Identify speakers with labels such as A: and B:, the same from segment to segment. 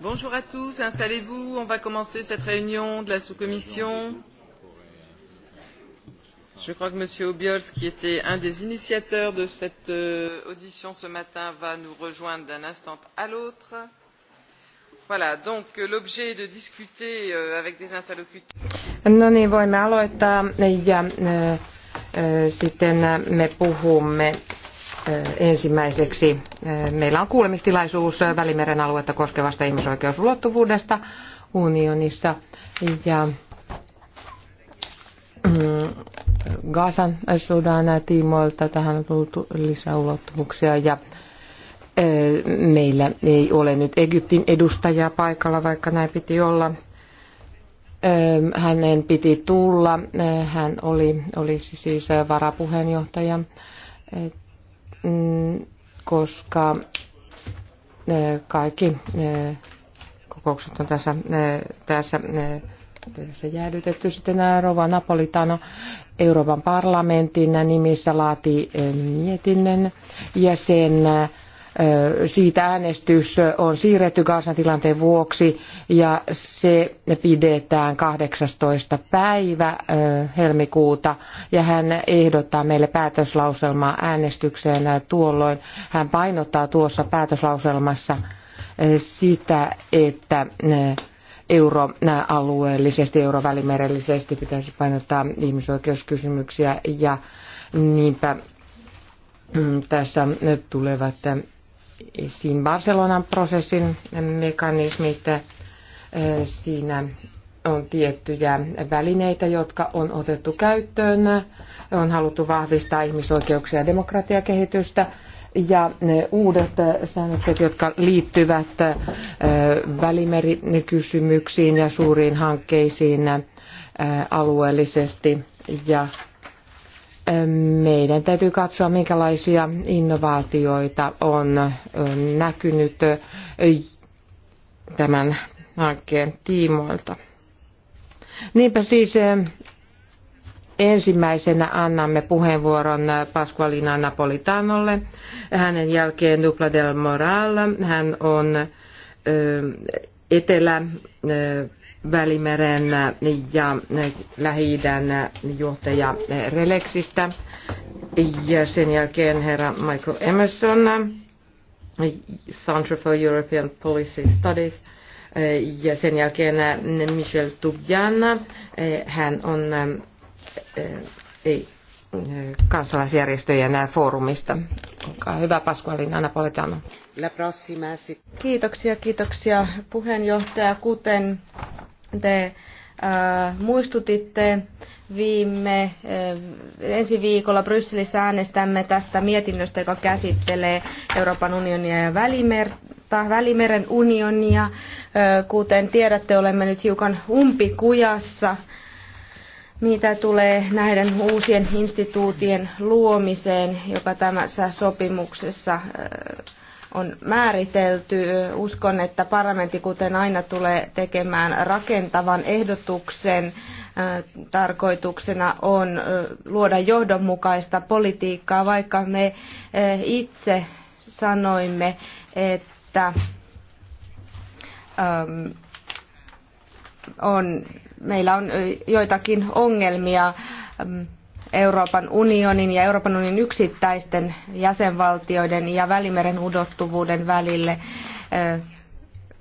A: bonjour à tous installez vous on va commencer cette réunion de la sous commission. je crois que m. obiols qui était un des initiateurs de cette euh, audition ce matin va nous rejoindre d'un instant à l'autre. Voilà, donc euh, l'objet de discuter euh, avec des interlocuteurs. No niin, voimme aloittaa ja äh, äh, sitten me puhumme Eh, ensimmäiseksi. Eh, meillä on kuulemistilaisuus eh, Välimeren aluetta koskevasta ihmisoikeusulottuvuudesta unionissa ja mm, Gaasan sodan tiimoilta tähän on tullut lisäulottuvuuksia ja meillä ei ole nyt Egyptin edustajaa paikalla, vaikka näin piti olla. Hänen piti tulla. Hän oli, olisi siis varapuheenjohtaja Mm, koska eh, kaikki eh, kokoukset on tässä, eh, tässä, tässä jäädytetty. Sitten Rova Napolitano Euroopan parlamentin nimissä laatii mietinnön ja sen siitä äänestys on siirretty Gaasan tilanteen vuoksi ja se pidetään 18. päivä helmikuuta ja hän ehdottaa meille päätöslauselmaa äänestykseen tuolloin. Hän painottaa tuossa päätöslauselmassa sitä, että euroalueellisesti, eurovälimerellisesti pitäisi painottaa ihmisoikeuskysymyksiä ja niinpä mm, tässä tulevat esiin Barcelonan prosessin mekanismit. Siinä on tiettyjä välineitä, jotka on otettu käyttöön. On haluttu vahvistaa ihmisoikeuksia ja demokratiakehitystä. Ja ne uudet säännökset, jotka liittyvät välimerikysymyksiin ja suuriin hankkeisiin alueellisesti ja meidän täytyy katsoa, minkälaisia innovaatioita on näkynyt tämän hankkeen tiimoilta. Niinpä siis ensimmäisenä annamme puheenvuoron Pasqualina Napolitanolle. Hänen jälkeen Dupla del Moral. Hän on Etelä Välimeren ja lähi johtaja Relexistä. Ja sen jälkeen herra Michael Emerson, Center for European Policy Studies. Ja sen jälkeen Michel Tugian, hän on eh, ei, eh, kansalaisjärjestöjen foorumista. Olkaa hyvä Pasqualina Napoletano.
B: Kiitoksia, kiitoksia puheenjohtaja. Kuten te äh, muistutitte viime äh, ensi viikolla Brysselissä äänestämme tästä mietinnöstä, joka käsittelee Euroopan unionia ja välimerta, välimeren unionia. Äh, kuten tiedätte, olemme nyt hiukan umpikujassa, mitä tulee näiden uusien instituutien luomiseen, joka tämässä sopimuksessa on määritelty. Uskon, että parlamentti, kuten aina, tulee tekemään rakentavan ehdotuksen. Tarkoituksena on luoda johdonmukaista politiikkaa, vaikka me itse sanoimme, että ähm, on, meillä on joitakin ongelmia ähm, Euroopan unionin ja Euroopan unionin yksittäisten jäsenvaltioiden ja välimeren udottuvuuden välille.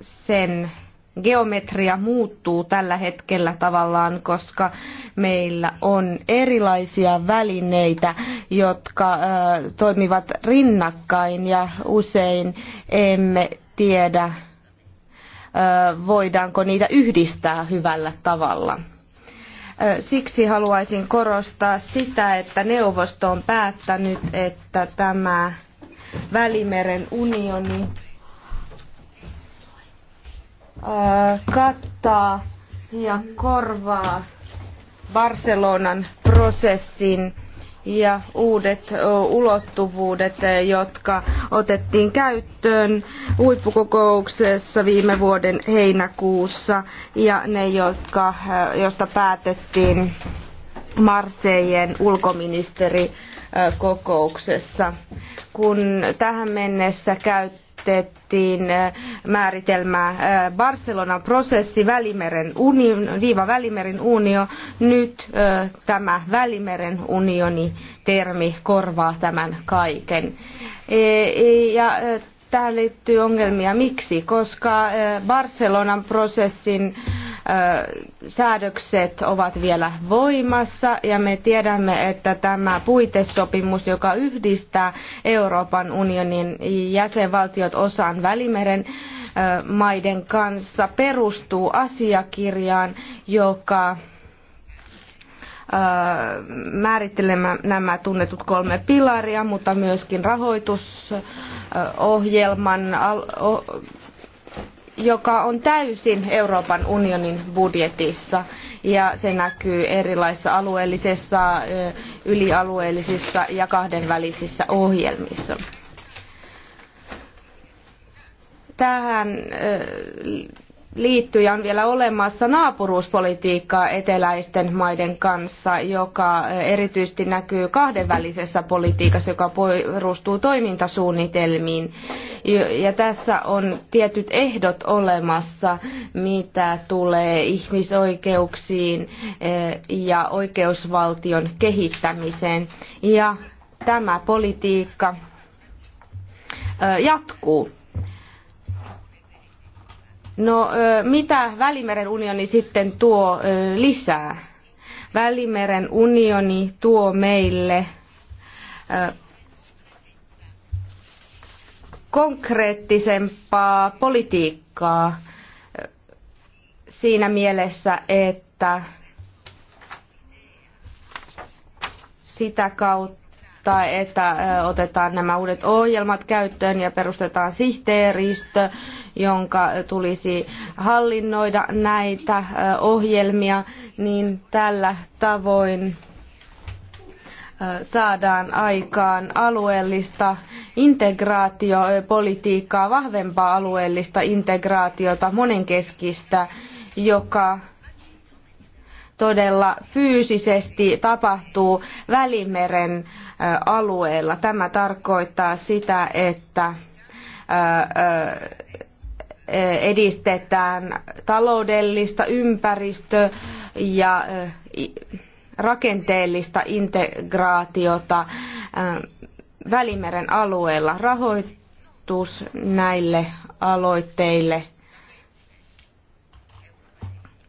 B: Sen geometria muuttuu tällä hetkellä tavallaan, koska meillä on erilaisia välineitä, jotka toimivat rinnakkain ja usein emme tiedä, voidaanko niitä yhdistää hyvällä tavalla. Siksi haluaisin korostaa sitä, että neuvosto on päättänyt, että tämä Välimeren unioni kattaa ja korvaa Barcelonan prosessin ja uudet ulottuvuudet, jotka otettiin käyttöön huippukokouksessa viime vuoden heinäkuussa ja ne, jotka, josta päätettiin Marseillen ulkoministerikokouksessa. Kun tähän mennessä käyt, käytettiin äh, määritelmää äh, Barcelonan prosessi, Välimeren union, viiva Välimeren unio. Nyt äh, tämä Välimeren unioni termi korvaa tämän kaiken. E, e, ja tähän liittyy ongelmia. Miksi? Koska Barcelonan prosessin säädökset ovat vielä voimassa ja me tiedämme, että tämä puitesopimus, joka yhdistää Euroopan unionin jäsenvaltiot osaan Välimeren maiden kanssa, perustuu asiakirjaan, joka määrittelemään nämä tunnetut kolme pilaria, mutta myöskin rahoitusohjelman joka on täysin Euroopan unionin budjetissa ja se näkyy erilaisissa alueellisissa, ylialueellisissa ja kahdenvälisissä ohjelmissa. Tähän ja on vielä olemassa naapuruuspolitiikkaa eteläisten maiden kanssa, joka erityisesti näkyy kahdenvälisessä politiikassa, joka perustuu toimintasuunnitelmiin. Ja tässä on tietyt ehdot olemassa, mitä tulee ihmisoikeuksiin eh, ja oikeusvaltion kehittämiseen. Ja tämä politiikka eh, jatkuu No mitä Välimeren unioni sitten tuo lisää? Välimeren unioni tuo meille konkreettisempaa politiikkaa siinä mielessä, että sitä kautta tai että otetaan nämä uudet ohjelmat käyttöön ja perustetaan sihteeristö, jonka tulisi hallinnoida näitä ohjelmia, niin tällä tavoin saadaan aikaan alueellista integraatiopolitiikkaa, vahvempaa alueellista integraatiota, monenkeskistä, joka todella fyysisesti tapahtuu Välimeren alueella. Tämä tarkoittaa sitä, että edistetään taloudellista, ympäristö- ja rakenteellista integraatiota Välimeren alueella. Rahoitus näille aloitteille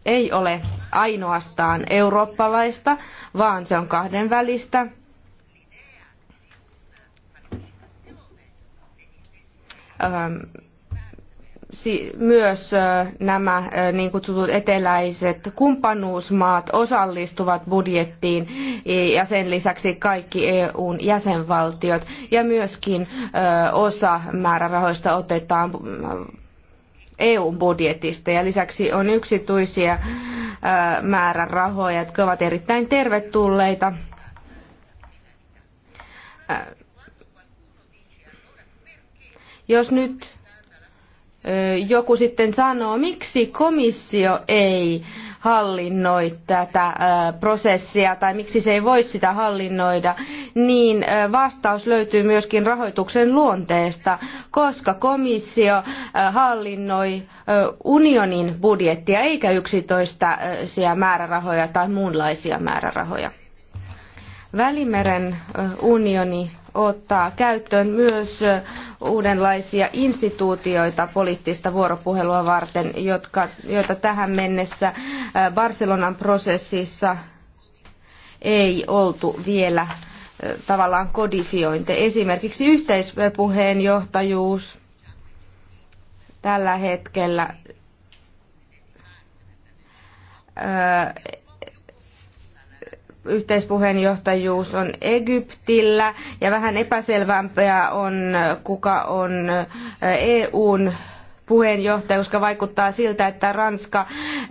B: ei ole ainoastaan eurooppalaista, vaan se on kahdenvälistä. välistä Ähm, myös äh, nämä äh, niin kutsutut eteläiset kumppanuusmaat osallistuvat budjettiin ja sen lisäksi kaikki EUn jäsenvaltiot ja myöskin äh, osa määrärahoista otetaan EUn budjetista ja lisäksi on yksityisiä määrärahoja, jotka ovat erittäin tervetulleita jos nyt joku sitten sanoo, miksi komissio ei hallinnoi tätä prosessia tai miksi se ei voi sitä hallinnoida, niin vastaus löytyy myöskin rahoituksen luonteesta, koska komissio hallinnoi unionin budjettia eikä yksitoistaisia määrärahoja tai muunlaisia määrärahoja. Välimeren unioni ottaa käyttöön myös uudenlaisia instituutioita poliittista vuoropuhelua varten, jotka, joita tähän mennessä Barcelonan prosessissa ei oltu vielä tavallaan kodifiointe. Esimerkiksi yhteispuheenjohtajuus tällä hetkellä yhteispuheenjohtajuus on Egyptillä ja vähän epäselvämpää on, kuka on eh, EUn puheenjohtaja, koska vaikuttaa siltä, että Ranska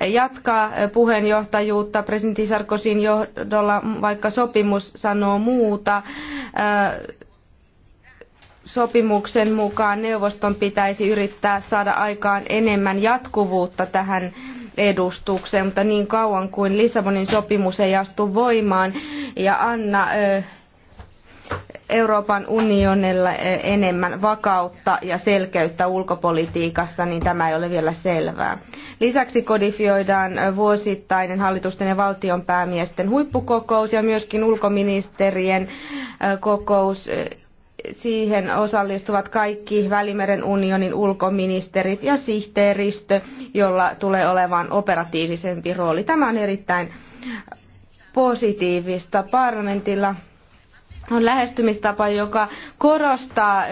B: jatkaa puheenjohtajuutta presidentti Sarkosin johdolla, vaikka sopimus sanoo muuta. Eh, sopimuksen mukaan neuvoston pitäisi yrittää saada aikaan enemmän jatkuvuutta tähän edustukseen, mutta niin kauan kuin Lissabonin sopimus ei astu voimaan ja anna Euroopan unionilla enemmän vakautta ja selkeyttä ulkopolitiikassa, niin tämä ei ole vielä selvää. Lisäksi kodifioidaan vuosittainen hallitusten ja valtionpäämiesten huippukokous ja myöskin ulkoministerien kokous Siihen osallistuvat kaikki Välimeren unionin ulkoministerit ja sihteeristö, jolla tulee olemaan operatiivisempi rooli. Tämä on erittäin positiivista. Parlamentilla on lähestymistapa, joka korostaa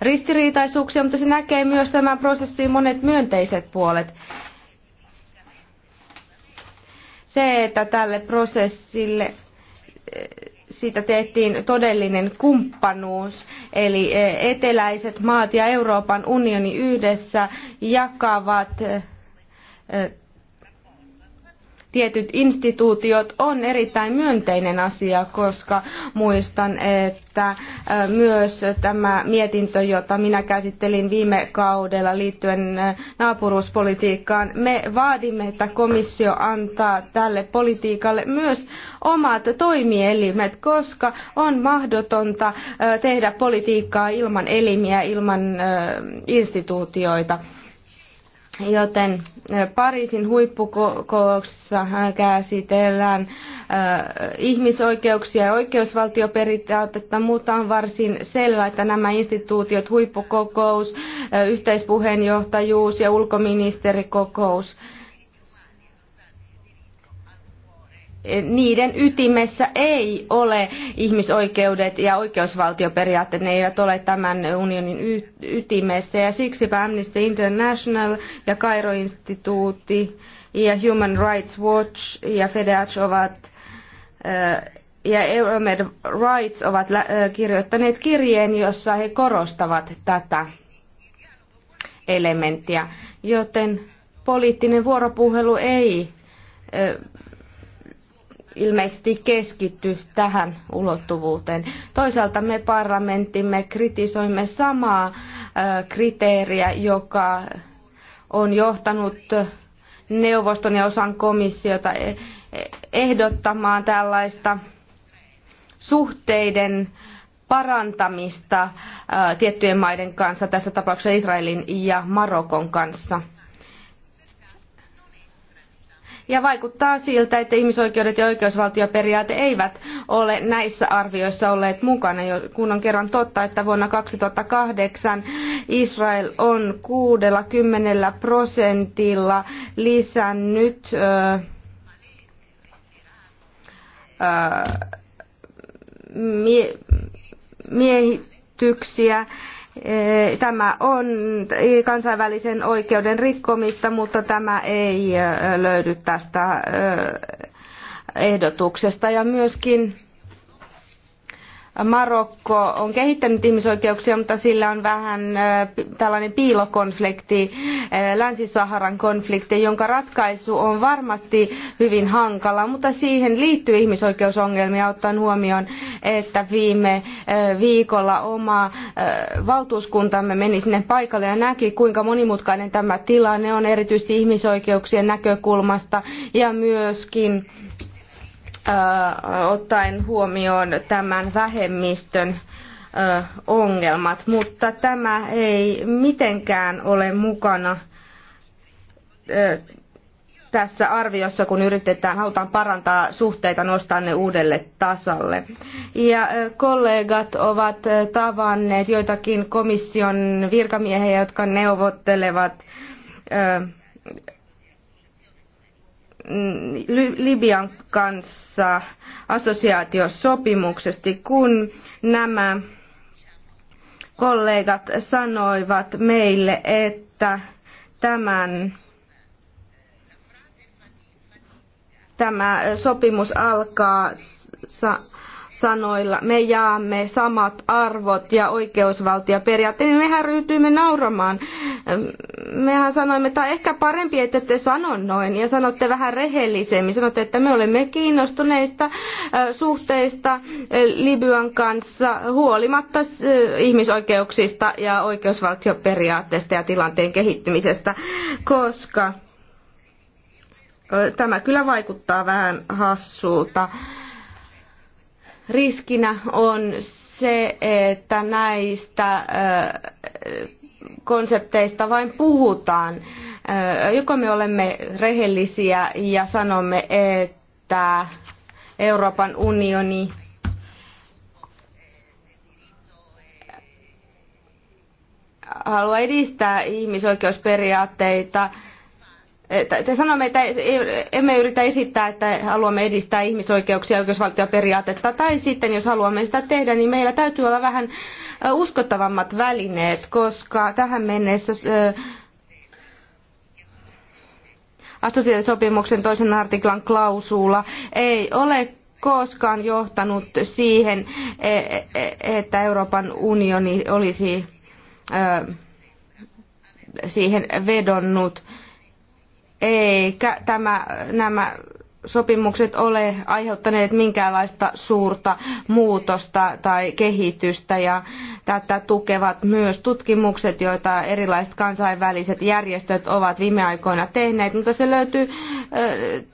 B: ristiriitaisuuksia, mutta se näkee myös tämän prosessin monet myönteiset puolet. Se, että tälle prosessille siitä tehtiin todellinen kumppanuus, eli eh, eteläiset maat ja Euroopan unioni yhdessä jakavat eh, tietyt instituutiot on erittäin myönteinen asia, koska muistan, että myös tämä mietintö, jota minä käsittelin viime kaudella liittyen naapuruuspolitiikkaan, me vaadimme, että komissio antaa tälle politiikalle myös omat toimielimet, koska on mahdotonta tehdä politiikkaa ilman elimiä, ilman instituutioita. Joten Pariisin huippukokouksessa käsitellään ihmisoikeuksia ja oikeusvaltioperiaatetta, mutta on varsin selvää, että nämä instituutiot, huippukokous, yhteispuheenjohtajuus ja ulkoministerikokous, niiden ytimessä ei ole ihmisoikeudet ja oikeusvaltioperiaatteet, ne eivät ole tämän unionin y- ytimessä. Ja siksi Amnesty International ja Kairo-instituutti ja Human Rights Watch ja FEDEAC ovat ja Euromed Rights ovat kirjoittaneet kirjeen, jossa he korostavat tätä elementtiä, joten poliittinen vuoropuhelu ei ilmeisesti keskitty tähän ulottuvuuteen. Toisaalta me parlamenttimme kritisoimme samaa kriteeriä, joka on johtanut neuvoston ja osan komissiota e, e, ehdottamaan tällaista suhteiden parantamista tiettyjen maiden kanssa, tässä tapauksessa Israelin ja Marokon kanssa ja vaikuttaa siltä, että ihmisoikeudet ja oikeusvaltioperiaate eivät ole näissä arvioissa olleet mukana, kun on kerran totta, että vuonna 2008 Israel on 60 prosentilla lisännyt ö, mie, miehityksiä Eh, tämä on kansainvälisen oikeuden rikkomista, mutta tämä ei eh, löydy tästä eh, ehdotuksesta. Ja myöskin Marokko on kehittänyt ihmisoikeuksia, mutta sillä on vähän tällainen piilokonflikti, Länsi-Saharan konflikti, jonka ratkaisu on varmasti hyvin hankala, mutta siihen liittyy ihmisoikeusongelmia ottaen huomioon, että viime viikolla oma valtuuskuntamme meni sinne paikalle ja näki, kuinka monimutkainen tämä tilanne on erityisesti ihmisoikeuksien näkökulmasta ja myöskin Äh, ottaen huomioon tämän vähemmistön äh, ongelmat, mutta tämä ei mitenkään ole mukana äh, tässä arviossa, kun yritetään, halutaan parantaa suhteita, nostaa ne uudelle tasalle. Ja kollegat ovat tavanneet joitakin komission virkamiehiä, jotka neuvottelevat Mm, Libian kanssa assosiaatiosopimuksesti, kun nämä kollegat sanoivat meille, että tämän, tämä sopimus alkaa sa- sanoilla me jaamme samat arvot ja oikeusvaltioperiaatteet, niin mehän ryhtyimme nauramaan. Mehän sanoimme, että ehkä parempi, että te sano noin ja sanotte vähän rehellisemmin. Sanotte, että me olemme kiinnostuneista suhteista Libyan kanssa huolimatta ihmisoikeuksista ja oikeusvaltioperiaatteesta ja tilanteen kehittymisestä, koska tämä kyllä vaikuttaa vähän hassulta riskinä on se, että näistä äh, konsepteista vain puhutaan. Äh, joko me olemme rehellisiä ja sanomme, että Euroopan unioni haluaa edistää ihmisoikeusperiaatteita, te sanomme, että emme yritä esittää, että haluamme edistää ihmisoikeuksia ja oikeusvaltioperiaatetta, tai sitten jos haluamme sitä tehdä, niin meillä täytyy olla vähän uskottavammat välineet, koska tähän mennessä assosiaatiosopimuksen toisen artiklan klausula ei ole koskaan johtanut siihen, e, e, e, että Euroopan unioni olisi siihen vedonnut eikä tämä, nämä sopimukset ole aiheuttaneet minkäänlaista suurta muutosta tai kehitystä ja tätä tukevat myös tutkimukset, joita erilaiset kansainväliset järjestöt ovat viime aikoina tehneet, mutta se löytyy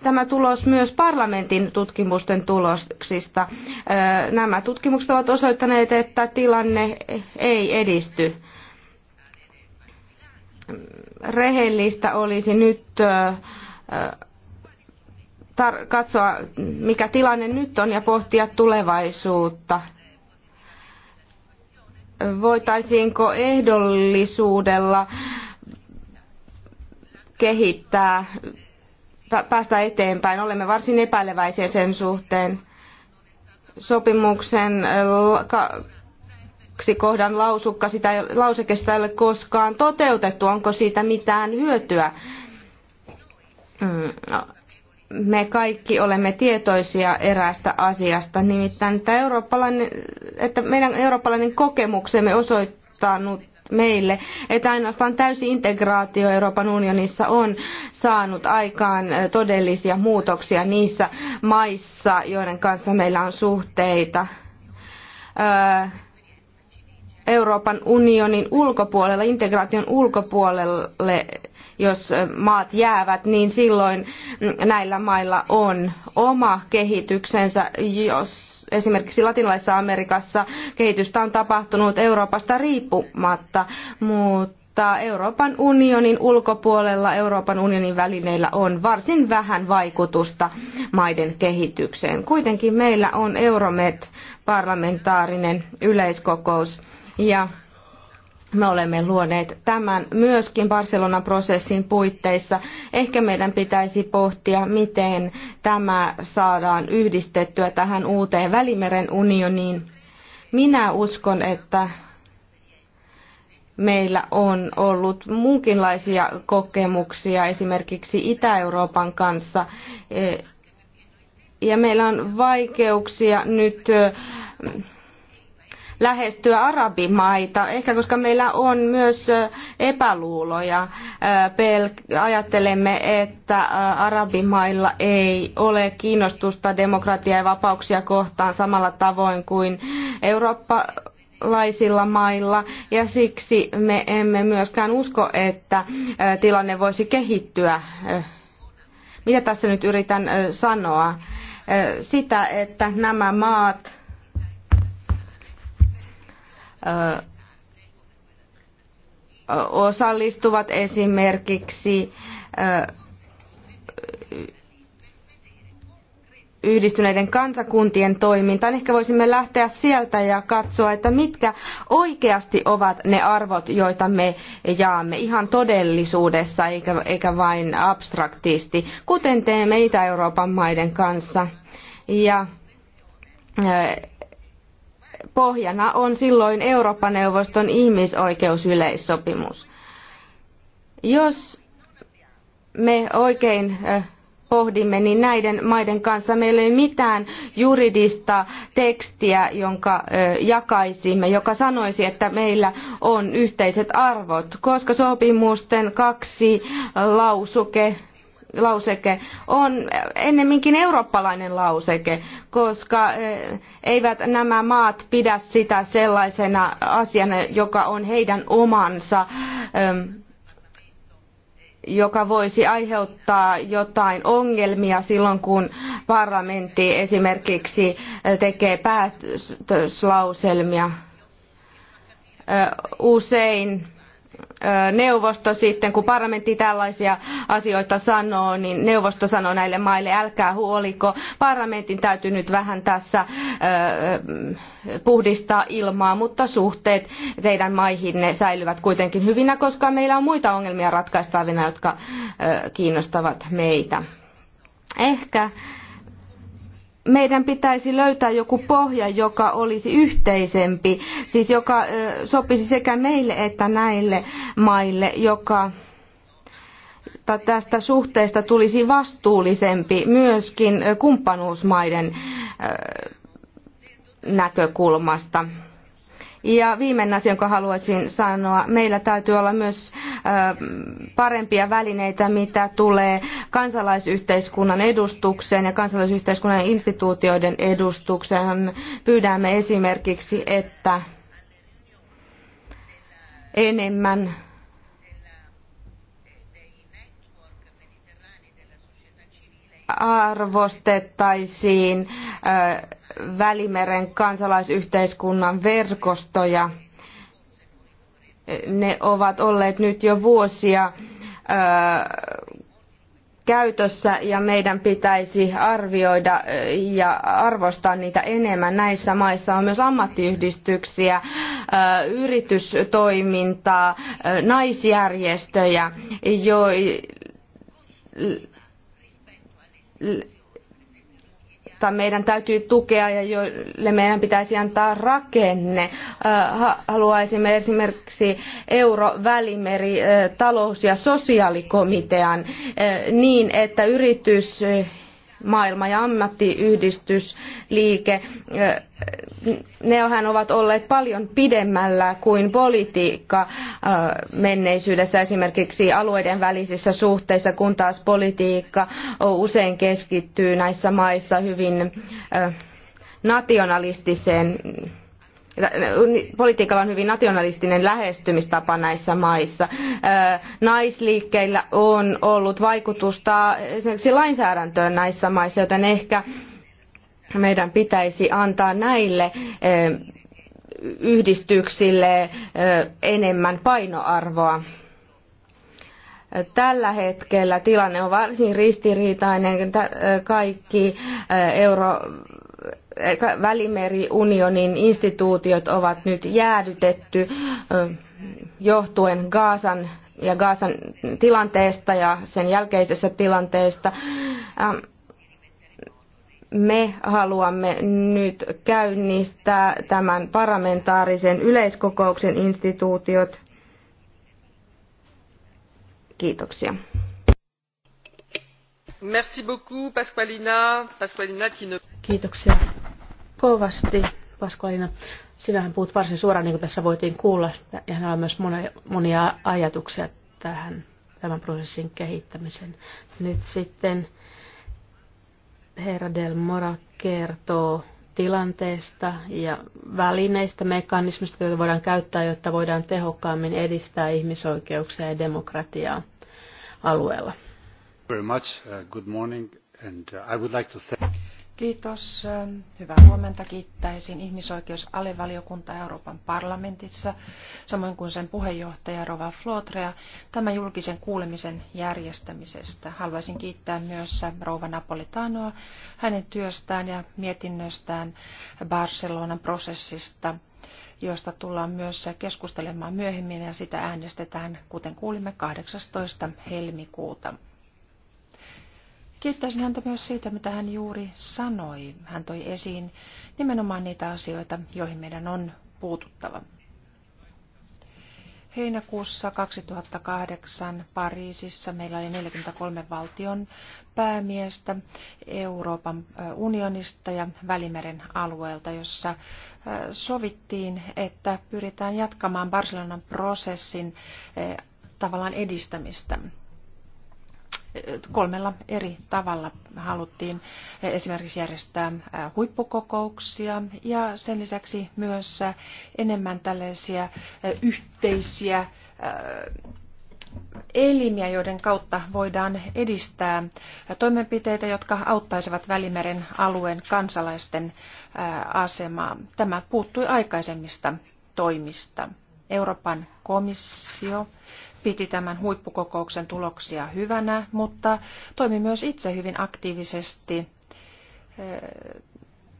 B: tämä tulos myös parlamentin tutkimusten tuloksista. Nämä tutkimukset ovat osoittaneet, että tilanne ei edisty rehellistä olisi nyt katsoa, mikä tilanne nyt on ja pohtia tulevaisuutta. Voitaisiinko ehdollisuudella kehittää, päästä eteenpäin? Olemme varsin epäileväisiä sen suhteen. Sopimuksen kaksi kohdan lausukka, sitä lauseke sitä ei ole koskaan toteutettu. Onko siitä mitään hyötyä? Mm, no, me kaikki olemme tietoisia eräästä asiasta, nimittäin että, eurooppalainen, että meidän eurooppalainen kokemuksemme osoittanut meille, että ainoastaan täysi integraatio Euroopan unionissa on saanut aikaan todellisia muutoksia niissä maissa, joiden kanssa meillä on suhteita. Öö, Euroopan unionin ulkopuolella, integraation ulkopuolelle, jos maat jäävät, niin silloin näillä mailla on oma kehityksensä, jos esimerkiksi latinalaisessa Amerikassa kehitystä on tapahtunut Euroopasta riippumatta, mutta Euroopan unionin ulkopuolella Euroopan unionin välineillä on varsin vähän vaikutusta maiden kehitykseen. Kuitenkin meillä on Euromed parlamentaarinen yleiskokous ja me olemme luoneet tämän myöskin Barcelonan prosessin puitteissa. Ehkä meidän pitäisi pohtia, miten tämä saadaan yhdistettyä tähän uuteen Välimeren unioniin. Minä uskon, että meillä on ollut muunkinlaisia kokemuksia esimerkiksi Itä-Euroopan kanssa. Ja meillä on vaikeuksia nyt lähestyä arabimaita, ehkä koska meillä on myös epäluuloja. Ajattelemme, että arabimailla ei ole kiinnostusta demokratiaa ja vapauksia kohtaan samalla tavoin kuin Eurooppa laisilla mailla ja siksi me emme myöskään usko, että tilanne voisi kehittyä. Mitä tässä nyt yritän sanoa? Sitä, että nämä maat osallistuvat esimerkiksi yhdistyneiden kansakuntien toimintaan. Ehkä voisimme lähteä sieltä ja katsoa, että mitkä oikeasti ovat ne arvot, joita me jaamme ihan todellisuudessa, eikä, eikä vain abstraktisti, kuten teemme Itä-Euroopan maiden kanssa. Ja pohjana on silloin Euroopan neuvoston ihmisoikeusyleissopimus. Jos me oikein pohdimme, niin näiden maiden kanssa meillä ei ole mitään juridista tekstiä, jonka jakaisimme, joka sanoisi, että meillä on yhteiset arvot, koska sopimusten kaksi lausuke lauseke on ennemminkin eurooppalainen lauseke, koska eh, eivät nämä maat pidä sitä sellaisena asiana, joka on heidän omansa ehm, joka voisi aiheuttaa jotain ongelmia silloin, kun parlamentti esimerkiksi eh, tekee päätöslauselmia. Eh, usein neuvosto sitten, kun parlamentti tällaisia asioita sanoo, niin neuvosto sanoo näille maille, älkää huoliko, parlamentin täytyy nyt vähän tässä puhdistaa ilmaa, mutta suhteet teidän maihinne säilyvät kuitenkin hyvinä, koska meillä on muita ongelmia ratkaistavina, jotka kiinnostavat meitä. Ehkä meidän pitäisi löytää joku pohja, joka olisi yhteisempi, siis joka sopisi sekä meille että näille maille, joka tästä suhteesta tulisi vastuullisempi myöskin kumppanuusmaiden näkökulmasta. Ja viimeinen asia, jonka haluaisin sanoa, meillä täytyy olla myös parempia välineitä, mitä tulee kansalaisyhteiskunnan edustukseen ja kansalaisyhteiskunnan instituutioiden edustukseen. Pyydämme esimerkiksi, että enemmän arvostettaisiin Välimeren kansalaisyhteiskunnan verkostoja. Ne ovat olleet nyt jo vuosia käytössä ja meidän pitäisi arvioida ja arvostaa niitä enemmän. Näissä maissa on myös ammattiyhdistyksiä, yritystoimintaa, naisjärjestöjä, joilla joita meidän täytyy tukea ja joille meidän pitäisi antaa rakenne. Äh, haluaisimme esimerkiksi eurovälimeri äh, talous- ja sosiaalikomitean äh, niin, että yritys maailma ja ammattiyhdistysliike, nehän ovat olleet paljon pidemmällä kuin politiikka menneisyydessä esimerkiksi alueiden välisissä suhteissa, kun taas politiikka usein keskittyy näissä maissa hyvin nationalistiseen politiikalla on hyvin nationalistinen lähestymistapa näissä maissa. Naisliikkeillä on ollut vaikutusta esimerkiksi lainsäädäntöön näissä maissa, joten ehkä meidän pitäisi antaa näille yhdistyksille enemmän painoarvoa. Tällä hetkellä tilanne on varsin ristiriitainen. Kaikki euro välimeriunionin instituutiot ovat nyt jäädytetty johtuen Gaasan ja Gaasan tilanteesta ja sen jälkeisestä tilanteesta. Ähm, me haluamme nyt käynnistää tämän parlamentaarisen yleiskokouksen instituutiot. Kiitoksia.
A: Merci beaucoup, Pasqualina. Pasqualina qui ne...
C: Kiitoksia kovasti, Paskualina. Sinähän puhut varsin suoraan, niin kuin tässä voitiin kuulla, ja hänellä on myös monia ajatuksia tähän tämän prosessin kehittämisen. Nyt sitten herra Del Mora kertoo tilanteesta ja välineistä, mekanismista, joita voidaan käyttää, jotta voidaan tehokkaammin edistää ihmisoikeuksia ja demokratiaa alueella. Very much. Uh, good
A: morning. And uh, I would like to thank...
D: Kiitos. Hyvää huomenta. Kiittäisin ihmisoikeusalivaliokuntaa Euroopan parlamentissa, samoin kuin sen puheenjohtaja Rova Flotrea, tämän julkisen kuulemisen järjestämisestä. Haluaisin kiittää myös Rova Napolitanoa hänen työstään ja mietinnöstään Barcelonan prosessista, josta tullaan myös keskustelemaan myöhemmin ja sitä äänestetään, kuten kuulimme, 18. helmikuuta. Kiittäisin häntä myös siitä, mitä hän juuri sanoi. Hän toi esiin nimenomaan niitä asioita, joihin meidän on puututtava. Heinäkuussa 2008 Pariisissa meillä oli 43 valtion päämiestä Euroopan unionista ja Välimeren alueelta, jossa sovittiin, että pyritään jatkamaan Barcelonan prosessin tavallaan edistämistä kolmella eri tavalla haluttiin esimerkiksi järjestää äh, huippukokouksia ja sen lisäksi myös äh, enemmän tällaisia äh, yhteisiä elimiä, joiden kautta voidaan edistää toimenpiteitä, jotka auttaisivat Välimeren alueen kansalaisten asemaa. Tämä puuttui aikaisemmista toimista. Euroopan komissio piti tämän huippukokouksen tuloksia hyvänä, mutta toimi myös itse hyvin aktiivisesti eh,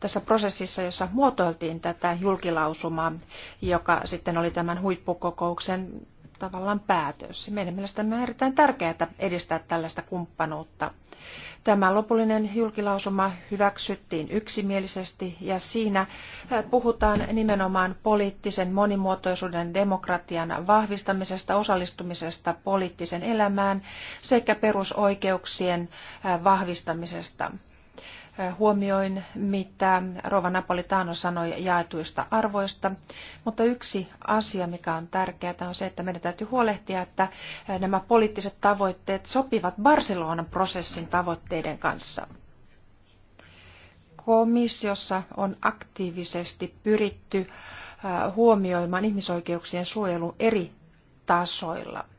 D: tässä prosessissa, jossa muotoiltiin tätä julkilausumaa, joka sitten oli tämän huippukokouksen tavallaan päätös. Meidän mielestämme on erittäin tärkeää edistää tällaista kumppanuutta. Tämä lopullinen julkilausuma hyväksyttiin yksimielisesti ja siinä puhutaan nimenomaan poliittisen monimuotoisuuden demokratian vahvistamisesta, osallistumisesta poliittisen elämään sekä perusoikeuksien vahvistamisesta huomioin, mitä Rova Napolitano sanoi jaetuista arvoista. Mutta yksi asia, mikä on tärkeää, on se, että meidän täytyy huolehtia, että nämä poliittiset tavoitteet sopivat Barcelonan prosessin tavoitteiden kanssa. Komissiossa on aktiivisesti pyritty huomioimaan ihmisoikeuksien suojelu eri tasoilla –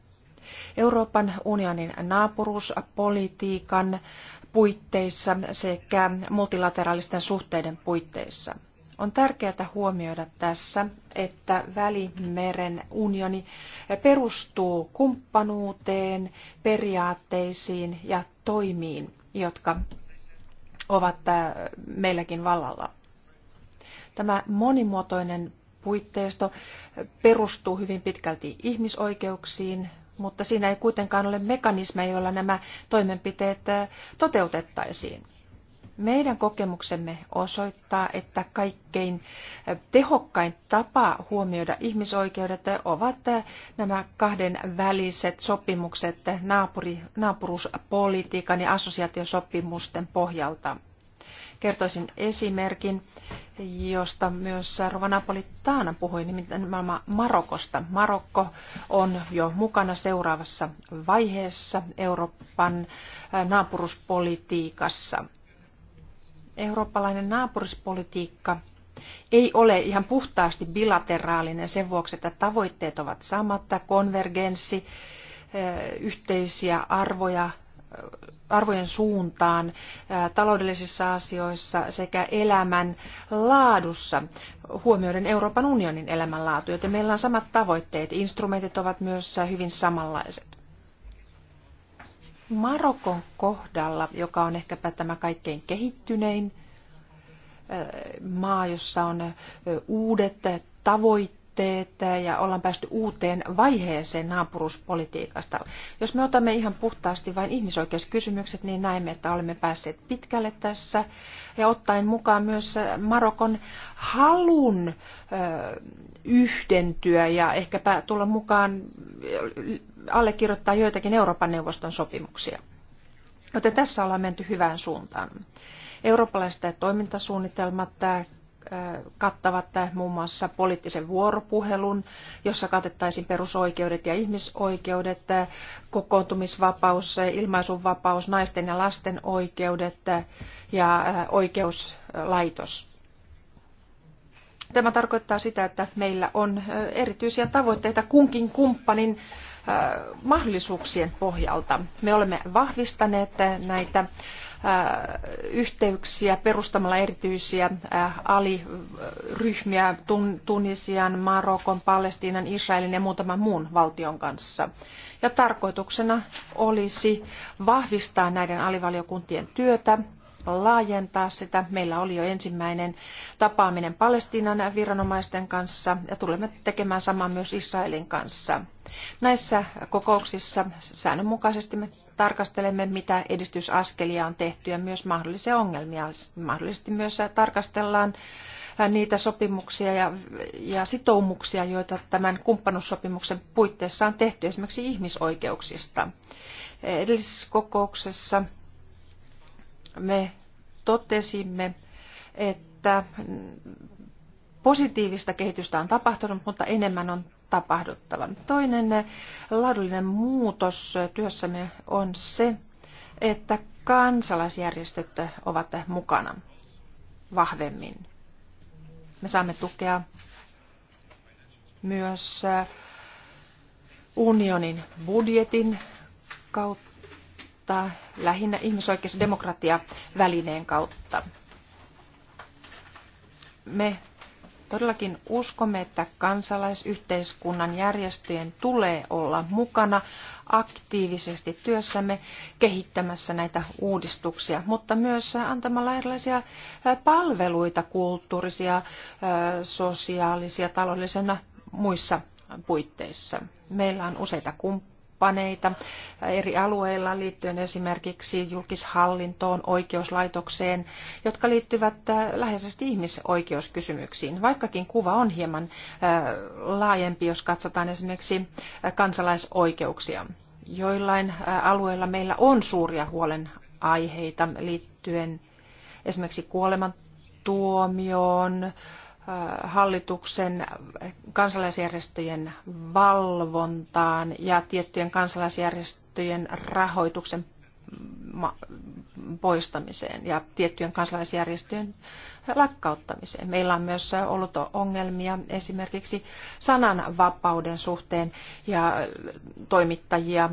D: Euroopan unionin naapuruuspolitiikan puitteissa sekä multilateraalisten suhteiden puitteissa. On tärkeää huomioida tässä, että Välimeren unioni perustuu kumppanuuteen, periaatteisiin ja toimiin, jotka ovat äh, meilläkin vallalla. Tämä monimuotoinen puitteisto perustuu hyvin pitkälti ihmisoikeuksiin, mutta siinä ei kuitenkaan ole mekanismeja, joilla nämä toimenpiteet toteutettaisiin. Meidän kokemuksemme osoittaa, että kaikkein tehokkain tapa huomioida ihmisoikeudet ovat nämä kahden väliset sopimukset naapuri, naapuruuspolitiikan ja assosiaatiosopimusten pohjalta. Kertoisin esimerkin, josta myös Taana puhui, nimenomaan Marokosta. Marokko on jo mukana seuraavassa vaiheessa Euroopan naapuruspolitiikassa. Eurooppalainen naapuruspolitiikka ei ole ihan puhtaasti bilateraalinen sen vuoksi, että tavoitteet ovat samat, konvergenssi, yhteisiä arvoja arvojen suuntaan taloudellisissa asioissa sekä elämän laadussa huomioiden Euroopan unionin elämänlaatu, joten meillä on samat tavoitteet. Instrumentit ovat myös hyvin samanlaiset. Marokon kohdalla, joka on ehkäpä tämä kaikkein kehittynein maa, jossa on uudet tavoitteet, suhteet ja ollaan päästy uuteen vaiheeseen naapuruspolitiikasta. Jos me otamme ihan puhtaasti vain ihmisoikeuskysymykset, niin näemme, että olemme päässeet pitkälle tässä ja ottaen mukaan myös Marokon halun yhdentyä ja ehkäpä tulla mukaan allekirjoittaa joitakin Euroopan neuvoston sopimuksia. Joten tässä ollaan menty hyvään suuntaan eurooppalaiset toimintasuunnitelmat kattavat muun muassa poliittisen vuoropuhelun, jossa katettaisiin perusoikeudet ja ihmisoikeudet, kokoontumisvapaus, ilmaisunvapaus, naisten ja lasten oikeudet ja oikeuslaitos. Tämä tarkoittaa sitä, että meillä on erityisiä tavoitteita kunkin kumppanin mahdollisuuksien pohjalta. Me olemme vahvistaneet näitä yhteyksiä perustamalla erityisiä aliryhmiä Tunisian, Marokon, Palestiinan, Israelin ja muutaman muun valtion kanssa. Ja tarkoituksena olisi vahvistaa näiden alivaliokuntien työtä, laajentaa sitä. Meillä oli jo ensimmäinen tapaaminen Palestiinan viranomaisten kanssa ja tulemme tekemään saman myös Israelin kanssa. Näissä kokouksissa säännönmukaisesti me tarkastelemme, mitä edistysaskelia on tehty ja myös mahdollisia ongelmia. Mahdollisesti myös tarkastellaan niitä sopimuksia ja, ja sitoumuksia, joita tämän kumppanuussopimuksen puitteissa on tehty esimerkiksi ihmisoikeuksista. Edellisessä kokouksessa me totesimme, että positiivista kehitystä on tapahtunut, mutta enemmän on tapahduttava. Toinen eh, laadullinen muutos työssämme on se, että kansalaisjärjestöt ovat mukana vahvemmin. Me saamme tukea myös eh, unionin budjetin kautta, lähinnä ihmisoikeus- ja demokratiavälineen kautta. Me todellakin uskomme, että kansalaisyhteiskunnan järjestöjen tulee olla mukana aktiivisesti työssämme kehittämässä näitä uudistuksia, mutta myös antamalla erilaisia palveluita, kulttuurisia, sosiaalisia, taloudellisena muissa puitteissa. Meillä on useita kumppaneita kumppaneita eri alueilla liittyen esimerkiksi julkishallintoon, oikeuslaitokseen, jotka liittyvät äh, läheisesti ihmisoikeuskysymyksiin, vaikkakin kuva on hieman äh, laajempi, jos katsotaan esimerkiksi äh, kansalaisoikeuksia. Joillain alueilla meillä on suuria huolenaiheita liittyen esimerkiksi kuolemantuomioon, hallituksen kansalaisjärjestöjen valvontaan ja tiettyjen kansalaisjärjestöjen rahoituksen poistamiseen ja tiettyjen kansalaisjärjestöjen lakkauttamiseen. Meillä on myös ollut ongelmia esimerkiksi sananvapauden suhteen ja toimittajia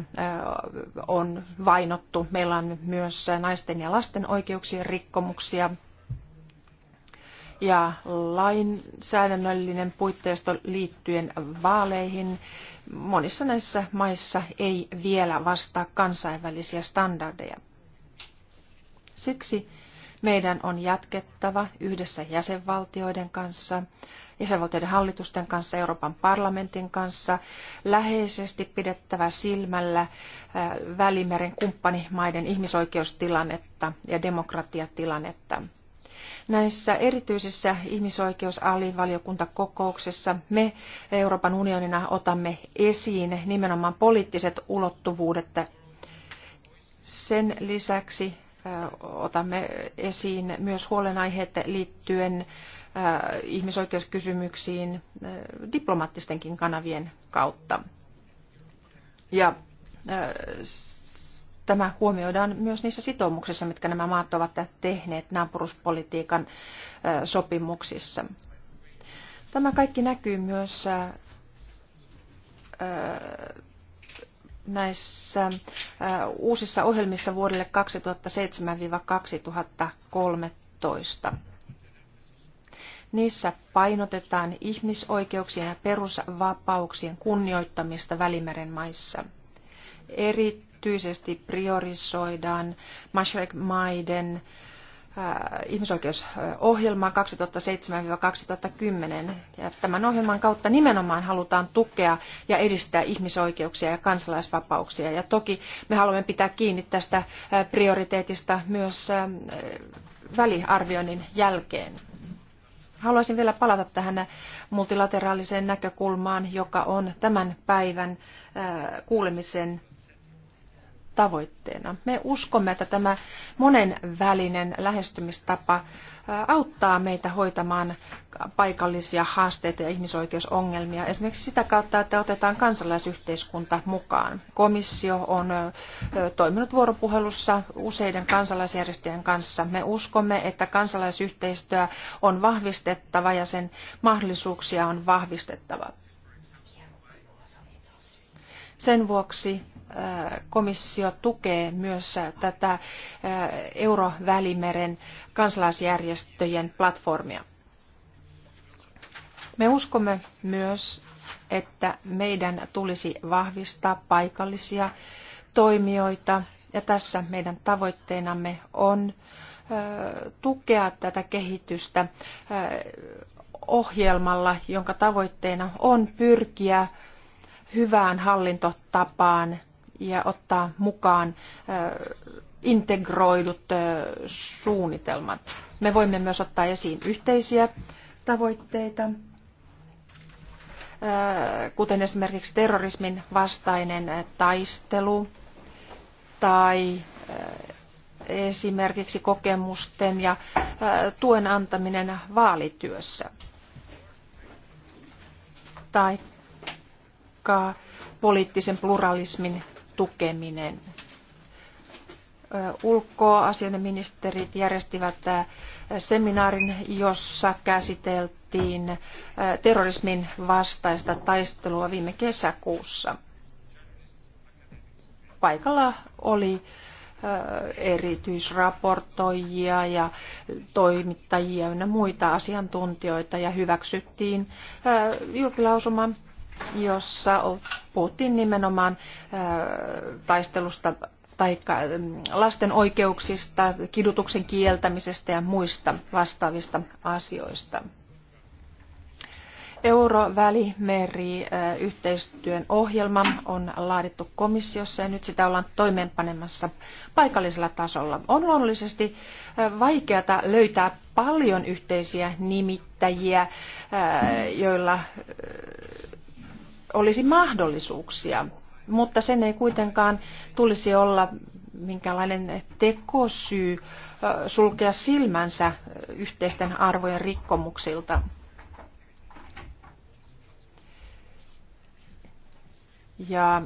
D: on vainottu. Meillä on myös naisten ja lasten oikeuksien rikkomuksia ja lainsäädännöllinen puitteisto liittyen vaaleihin monissa näissä maissa ei vielä vastaa kansainvälisiä standardeja. Siksi meidän on jatkettava yhdessä jäsenvaltioiden kanssa, jäsenvaltioiden hallitusten kanssa, Euroopan parlamentin kanssa, läheisesti pidettävä silmällä äh, Välimeren kumppanimaiden ihmisoikeustilannetta ja demokratiatilannetta. Näissä erityisissä ihmisoikeusalivaliokuntakokouksissa me Euroopan unionina otamme esiin nimenomaan poliittiset ulottuvuudet. Sen lisäksi otamme esiin myös huolenaiheet liittyen ihmisoikeuskysymyksiin diplomaattistenkin kanavien kautta. Ja tämä huomioidaan myös niissä sitoumuksissa, mitkä nämä maat ovat tehneet naapuruspolitiikan sopimuksissa. Tämä kaikki näkyy myös näissä uusissa ohjelmissa vuodelle 2007-2013. Niissä painotetaan ihmisoikeuksien ja perusvapauksien kunnioittamista Välimeren maissa. Eri erityisesti priorisoidaan Mashrek-maiden äh, ihmisoikeusohjelmaa 2007-2010. Ja tämän ohjelman kautta nimenomaan halutaan tukea ja edistää ihmisoikeuksia ja kansalaisvapauksia. Ja toki me haluamme pitää kiinni tästä äh, prioriteetista myös äh, väliarvioinnin jälkeen. Haluaisin vielä palata tähän multilateraaliseen näkökulmaan, joka on tämän päivän kuulemisen tavoitteena. Me uskomme, että tämä monen välinen lähestymistapa auttaa meitä hoitamaan paikallisia haasteita ja ihmisoikeusongelmia. Esimerkiksi sitä kautta, että otetaan kansalaisyhteiskunta mukaan. Komissio on toiminut vuoropuhelussa useiden kansalaisjärjestöjen kanssa. Me uskomme, että kansalaisyhteistyö on vahvistettava ja sen mahdollisuuksia on vahvistettava. Sen vuoksi komissio tukee myös tätä Eurovälimeren kansalaisjärjestöjen platformia. Me uskomme myös, että meidän tulisi vahvistaa paikallisia toimijoita ja tässä meidän tavoitteenamme on tukea tätä kehitystä ohjelmalla, jonka tavoitteena on pyrkiä hyvään hallintotapaan ja ottaa mukaan integroidut suunnitelmat. Me voimme myös ottaa esiin yhteisiä tavoitteita, kuten esimerkiksi terrorismin vastainen taistelu tai esimerkiksi kokemusten ja tuen antaminen vaalityössä tai poliittisen pluralismin tukeminen. Ulkoasiaministerit järjestivät seminaarin, jossa käsiteltiin terrorismin vastaista taistelua viime kesäkuussa. Paikalla oli erityisraportoijia ja toimittajia ja muita asiantuntijoita ja hyväksyttiin julkilausuma jossa puhuttiin nimenomaan äh, taistelusta tai äh, lasten oikeuksista, kidutuksen kieltämisestä ja muista vastaavista asioista. Eurovälimeri äh, yhteistyön ohjelma on laadittu komissiossa ja nyt sitä ollaan toimeenpanemassa paikallisella tasolla. On luonnollisesti vaikeata löytää paljon yhteisiä nimittäjiä, joilla olisi mahdollisuuksia, mutta sen ei kuitenkaan tulisi olla minkälainen tekosyy sulkea silmänsä yhteisten arvojen rikkomuksilta. Ja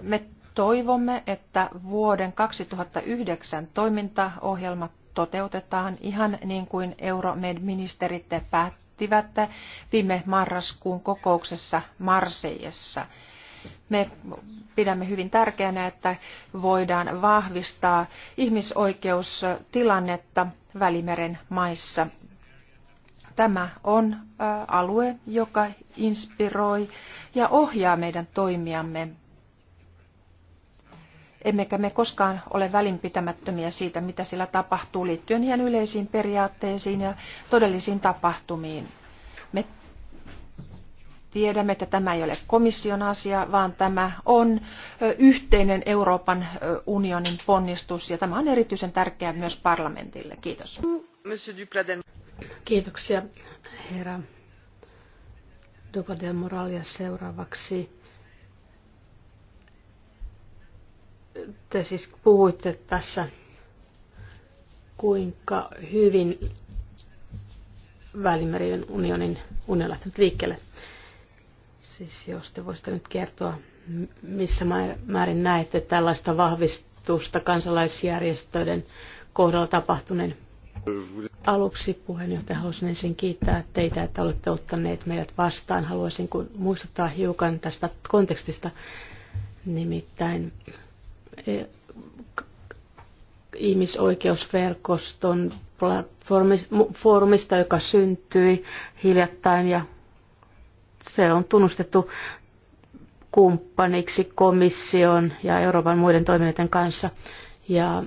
D: me toivomme, että vuoden 2009 toimintaohjelma toteutetaan ihan niin kuin Euromed-ministerit päät päättivät viime marraskuun kokouksessa Marseijassa. Me pidämme hyvin tärkeänä, että voidaan vahvistaa ihmisoikeustilannetta Välimeren maissa. Tämä on alue, joka inspiroi ja ohjaa meidän toimiamme emmekä me koskaan ole välinpitämättömiä siitä, mitä sillä tapahtuu liittyen ihan yleisiin periaatteisiin ja todellisiin tapahtumiin. Me tiedämme, että tämä ei ole komission asia, vaan tämä on yhteinen Euroopan unionin ponnistus ja tämä on erityisen tärkeää myös parlamentille. Kiitos. Kiitoksia herra Dopadel Moralia seuraavaksi
C: te siis puhuitte tässä, kuinka hyvin Välimeren unionin unio on lähtenyt liikkeelle. Siis jos te voisitte nyt kertoa, missä määrin näette tällaista vahvistusta kansalaisjärjestöiden kohdalla tapahtuneen. Aluksi puheenjohtaja haluaisin ensin kiittää teitä, että olette ottaneet meidät vastaan. Haluaisin muistuttaa hiukan tästä kontekstista. Nimittäin Eh, ihmisoikeusverkoston foorumista, joka syntyi hiljattain ja se on tunnustettu kumppaniksi komission ja Euroopan muiden toimijoiden kanssa. Ja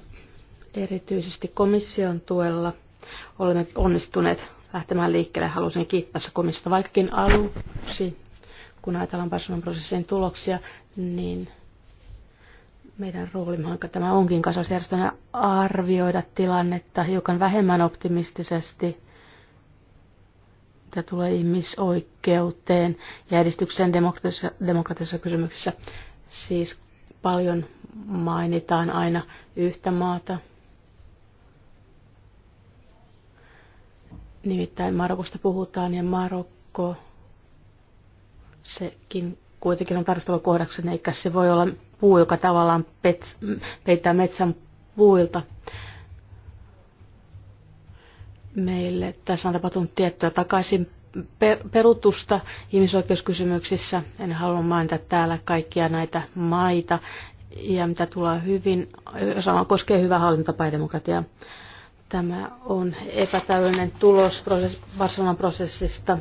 C: erityisesti komission tuella olemme onnistuneet lähtemään liikkeelle. Halusin kiittää komissiota vaikkakin aluksi, kun ajatellaan Barcelonan prosessin tuloksia, niin meidän roolimme, vaikka tämä onkin kansalaisjärjestönä, arvioida tilannetta hiukan vähemmän optimistisesti, mitä tulee ihmisoikeuteen ja edistykseen demokratisessa, demokratisessa kysymyksessä. Siis paljon mainitaan aina yhtä maata, Nimittäin Marokosta puhutaan ja Marokko, sekin kuitenkin on tarkastelua eikä se voi olla puu, joka tavallaan peittää metsän puilta. Meille tässä on tapahtunut tiettyä takaisin perutusta ihmisoikeuskysymyksissä. En halua mainita täällä kaikkia näitä maita ja mitä tulee hyvin, sama koskee hyvää hallintapäidemokratiaa. Tämä on epätäydellinen tulos Barcelonan prosessista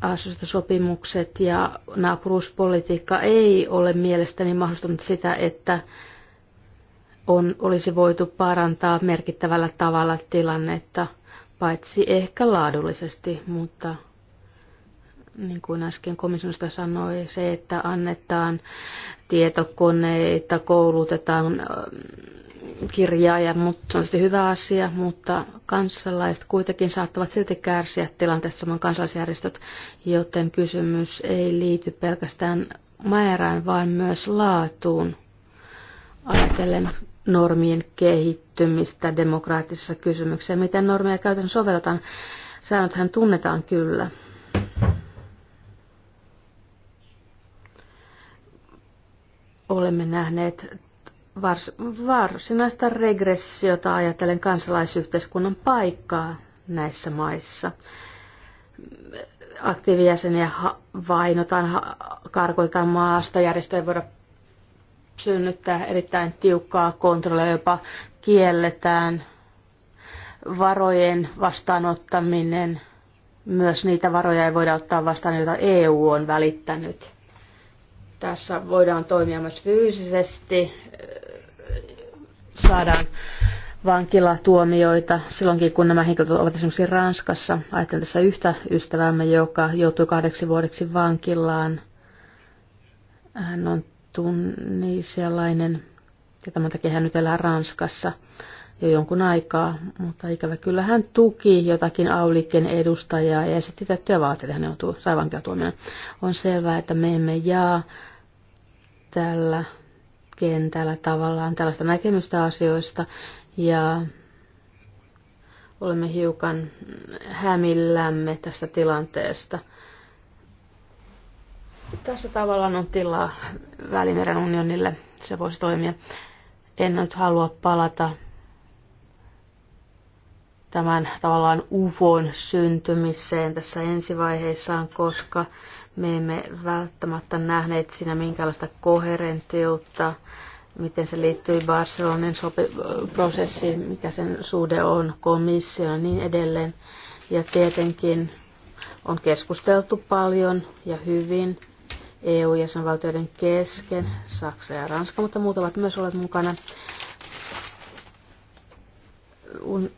C: asuntosopimukset ja naapuruuspolitiikka ei ole mielestäni mahdollistanut sitä, että on, olisi voitu parantaa merkittävällä tavalla tilannetta, paitsi ehkä laadullisesti, mutta niin kuin äsken komissiosta sanoi, se, että annetaan tietokoneita, koulutetaan kirjaaja, mutta se on sitten hyvä asia, mutta kansalaiset kuitenkin saattavat silti kärsiä tilanteessa samoin kansalaisjärjestöt, joten kysymys ei liity pelkästään määrään, vaan myös laatuun. Ajatellen normien kehittymistä demokraattisessa kysymyksessä. miten normeja käytännössä sovelletaan. Säännöthän tunnetaan kyllä. Olemme nähneet vars, varsinaista regressiota ajatellen kansalaisyhteiskunnan paikkaa näissä maissa. Aktiivijäseniä vainotaan, karkoitetaan maasta, järjestöjä voida synnyttää erittäin tiukkaa kontrollia, jopa kielletään varojen vastaanottaminen. Myös niitä varoja ei voida ottaa vastaan, joita EU on välittänyt. Tässä voidaan toimia myös fyysisesti, saadaan vankilatuomioita silloinkin, kun nämä henkilöt ovat esimerkiksi Ranskassa. Ajattelen tässä yhtä ystävämme, joka joutui kahdeksi vuodeksi vankilaan. Hän on tunnisialainen ja tämän takia hän nyt elää Ranskassa jo jonkun aikaa, mutta ikävä kyllä hän tuki jotakin Aulikken edustajaa ja esitti tiettyjä vaateita, hän joutuu saivankeatuomioon. On selvää, että me emme jaa tällä kentällä tavallaan tällaista näkemystä asioista ja olemme hiukan hämillämme tästä tilanteesta. Tässä tavallaan on tilaa Välimeren unionille, se voisi toimia. En nyt halua palata tämän tavallaan UFOn syntymiseen tässä ensivaiheessaan, koska me emme välttämättä nähneet siinä minkälaista koherentiutta, miten se liittyy Barcelonin sopi- prosessiin, mikä sen suhde on, komissio ja niin edelleen. Ja tietenkin on keskusteltu paljon ja hyvin EU-jäsenvaltioiden kesken, Saksa ja Ranska, mutta muut ovat myös olleet mukana.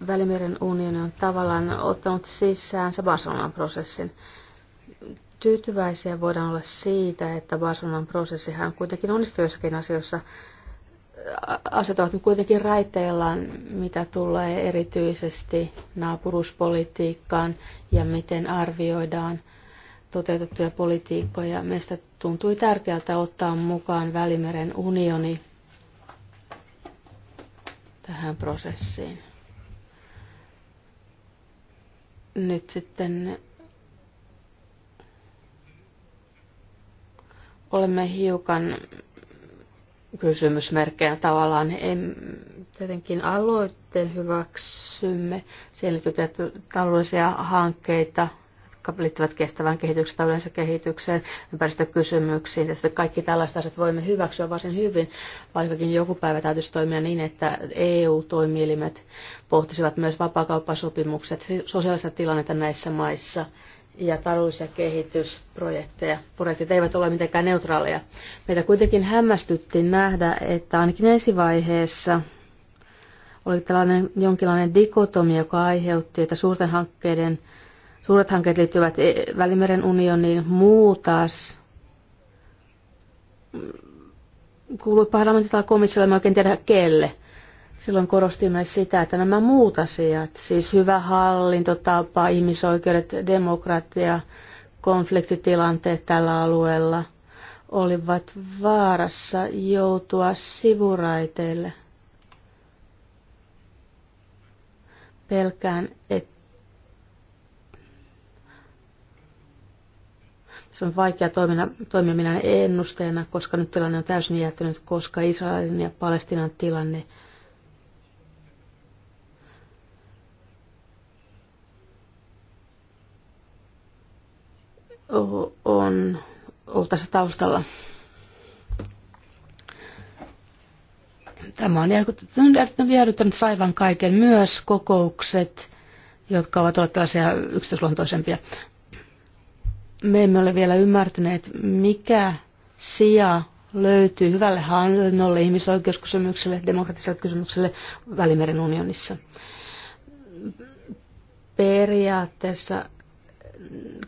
C: Välimeren unioni on tavallaan ottanut sisään se Barcelonan prosessin tyytyväisiä voidaan olla siitä, että Barcelonan prosessihan kuitenkin onnistui jossakin asioissa. Asiat ovat kuitenkin raiteillaan, mitä tulee erityisesti naapuruspolitiikkaan ja miten arvioidaan toteutettuja politiikkoja. Meistä tuntui tärkeältä ottaa mukaan Välimeren unioni tähän prosessiin. Nyt sitten olemme hiukan kysymysmerkkejä tavallaan. En, tietenkin aloitteen hyväksymme. siellä liittyy taloudellisia hankkeita, jotka liittyvät kestävään kehitykseen, taloudelliseen kehitykseen, ympäristökysymyksiin. Tietysti kaikki tällaiset asiat voimme hyväksyä varsin hyvin, vaikkakin joku päivä täytyisi toimia niin, että EU-toimielimet pohtisivat myös vapaakauppasopimukset, sosiaalista tilannetta näissä maissa – ja taloudellisia kehitysprojekteja. Projektit eivät ole mitenkään neutraaleja. Meitä kuitenkin hämmästytti nähdä, että ainakin ensivaiheessa oli tällainen jonkinlainen dikotomi, joka aiheutti, että suurten hankkeiden, suuret hankkeet liittyvät e- Välimeren unioniin, muu taas kuului parlamentilla komissiolle, mä oikein tiedä kelle – Silloin korostimme sitä, että nämä muut asiat, siis hyvä hallintotapa, ihmisoikeudet, demokratia, konfliktitilanteet tällä alueella, olivat vaarassa joutua sivuraiteille. Pelkään, että se on vaikea toimina, toimia minä ennusteena, koska nyt tilanne on täysin jättänyt, koska Israelin ja Palestinan tilanne on ollut tässä taustalla. Tämä on järkyttänyt saivan kaiken, myös kokoukset, jotka ovat olleet tällaisia yksityisluontoisempia. Me emme ole vielä ymmärtäneet, mikä sija löytyy hyvälle hallinnolle, ihmisoikeuskysymykselle, demokratiselle kysymykselle Välimeren unionissa. Periaatteessa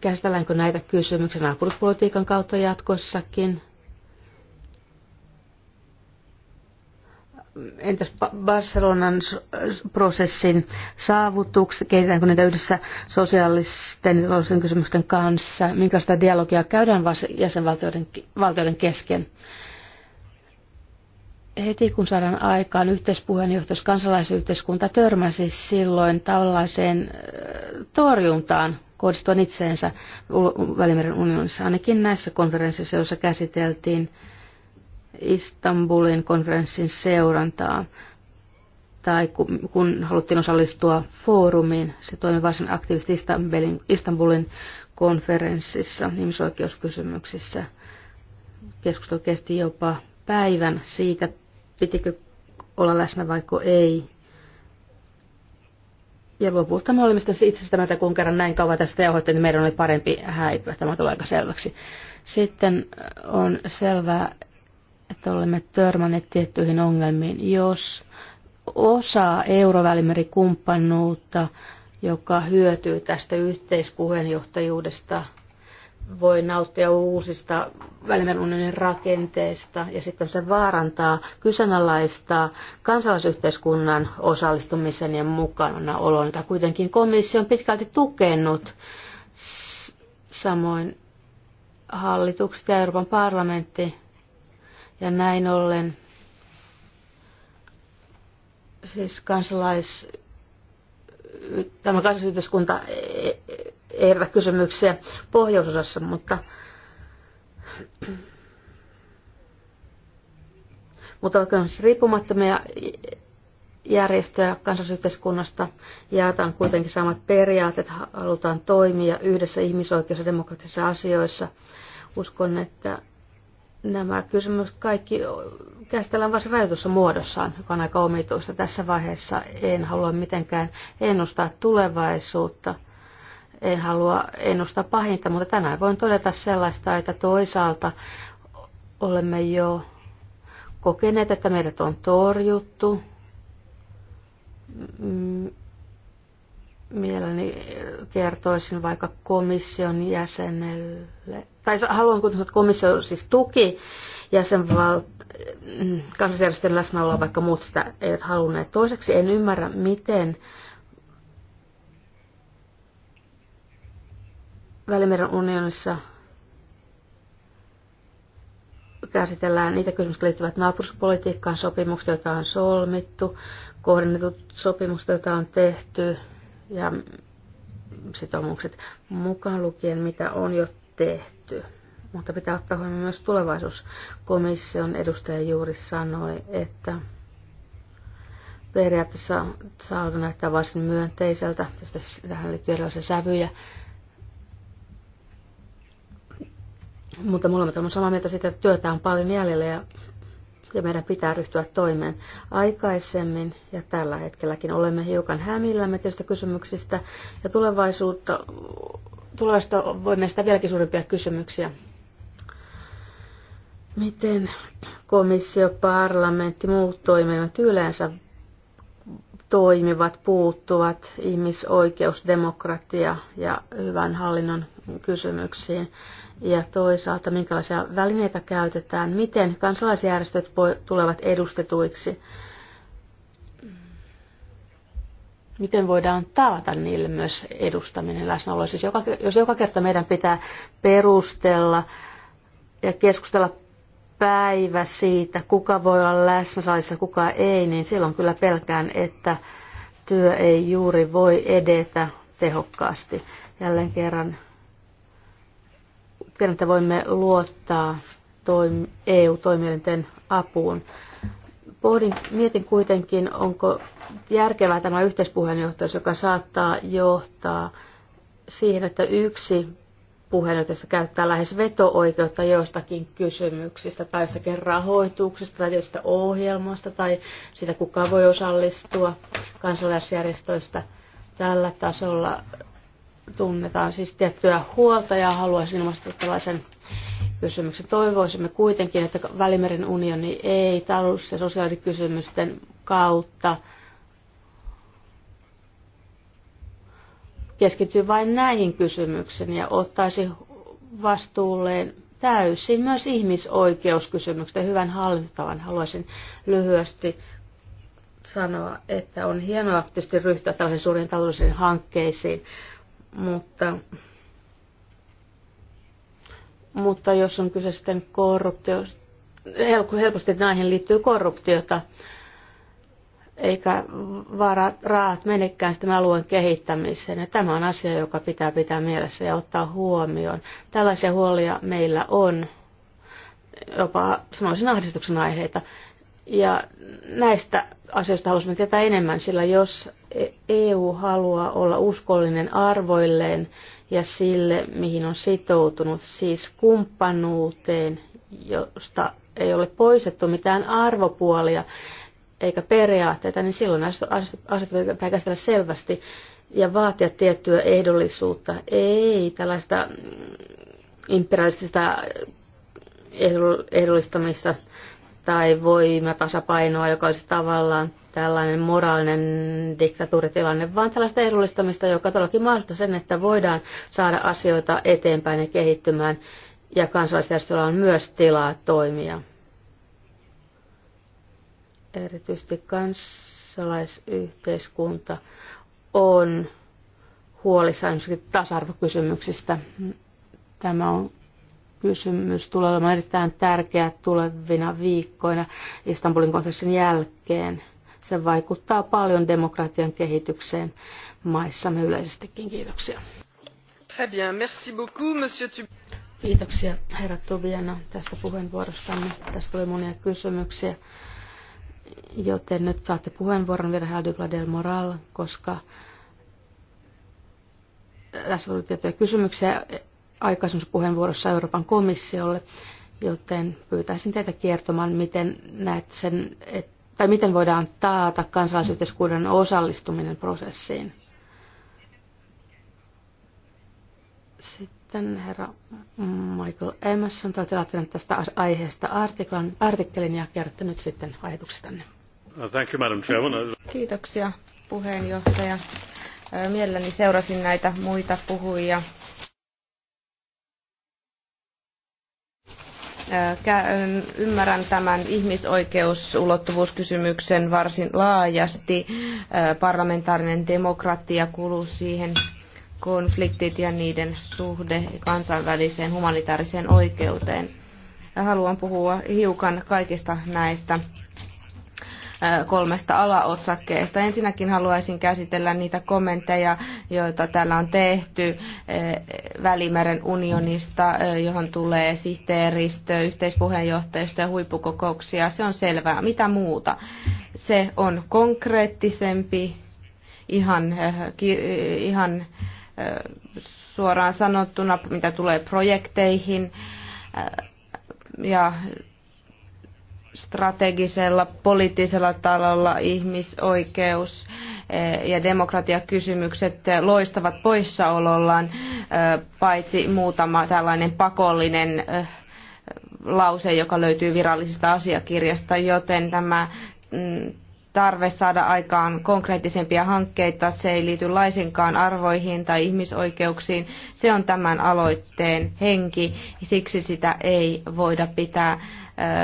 C: käsitelläänkö näitä kysymyksiä naapuruspolitiikan kautta jatkossakin? Entäs Barcelonan prosessin saavutukset, kehitetäänkö niitä yhdessä sosiaalisten ja sosiaalisten kysymysten kanssa, minkälaista dialogia käydään jäsenvaltioiden valtioiden kesken? Heti kun saadaan aikaan yhteispuheenjohtajuus kansalaisyhteiskunta törmäsi silloin tällaiseen äh, torjuntaan kohdistuvan itseensä Välimeren unionissa, ainakin näissä konferensseissa, joissa käsiteltiin Istanbulin konferenssin seurantaa tai kun, kun haluttiin osallistua foorumiin, se toimi varsin aktiivisesti Istanbulin, Istanbulin konferenssissa ihmisoikeuskysymyksissä. Keskustelu kesti jopa päivän siitä, pitikö olla läsnä vaiko ei. Ja lopulta me olemme itse asiassa kun kerran näin kauan tästä jauhoitte, niin meidän oli parempi häipyä. Tämä tulee aika selväksi. Sitten on selvää, että olemme törmänneet tiettyihin ongelmiin. Jos osa eurovälimerikumppanuutta, joka hyötyy tästä yhteispuheenjohtajuudesta, voi nauttia uusista välimerunnin rakenteista ja sitten se vaarantaa, kyseenalaistaa kansalaisyhteiskunnan osallistumisen ja mukana olon, jota kuitenkin komissio on pitkälti tukenut. Samoin hallitukset ja Euroopan parlamentti. Ja näin ollen siis kansalais, tämä kansalaisyhteiskunta e- e- ehdota kysymyksiä pohjoisosassa, mutta mutta ovatko siis riippumattomia järjestöjä kansallisyhteiskunnasta jaetaan kuitenkin samat periaatteet, halutaan toimia yhdessä ihmisoikeus- ja demokraattisissa asioissa. Uskon, että nämä kysymykset kaikki käsitellään varsin rajoitussa muodossaan, joka on aika omituista. Tässä vaiheessa en halua mitenkään ennustaa tulevaisuutta – en halua ennustaa pahinta, mutta tänään voin todeta sellaista, että toisaalta olemme jo kokeneet, että meidät on torjuttu. Mm, mielelläni kertoisin vaikka komission jäsenelle, tai haluan kuitenkin, että komissio siis tuki jäsenval... Mm, kansallisjärjestön läsnäoloa, vaikka muut sitä eivät halunneet. Toiseksi en ymmärrä, miten Välimeren unionissa käsitellään niitä kysymyksiä liittyvät naapuruspolitiikkaan, sopimukset, joita on solmittu, kohdennetut sopimukset, joita on tehty ja sitoumukset mukaan lukien, mitä on jo tehty. Mutta pitää ottaa huomioon myös tulevaisuuskomission edustaja juuri sanoi, että periaatteessa saa näyttää varsin myönteiseltä, tähän liittyy erilaisia sävyjä, Mutta molemmat olemme samaa mieltä siitä, että työtä on paljon jäljellä ja, ja meidän pitää ryhtyä toimeen aikaisemmin ja tällä hetkelläkin. Olemme hiukan hämillämme tietystä kysymyksistä ja tulevaisuutta, tulevaisuutta voimme sitä vieläkin suurimpia kysymyksiä. Miten komissio, parlamentti, muut toimivat yleensä toimivat, puuttuvat ihmisoikeus, demokratia ja hyvän hallinnon kysymyksiin ja toisaalta minkälaisia välineitä käytetään, miten kansalaisjärjestöt voi, tulevat edustetuiksi, miten voidaan taata niille myös edustaminen läsnäolo. Siis joka, jos joka kerta meidän pitää perustella ja keskustella päivä siitä, kuka voi olla läsnä salissa, kuka ei, niin silloin kyllä pelkään, että työ ei juuri voi edetä tehokkaasti. Jälleen kerran Tiedän, että voimme luottaa EU-toimielinten apuun. Pohdin, mietin kuitenkin, onko järkevää tämä yhteispuheenjohtajuus, joka saattaa johtaa siihen, että yksi puheenjohtajassa käyttää lähes veto-oikeutta joistakin kysymyksistä tai jostakin rahoituksesta tai jostakin ohjelmasta tai sitä kuka voi osallistua kansalaisjärjestöistä tällä tasolla tunnetaan siis tiettyä huolta ja haluaisin ilmaista tällaisen kysymyksen. Toivoisimme kuitenkin, että Välimeren unioni ei talous- ja sosiaalikysymysten kautta keskittyy vain näihin kysymyksiin ja ottaisi vastuulleen täysin myös ihmisoikeuskysymykset ja hyvän hallintotavan. Haluaisin lyhyesti sanoa, että on hienoa tietysti ryhtyä tällaisiin suuriin taloudellisiin hankkeisiin, mutta, mutta jos on kyse sitten korruptio, helposti näihin liittyy korruptiota, eikä varat, raat menekään sitten alueen kehittämiseen. Ja tämä on asia, joka pitää pitää mielessä ja ottaa huomioon. Tällaisia huolia meillä on, jopa sanoisin ahdistuksen aiheita. Ja näistä asioista halusimme tietää enemmän, sillä jos EU e haluaa olla uskollinen arvoilleen ja sille, mihin on sitoutunut, siis kumppanuuteen, josta ei ole poistettu mitään arvopuolia eikä periaatteita, niin silloin asioista pitää käsitellä selvästi ja vaatia tiettyä ehdollisuutta. Ei tällaista imperialistista ehdollistamista tai voimatasapainoa, joka olisi tavallaan tällainen moraalinen diktatuuritilanne, vaan tällaista edullistamista, joka todellakin mahdollistaa sen, että voidaan saada asioita eteenpäin ja kehittymään, ja kansalaisjärjestöllä on myös tilaa toimia. Erityisesti kansalaisyhteiskunta on huolissaan tasa-arvokysymyksistä. Tämä on kysymys tulee olemaan erittäin tärkeä tulevina viikkoina Istanbulin konferenssin jälkeen. Se vaikuttaa paljon demokratian kehitykseen maissamme yleisestikin. Kiitoksia.
A: Très bien. Merci beaucoup, monsieur Tub...
C: Kiitoksia herra Tubiana tästä puheenvuorostamme. Tästä tuli monia kysymyksiä. Joten nyt saatte puheenvuoron vielä Haldubla del Moral, koska tässä tuli tiettyjä kysymyksiä aikaisemmassa puheenvuorossa Euroopan komissiolle, joten pyytäisin teitä kertomaan, miten näet sen, et, tai miten voidaan taata kansalaisyhteiskunnan osallistuminen prosessiin. Sitten herra Michael Emerson, te olette tästä aiheesta artiklan, artikkelin ja kerrotte nyt sitten ajatuksistanne.
A: Thank you, Madam Chairman.
B: Kiitoksia puheenjohtaja. Mielelläni seurasin näitä muita puhujia Äh, ähm, ymmärrän tämän ihmisoikeusulottuvuuskysymyksen varsin laajasti. Äh, parlamentaarinen demokratia kuuluu siihen konfliktit ja niiden suhde kansainväliseen humanitaariseen oikeuteen. Äh, haluan puhua hiukan kaikista näistä kolmesta alaotsakkeesta. Ensinnäkin haluaisin käsitellä niitä kommentteja, joita täällä on tehty Välimeren unionista, johon tulee sihteeristö, yhteispuheenjohtajisto ja huippukokouksia. Se on selvää. Mitä muuta? Se on konkreettisempi, ihan, ihan suoraan sanottuna, mitä tulee projekteihin ja strategisella poliittisella talolla ihmisoikeus eh, ja demokratiakysymykset loistavat poissaolollaan, eh, paitsi muutama tällainen pakollinen eh, lause, joka löytyy virallisesta asiakirjasta, joten tämä mm, tarve saada aikaan konkreettisempia hankkeita, se ei liity laisinkaan arvoihin tai ihmisoikeuksiin. Se on tämän aloitteen henki, siksi sitä ei voida pitää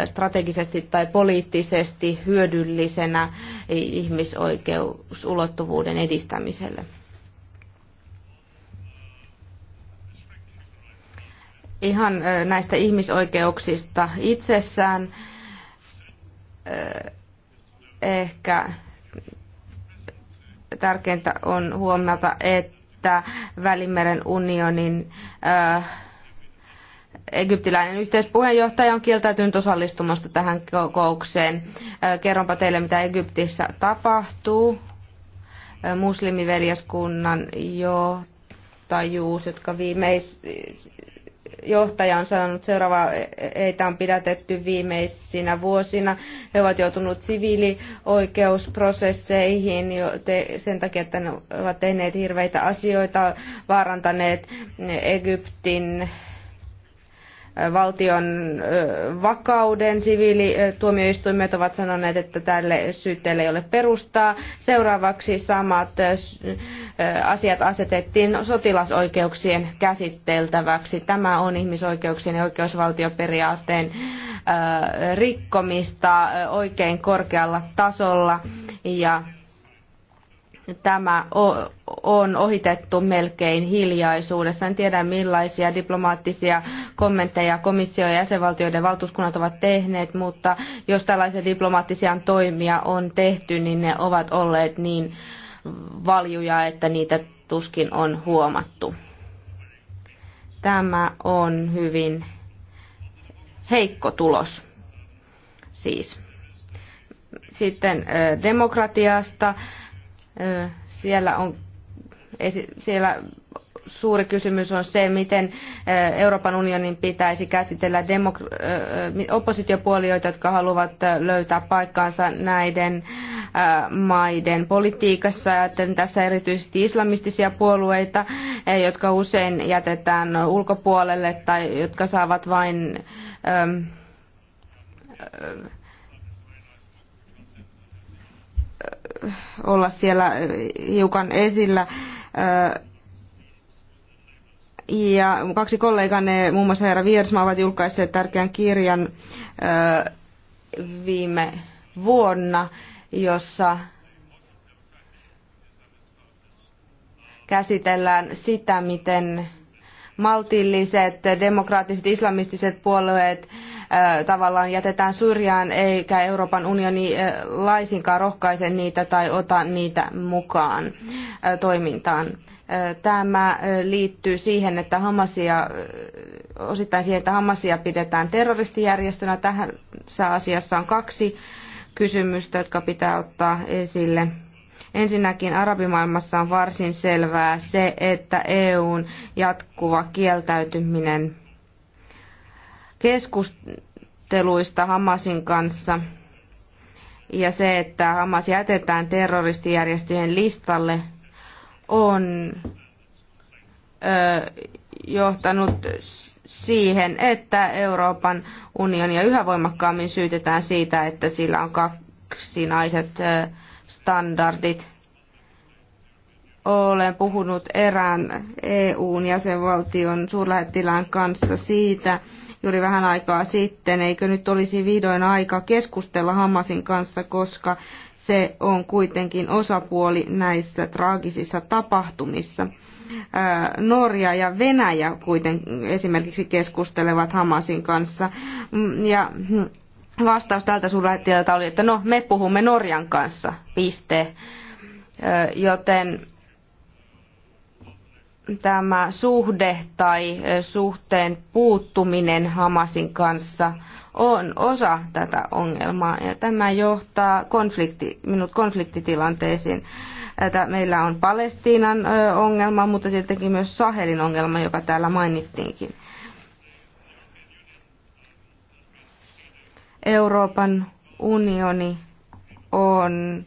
B: strategisesti tai poliittisesti hyödyllisenä ihmisoikeusulottuvuuden edistämiselle. Ihan näistä ihmisoikeuksista itsessään ehkä tärkeintä on huomata, että Välimeren unionin äh, Egyptiläinen yhteispuheenjohtaja on kieltäytynyt osallistumasta tähän kokoukseen. Kerronpa teille, mitä Egyptissä tapahtuu. Muslimiveljeskunnan johtajuus, jotka viimeis, johtaja on sanonut, seuraavaa. seuraava e, heitä on pidätetty viimeisinä vuosina. He ovat joutuneet siviilioikeusprosesseihin sen takia, että ne ovat tehneet hirveitä asioita, vaarantaneet Egyptin valtion vakauden. Siviilituomioistuimet ovat sanoneet, että tälle syytteelle ei ole perustaa. Seuraavaksi samat asiat asetettiin sotilasoikeuksien käsitteltäväksi. Tämä on ihmisoikeuksien ja oikeusvaltioperiaatteen rikkomista oikein korkealla tasolla ja tämä on ohitettu melkein hiljaisuudessa. En tiedä millaisia diplomaattisia kommentteja komissio ja jäsenvaltioiden valtuuskunnat ovat tehneet, mutta jos tällaisia diplomaattisia toimia on tehty, niin ne ovat olleet niin valjuja, että niitä tuskin on huomattu. Tämä on hyvin heikko tulos siis. Sitten demokratiasta. Siellä on siellä suuri kysymys on se, miten eh, Euroopan unionin pitäisi käsitellä demok- eh, eh, oppositiopuolijoita, jotka haluavat löytää paikkaansa näiden maiden politiikassa. Ajattelen tässä erityisesti islamistisia puolueita, jotka usein jätetään ulkopuolelle tai jotka saavat vain ehm, olla siellä hiukan esillä ja kaksi kolleganne, muun muassa herra Viersma, ovat julkaisseet tärkeän kirjan viime vuonna, jossa käsitellään sitä, miten maltilliset demokraattiset islamistiset puolueet tavallaan jätetään syrjään, eikä Euroopan unioni laisinkaan rohkaise niitä tai ota niitä mukaan toimintaan. Tämä liittyy siihen, että Hamasia, osittain siihen, että Hamasia pidetään terroristijärjestönä. Tähän asiassa on kaksi kysymystä, jotka pitää ottaa esille. Ensinnäkin arabimaailmassa on varsin selvää se, että EUn jatkuva kieltäytyminen keskusteluista Hamasin kanssa ja se, että Hamas jätetään terroristijärjestöjen listalle, on ö, johtanut siihen, että Euroopan unionia yhä voimakkaammin syytetään siitä, että sillä on kaksinaiset standardit. Olen puhunut erään EUn jäsenvaltion suurlähettilään kanssa siitä, juuri vähän aikaa sitten. Eikö nyt olisi vihdoin aika keskustella Hamasin kanssa, koska se on kuitenkin osapuoli näissä traagisissa tapahtumissa. Äh, Norja ja Venäjä kuiten esimerkiksi keskustelevat Hamasin kanssa. Mm, ja hm, vastaus tältä suurlähettiöltä oli, että no me puhumme Norjan kanssa, piste. Äh, joten tämä suhde tai suhteen puuttuminen Hamasin kanssa on osa tätä ongelmaa ja tämä johtaa konflikti, minut konfliktitilanteisiin. Meillä on Palestiinan ongelma, mutta tietenkin myös Sahelin ongelma, joka täällä mainittiinkin. Euroopan unioni on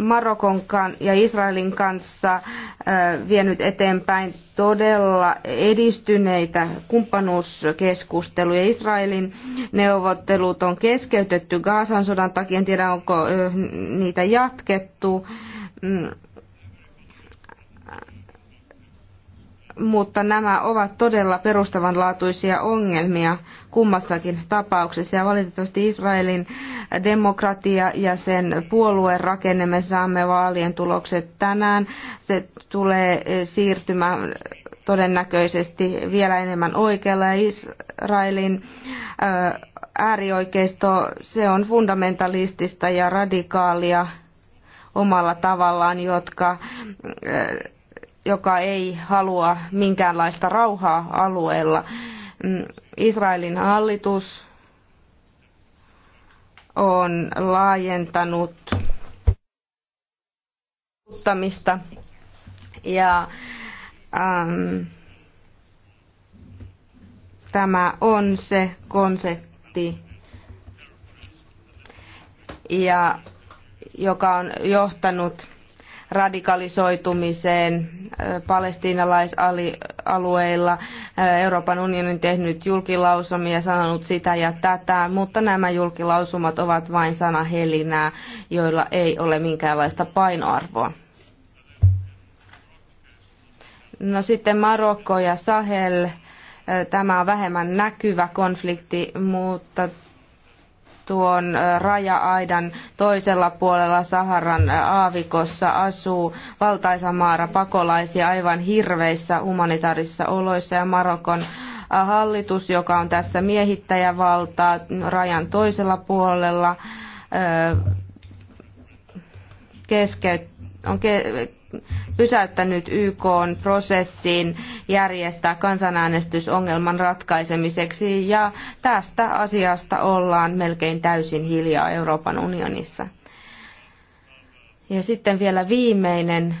B: Marokon ja Israelin kanssa vienyt eteenpäin todella edistyneitä kumppanuuskeskusteluja. Israelin neuvottelut on keskeytetty Gaasan sodan takia, en tiedä onko niitä jatkettu mm. mutta nämä ovat todella perustavanlaatuisia ongelmia kummassakin tapauksessa. Ja valitettavasti Israelin demokratia ja sen puolueen rakenne, me saamme vaalien tulokset tänään. Se tulee eh, siirtymään todennäköisesti vielä enemmän oikealla ja Israelin eh, äärioikeisto, se on fundamentalistista ja radikaalia omalla tavallaan, jotka eh, joka ei halua minkäänlaista rauhaa alueella. Mm, Israelin hallitus on laajentanut muuttamista ja ähm, tämä on se konsepti, ja, joka on johtanut radikalisoitumiseen palestiinalaisalueilla. Euroopan unioni on tehnyt julkilausumia, sanonut sitä ja tätä, mutta nämä julkilausumat ovat vain sanahelinää, joilla ei ole minkäänlaista painoarvoa. No sitten Marokko ja Sahel. Tämä on vähemmän näkyvä konflikti, mutta tuon raja-aidan toisella puolella Saharan aavikossa asuu valtaisa maara pakolaisia aivan hirveissä humanitaarisissa oloissa ja Marokon hallitus, joka on tässä miehittäjävaltaa rajan toisella puolella, keskeyt, on ke, pysäyttänyt YK prosessin järjestää kansanäänestys ongelman ratkaisemiseksi ja tästä asiasta ollaan melkein täysin hiljaa Euroopan unionissa. Ja sitten vielä viimeinen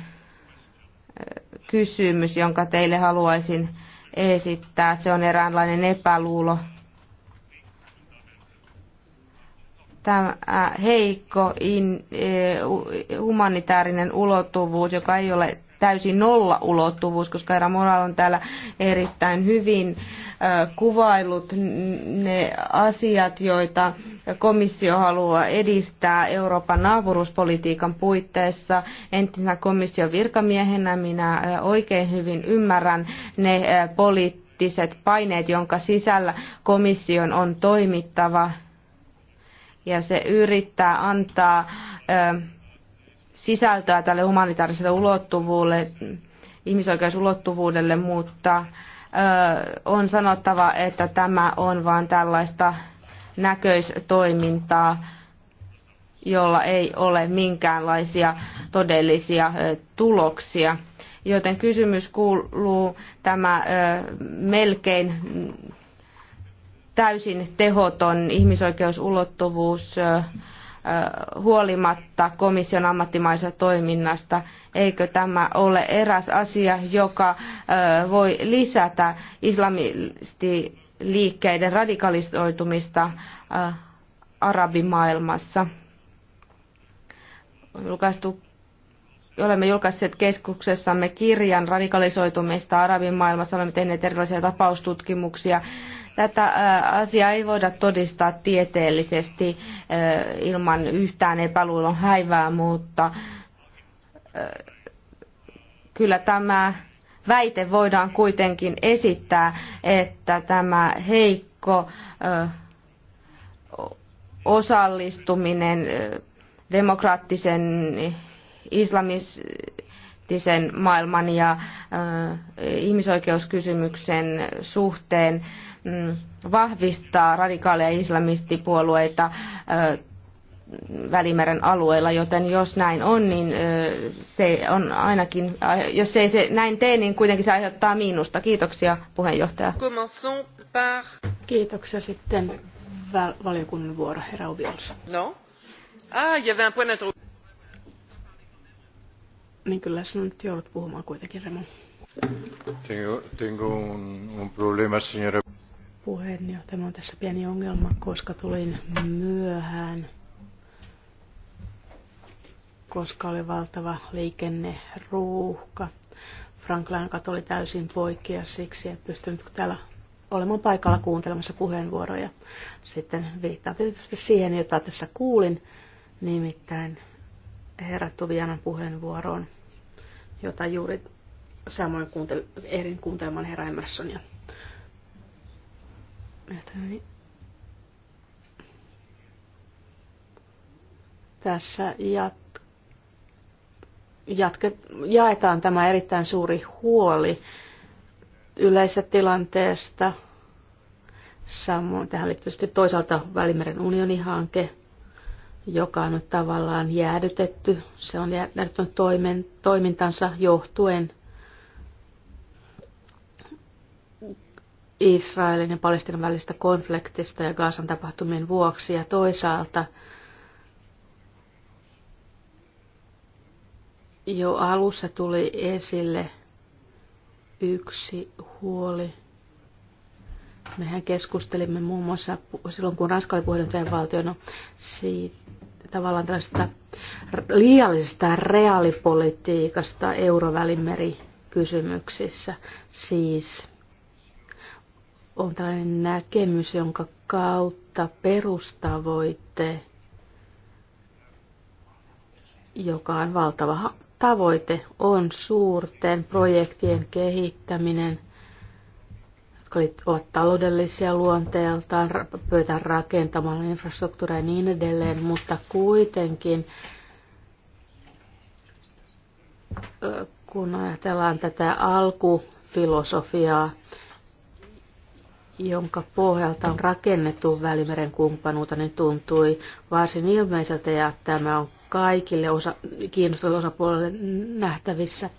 B: kysymys, jonka teille haluaisin esittää. Se on eräänlainen epäluulo tämä heikko in, e, humanitaarinen ulottuvuus, joka ei ole täysin nolla ulottuvuus, koska Era Moral on täällä erittäin hyvin kuvailut ne asiat, joita komissio haluaa edistää Euroopan naapuruuspolitiikan puitteissa. Entisenä komission virkamiehenä minä oikein hyvin ymmärrän ne poliittiset paineet, jonka sisällä komission on toimittava ja se yrittää antaa sisältöä tälle humanitaariselle ulottuvuudelle, ihmisoikeusulottuvuudelle, mutta on sanottava, että tämä on vain tällaista näköistoimintaa, jolla ei ole minkäänlaisia todellisia tuloksia. Joten kysymys kuuluu tämä melkein täysin tehoton ihmisoikeusulottuvuus huolimatta komission ammattimaisesta toiminnasta. Eikö tämä ole eräs asia, joka voi lisätä islamistiliikkeiden radikalisoitumista arabimaailmassa? Julkaistu olemme julkaisseet keskuksessamme kirjan radikalisoitumista arabimaailmassa, olemme tehneet erilaisia tapaustutkimuksia Tätä asiaa ei voida todistaa tieteellisesti ilman yhtään epäluulon häivää, mutta kyllä tämä väite voidaan kuitenkin esittää, että tämä heikko osallistuminen demokraattisen islamistisen maailman ja ihmisoikeuskysymyksen suhteen Mm, vahvistaa radikaaleja islamistipuolueita Välimeren alueella, joten jos näin on, niin se on ainakin, jos ei se näin tee, niin kuitenkin se aiheuttaa miinusta. Kiitoksia puheenjohtaja.
C: Kiitoksia sitten valiokunnan vuoro, herra Obiols. No.
A: Ah, il y un point
C: Niin kyllä sinä nyt joudut puhumaan kuitenkin, Remo.
A: Tengo, tengo un, un problema, señora.
C: Puheenjohtajalla on tässä pieni ongelma, koska tulin myöhään, koska oli valtava liikenneruuhka. Franklin kat oli täysin poikki siksi että pystynyt täällä olemaan paikalla kuuntelemassa puheenvuoroja. Sitten viittaan tietysti siihen, jota tässä kuulin, nimittäin herra Tuvianan puheenvuoroon, jota juuri samoin kuuntel- ehdin kuuntelemaan herra Emersonia. Tässä jat, jatke, jaetaan tämä erittäin suuri huoli yleisestä tilanteesta. Samoin tähän liittyy toisaalta Välimeren unionihanke, joka on nyt tavallaan jäädytetty. Se on jäädytetty toimintansa johtuen Israelin ja Palestinan välistä konfliktista ja Gaasan tapahtumien vuoksi ja toisaalta jo alussa tuli esille yksi huoli. Mehän keskustelimme muun muassa silloin, kun Ranska oli no, siitä, tavallaan tällaista liiallisesta reaalipolitiikasta eurovälimeri kysymyksissä. Siis on tällainen näkemys, jonka kautta perustavoite, joka on valtava tavoite, on suurten projektien kehittäminen, jotka ovat taloudellisia luonteeltaan, pyritään rakentamaan infrastruktuuria ja niin edelleen, mutta kuitenkin kun ajatellaan tätä alkufilosofiaa, jonka pohjalta on rakennettu Välimeren kumppanuutta, niin tuntui varsin ilmeiseltä ja tämä on kaikille osa, kiinnostuneille osapuolille nähtävissä.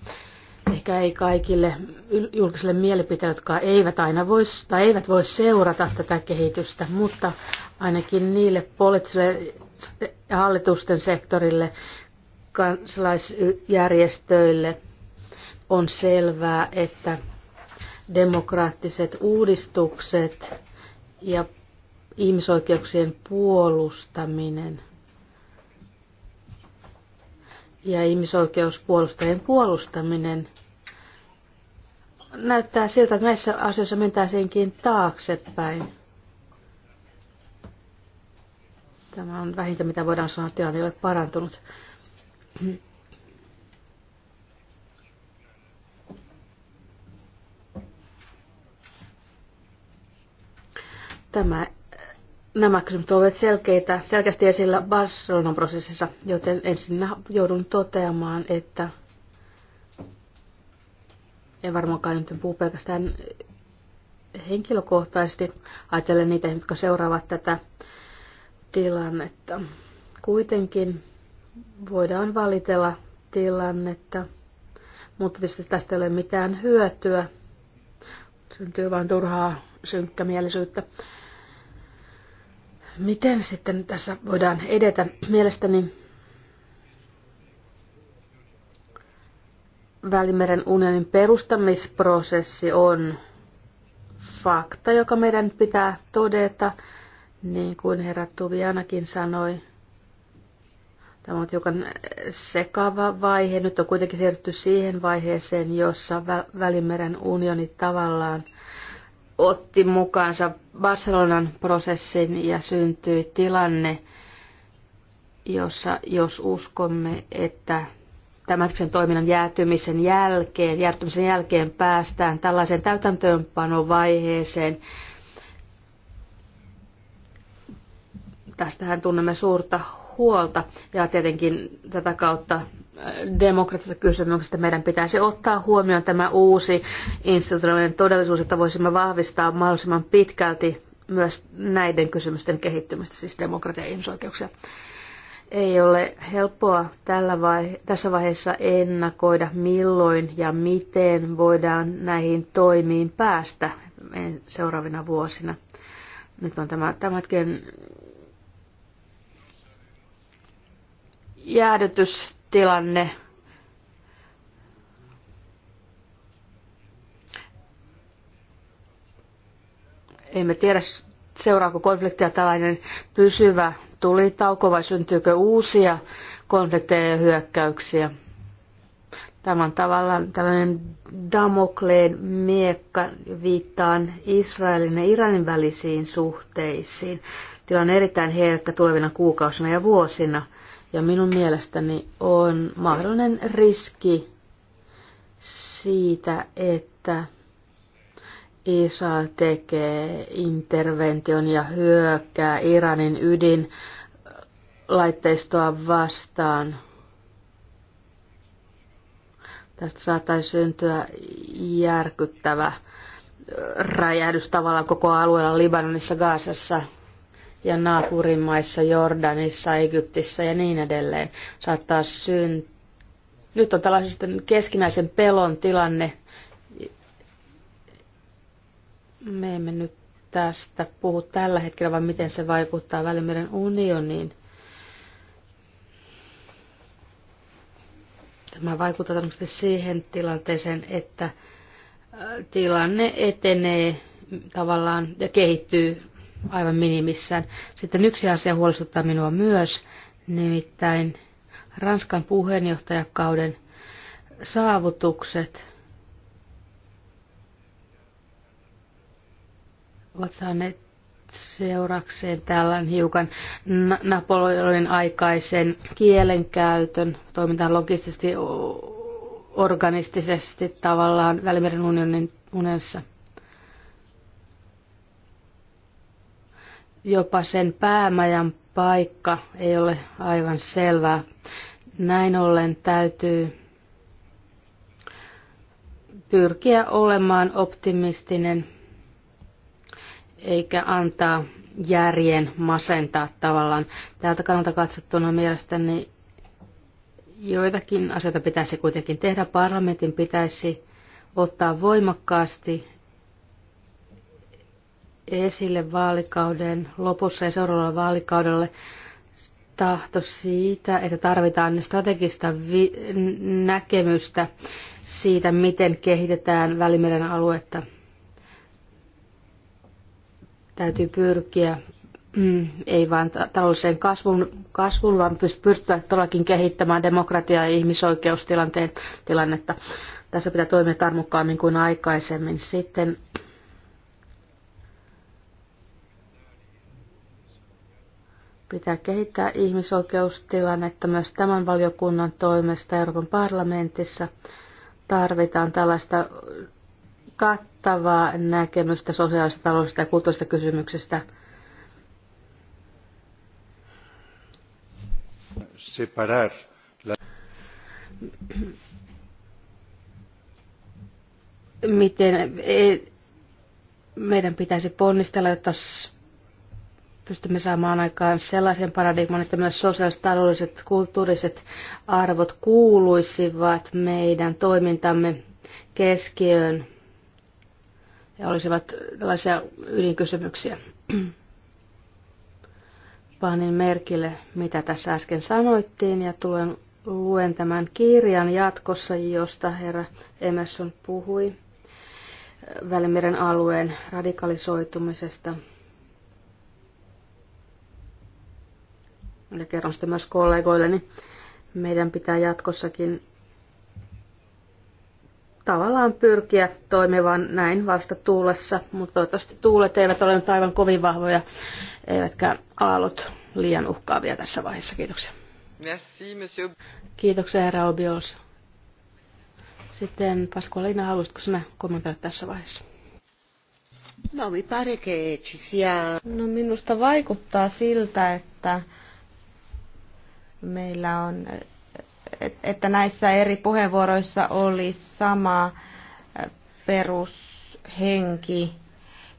C: Ehkä ei kaikille julkiselle mielipiteille, jotka eivät aina voi, tai eivät voi seurata tätä kehitystä, mutta ainakin niille poliittisille ja hallitusten sektorille, kansalaisjärjestöille on selvää, että demokraattiset uudistukset ja ihmisoikeuksien puolustaminen ja ihmisoikeuspuolustajien puolustaminen näyttää siltä, että näissä asioissa mentäisiinkin taaksepäin. Tämä on vähintä, mitä voidaan sanoa, tilanne ei ole parantunut. Tämä, nämä kysymykset ovat selkeitä, selkeästi esillä Barcelonan prosessissa, joten ensin joudun toteamaan, että en varmaankaan nyt puhu pelkästään henkilökohtaisesti, ajatellen niitä, jotka seuraavat tätä tilannetta. Kuitenkin voidaan valitella tilannetta, mutta tietysti tästä ei ole mitään hyötyä. Syntyy vain turhaa synkkämielisyyttä. Miten sitten tässä voidaan edetä? Mielestäni Välimeren unionin perustamisprosessi on fakta, joka meidän pitää todeta, niin kuin herra Tuvianakin sanoi. Tämä on hiukan sekava vaihe. Nyt on kuitenkin siirrytty siihen vaiheeseen, jossa Välimeren unioni tavallaan – otti mukaansa Barcelonan prosessin ja syntyi tilanne, jossa jos uskomme, että tämän toiminnan jäätymisen jälkeen, jäätymisen jälkeen päästään tällaiseen täytäntöönpanovaiheeseen. Tästähän tunnemme suurta huolta ja tietenkin tätä kautta demokratisesta kysymyksestä meidän pitäisi ottaa huomioon tämä uusi instituutioiden todellisuus, että voisimme vahvistaa mahdollisimman pitkälti myös näiden kysymysten kehittymistä, siis demokratia ja ihmisoikeuksia. Ei ole helppoa tällä vai- tässä vaiheessa ennakoida, milloin ja miten voidaan näihin toimiin päästä seuraavina vuosina. Nyt on tämä, tämänkin jäädytys tilanne. Emme tiedä, seuraako konfliktia tällainen pysyvä tulitauko vai syntyykö uusia konflikteja ja hyökkäyksiä. Tämä on tavallaan tällainen Damokleen miekka viittaan Israelin ja Iranin välisiin suhteisiin. Tilanne on erittäin herkkä tulevina kuukausina ja vuosina – ja minun mielestäni on mahdollinen riski siitä, että Israel tekee intervention ja hyökkää Iranin ydin laitteistoa vastaan. Tästä saattaisi syntyä järkyttävä räjähdys tavallaan koko alueella Libanonissa, Gaasassa, ja naapurimaissa, Jordanissa, Egyptissä ja niin edelleen saattaa syntyä. Nyt on tällaisesta keskinäisen pelon tilanne. Me emme nyt tästä puhu tällä hetkellä, vaan miten se vaikuttaa Välimeren unioniin. Tämä vaikuttaa todennäköisesti siihen tilanteeseen, että äh, tilanne etenee tavallaan ja kehittyy aivan minimissään. Sitten yksi asia huolestuttaa minua myös, nimittäin Ranskan puheenjohtajakauden saavutukset ovat saaneet seurakseen tällainen hiukan Napoleonin aikaisen kielenkäytön, toimintaan logistisesti, organistisesti tavallaan Välimeren unionin unessa. jopa sen päämajan paikka ei ole aivan selvää. Näin ollen täytyy pyrkiä olemaan optimistinen eikä antaa järjen masentaa tavallaan. Täältä kannalta katsottuna mielestäni joitakin asioita pitäisi kuitenkin tehdä. Parlamentin pitäisi ottaa voimakkaasti esille vaalikauden lopussa ja seuraavalla vaalikaudelle tahto siitä, että tarvitaan strategista vi- näkemystä siitä, miten kehitetään Välimeren aluetta. Täytyy pyrkiä mm, ei vain taloudelliseen kasvun, kasvun vaan pystyä todellakin kehittämään demokratiaa ja ihmisoikeustilanteen tilannetta. Tässä pitää toimia tarmokkaammin kuin aikaisemmin. Sitten Pitää kehittää ihmisoikeustilannetta myös tämän valiokunnan toimesta Euroopan parlamentissa. Tarvitaan tällaista kattavaa näkemystä sosiaalista, taloudellisista ja kulttuurista kysymyksistä.
D: Separar
C: Miten e- meidän pitäisi ponnistella, jotta pystymme saamaan aikaan sellaisen paradigman, että myös sosiaaliset, taloudelliset, kulttuuriset arvot kuuluisivat meidän toimintamme keskiöön ja olisivat tällaisia ydinkysymyksiä. Panin merkille, mitä tässä äsken sanoittiin, ja tulen luen tämän kirjan jatkossa, josta herra Emerson puhui Välimeren alueen radikalisoitumisesta – ja kerron sitä myös niin meidän pitää jatkossakin tavallaan pyrkiä toimimaan näin vasta tuulessa, mutta toivottavasti tuulet eivät ole nyt aivan kovin vahvoja, eivätkä aallot liian uhkaavia tässä vaiheessa. Kiitoksia.
A: Merci, monsieur.
C: Kiitoksia, herra Obios. Sitten Pasqualina, haluaisitko sinä kommentoida tässä vaiheessa?
A: No, mi pare che ci sia...
B: No, minusta vaikuttaa siltä, että meillä on, että näissä eri puheenvuoroissa oli sama perushenki.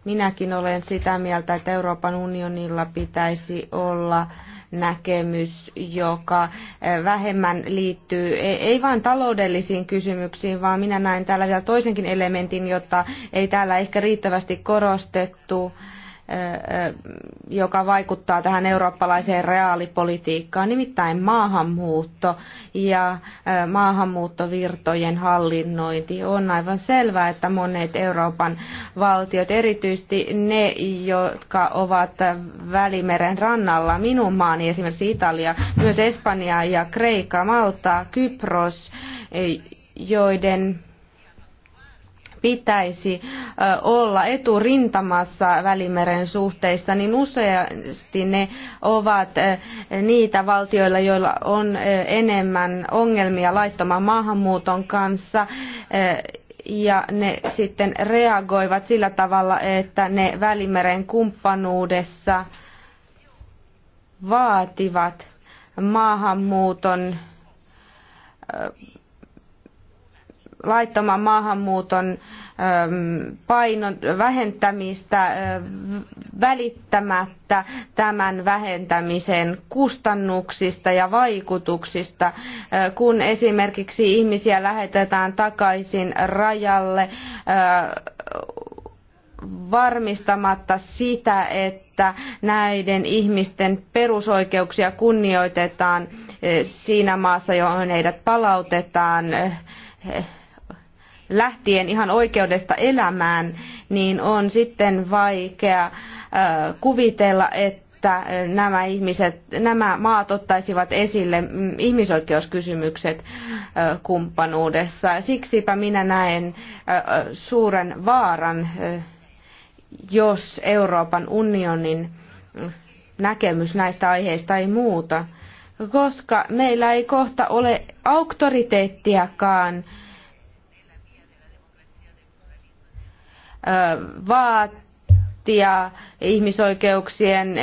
B: Minäkin olen sitä mieltä, että Euroopan unionilla pitäisi olla näkemys, joka vähemmän liittyy ei vain taloudellisiin kysymyksiin, vaan minä näen täällä vielä toisenkin elementin, jota ei täällä ehkä riittävästi korostettu joka vaikuttaa tähän eurooppalaiseen reaalipolitiikkaan, nimittäin maahanmuutto ja maahanmuuttovirtojen hallinnointi. On aivan selvää, että monet Euroopan valtiot, erityisesti ne, jotka ovat Välimeren rannalla, minun maani, esimerkiksi Italia, myös Espanja ja Kreikka, Malta, Kypros, joiden pitäisi olla eturintamassa Välimeren suhteissa, niin useasti ne ovat niitä valtioilla, joilla on enemmän ongelmia laittoman maahanmuuton kanssa ja ne sitten reagoivat sillä tavalla, että ne Välimeren kumppanuudessa vaativat maahanmuuton laittoman maahanmuuton ähm, painon vähentämistä äh, välittämättä tämän vähentämisen kustannuksista ja vaikutuksista, äh, kun esimerkiksi ihmisiä lähetetään takaisin rajalle äh, varmistamatta sitä, että näiden ihmisten perusoikeuksia kunnioitetaan siinä maassa, johon heidät palautetaan lähtien ihan oikeudesta elämään, niin on sitten vaikea kuvitella, että nämä, ihmiset, nämä maat ottaisivat esille mm, ihmisoikeuskysymykset kumppanuudessa. Siksipä minä näen suuren vaaran, jos Euroopan unionin mm, näkemys näistä aiheista ei muuta, koska meillä ei kohta ole auktoriteettiakaan vaatia ihmisoikeuksien,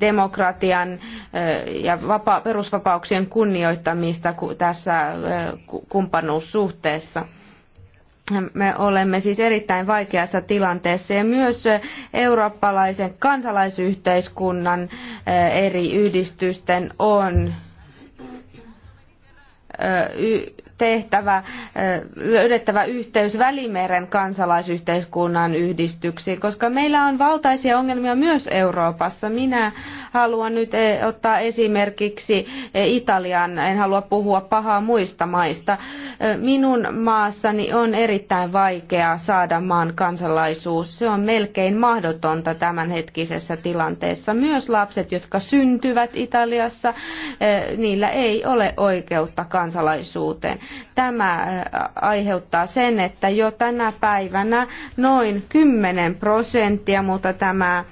B: demokratian ja perusvapauksien kunnioittamista tässä kumppanuussuhteessa. Me olemme siis erittäin vaikeassa tilanteessa ja myös eurooppalaisen kansalaisyhteiskunnan eri yhdistysten on tehtävä, löydettävä yhteys Välimeren kansalaisyhteiskunnan yhdistyksiin, koska meillä on valtaisia ongelmia myös Euroopassa. Minä haluan nyt e, ottaa esimerkiksi e, Italian, en halua puhua pahaa muista maista. E, minun maassani on erittäin vaikea saada maan kansalaisuus. Se on melkein mahdotonta tämänhetkisessä tilanteessa. Myös lapset, jotka syntyvät Italiassa, niillä ei ole oikeutta kansalaisuuteen. Tämä aiheuttaa sen, että jo tänä päivänä noin 10 prosenttia, mutta tämä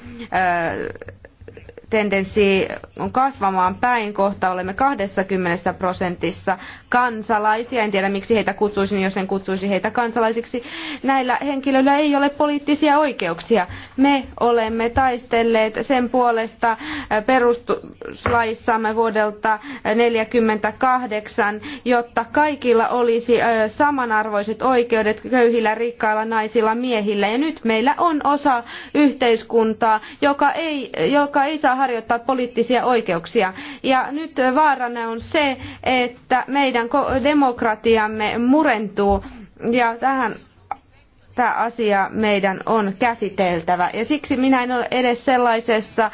B: tendenssi on kasvamaan päin. Kohta olemme 20 prosentissa kansalaisia. En tiedä miksi heitä kutsuisin, jos en kutsuisi heitä kansalaisiksi. Näillä henkilöillä ei ole poliittisia oikeuksia. Me olemme taistelleet sen puolesta äh, perustuslaissamme vuodelta 1948, jotta kaikilla olisi äh, samanarvoiset oikeudet köyhillä, rikkailla, naisilla, miehillä. Ja nyt meillä on osa yhteiskuntaa, joka ei, joka ei saa harjoittaa poliittisia oikeuksia. Ja nyt vaarana on se, että meidän demokratiamme murentuu ja tähän tätä asiaa meidän on käsiteltävä. Ja siksi minä en ole edes sellaisessa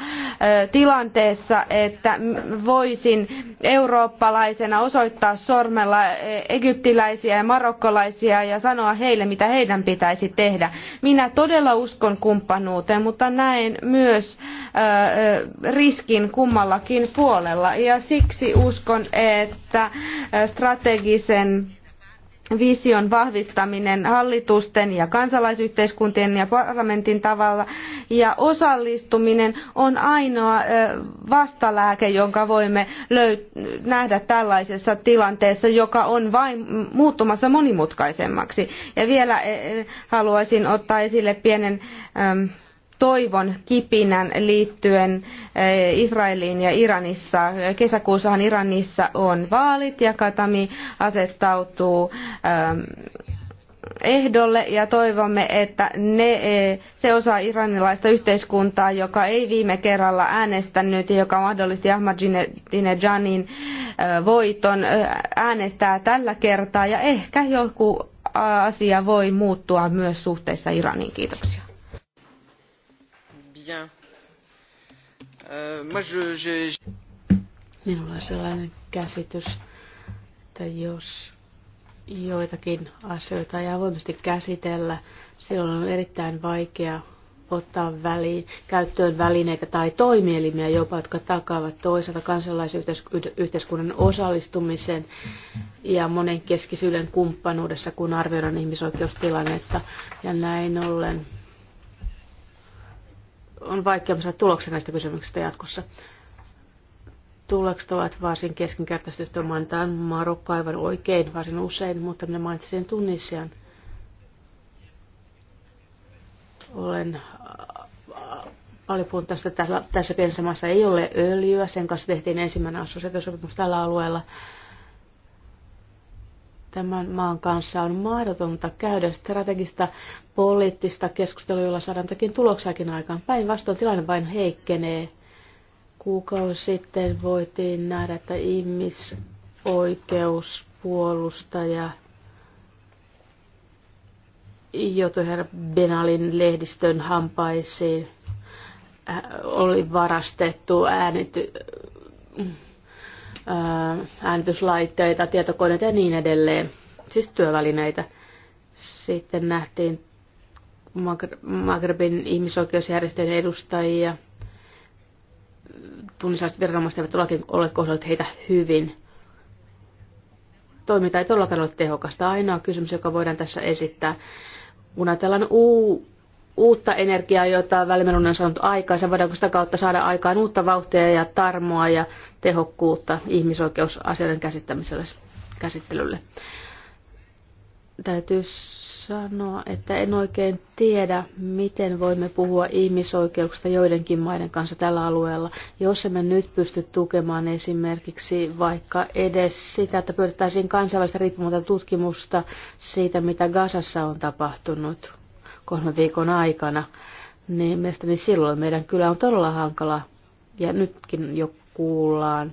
B: tilanteessa, että voisin eurooppalaisena osoittaa sormella e, egyptiläisiä ja marokkolaisia ja sanoa heille, mitä heidän pitäisi tehdä. Minä todella uskon kumppanuuteen, mutta näen myös riskin kummallakin puolella. Ja siksi uskon, että strategisen vision vahvistaminen hallitusten ja kansalaisyhteiskuntien ja parlamentin tavalla. Ja osallistuminen on ainoa vastalääke, jonka voimme nähdä tällaisessa tilanteessa, joka on vain muuttumassa monimutkaisemmaksi. Ja vielä haluaisin ottaa esille pienen ähm, toivon kipinän liittyen eh, Israeliin ja Iranissa. Kesäkuussahan Iranissa on vaalit ja Katami asettautuu eh, ehdolle ja toivomme, että ne, eh, se osa iranilaista yhteiskuntaa, joka ei viime kerralla äänestänyt ja joka mahdollisti Ahmadinejanin voiton, äänestää tällä kertaa ja ehkä joku asia voi muuttua myös suhteessa Iraniin. Kiitoksia
A: bien. Euh, moi, je, je...
B: Minulla on sellainen
C: käsitys, että jos joitakin asioita ei avoimesti käsitellä, silloin on erittäin vaikea ottaa väliin, käyttöön välineitä tai toimielimiä jopa, jotka takaavat toisaalta kansalaisyhteiskunnan osallistumisen ja monenkeskisyyden kumppanuudessa, kun arvioidaan ihmisoikeustilannetta. Ja näin ollen on vaikea saada tuloksia näistä kysymyksistä jatkossa. Tulokset ovat varsin keskinkertaisesti, jos mainitaan Marokko aivan oikein varsin usein, mutta minä mainitsin Tunisian. Olen paljon äh, puhunut tästä. Tässä pienessä maassa ei ole öljyä. Sen kanssa tehtiin ensimmäinen assosiaatiosopimus tällä alueella tämän maan kanssa on mahdotonta käydä strategista poliittista keskustelua, jolla saadaan jotakin tuloksiakin aikaan. Päinvastoin tilanne vain heikkenee. Kuukausi sitten voitiin nähdä, että ihmisoikeuspuolustaja Jotuher Benalin lehdistön hampaisiin äh, oli varastettu äänity, äänityslaitteita, tietokoneita ja niin edelleen, siis työvälineitä. Sitten nähtiin Magrebin ihmisoikeusjärjestöjen edustajia. Tunnisalaiset viranomaiset eivät todellakin ole kohdelleet heitä hyvin. Toiminta ei todellakaan ole tehokasta. Ainoa kysymys, joka voidaan tässä esittää, kun ajatellaan uutta energiaa, jota Välimerun on saanut aikaan. ja voidaanko sitä kautta saada aikaan uutta vauhtia ja tarmoa ja tehokkuutta ihmisoikeusasioiden käsittelylle. Täytyy sanoa, että en oikein tiedä, miten voimme puhua ihmisoikeuksista joidenkin maiden kanssa tällä alueella, jos emme nyt pysty tukemaan esimerkiksi vaikka edes sitä, että pyydettäisiin kansainvälistä riippumatonta tutkimusta siitä, mitä Gasassa on tapahtunut kolmen viikon aikana, niin mielestäni silloin meidän kyllä on todella hankala, ja nytkin jo kuullaan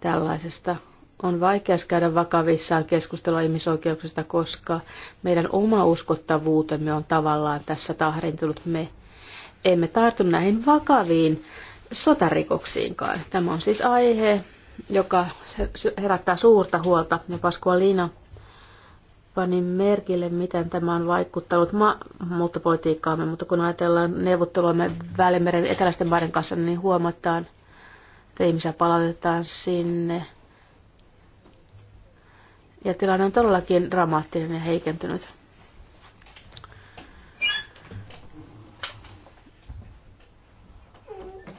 C: tällaisesta. On vaikea käydä vakavissaan keskustella ihmisoikeuksista, koska meidän oma uskottavuutemme on tavallaan tässä tahrintunut. Me emme tartu näihin vakaviin sotarikoksiinkaan. Tämä on siis aihe, joka herättää suurta huolta, ja Pasqualina panin merkille, miten tämä on vaikuttanut maahanmuuttopolitiikkaamme, mutta kun ajatellaan neuvotteluamme Välimeren eteläisten maiden kanssa, niin huomataan, että ihmisiä palautetaan sinne. Ja tilanne on todellakin dramaattinen ja heikentynyt.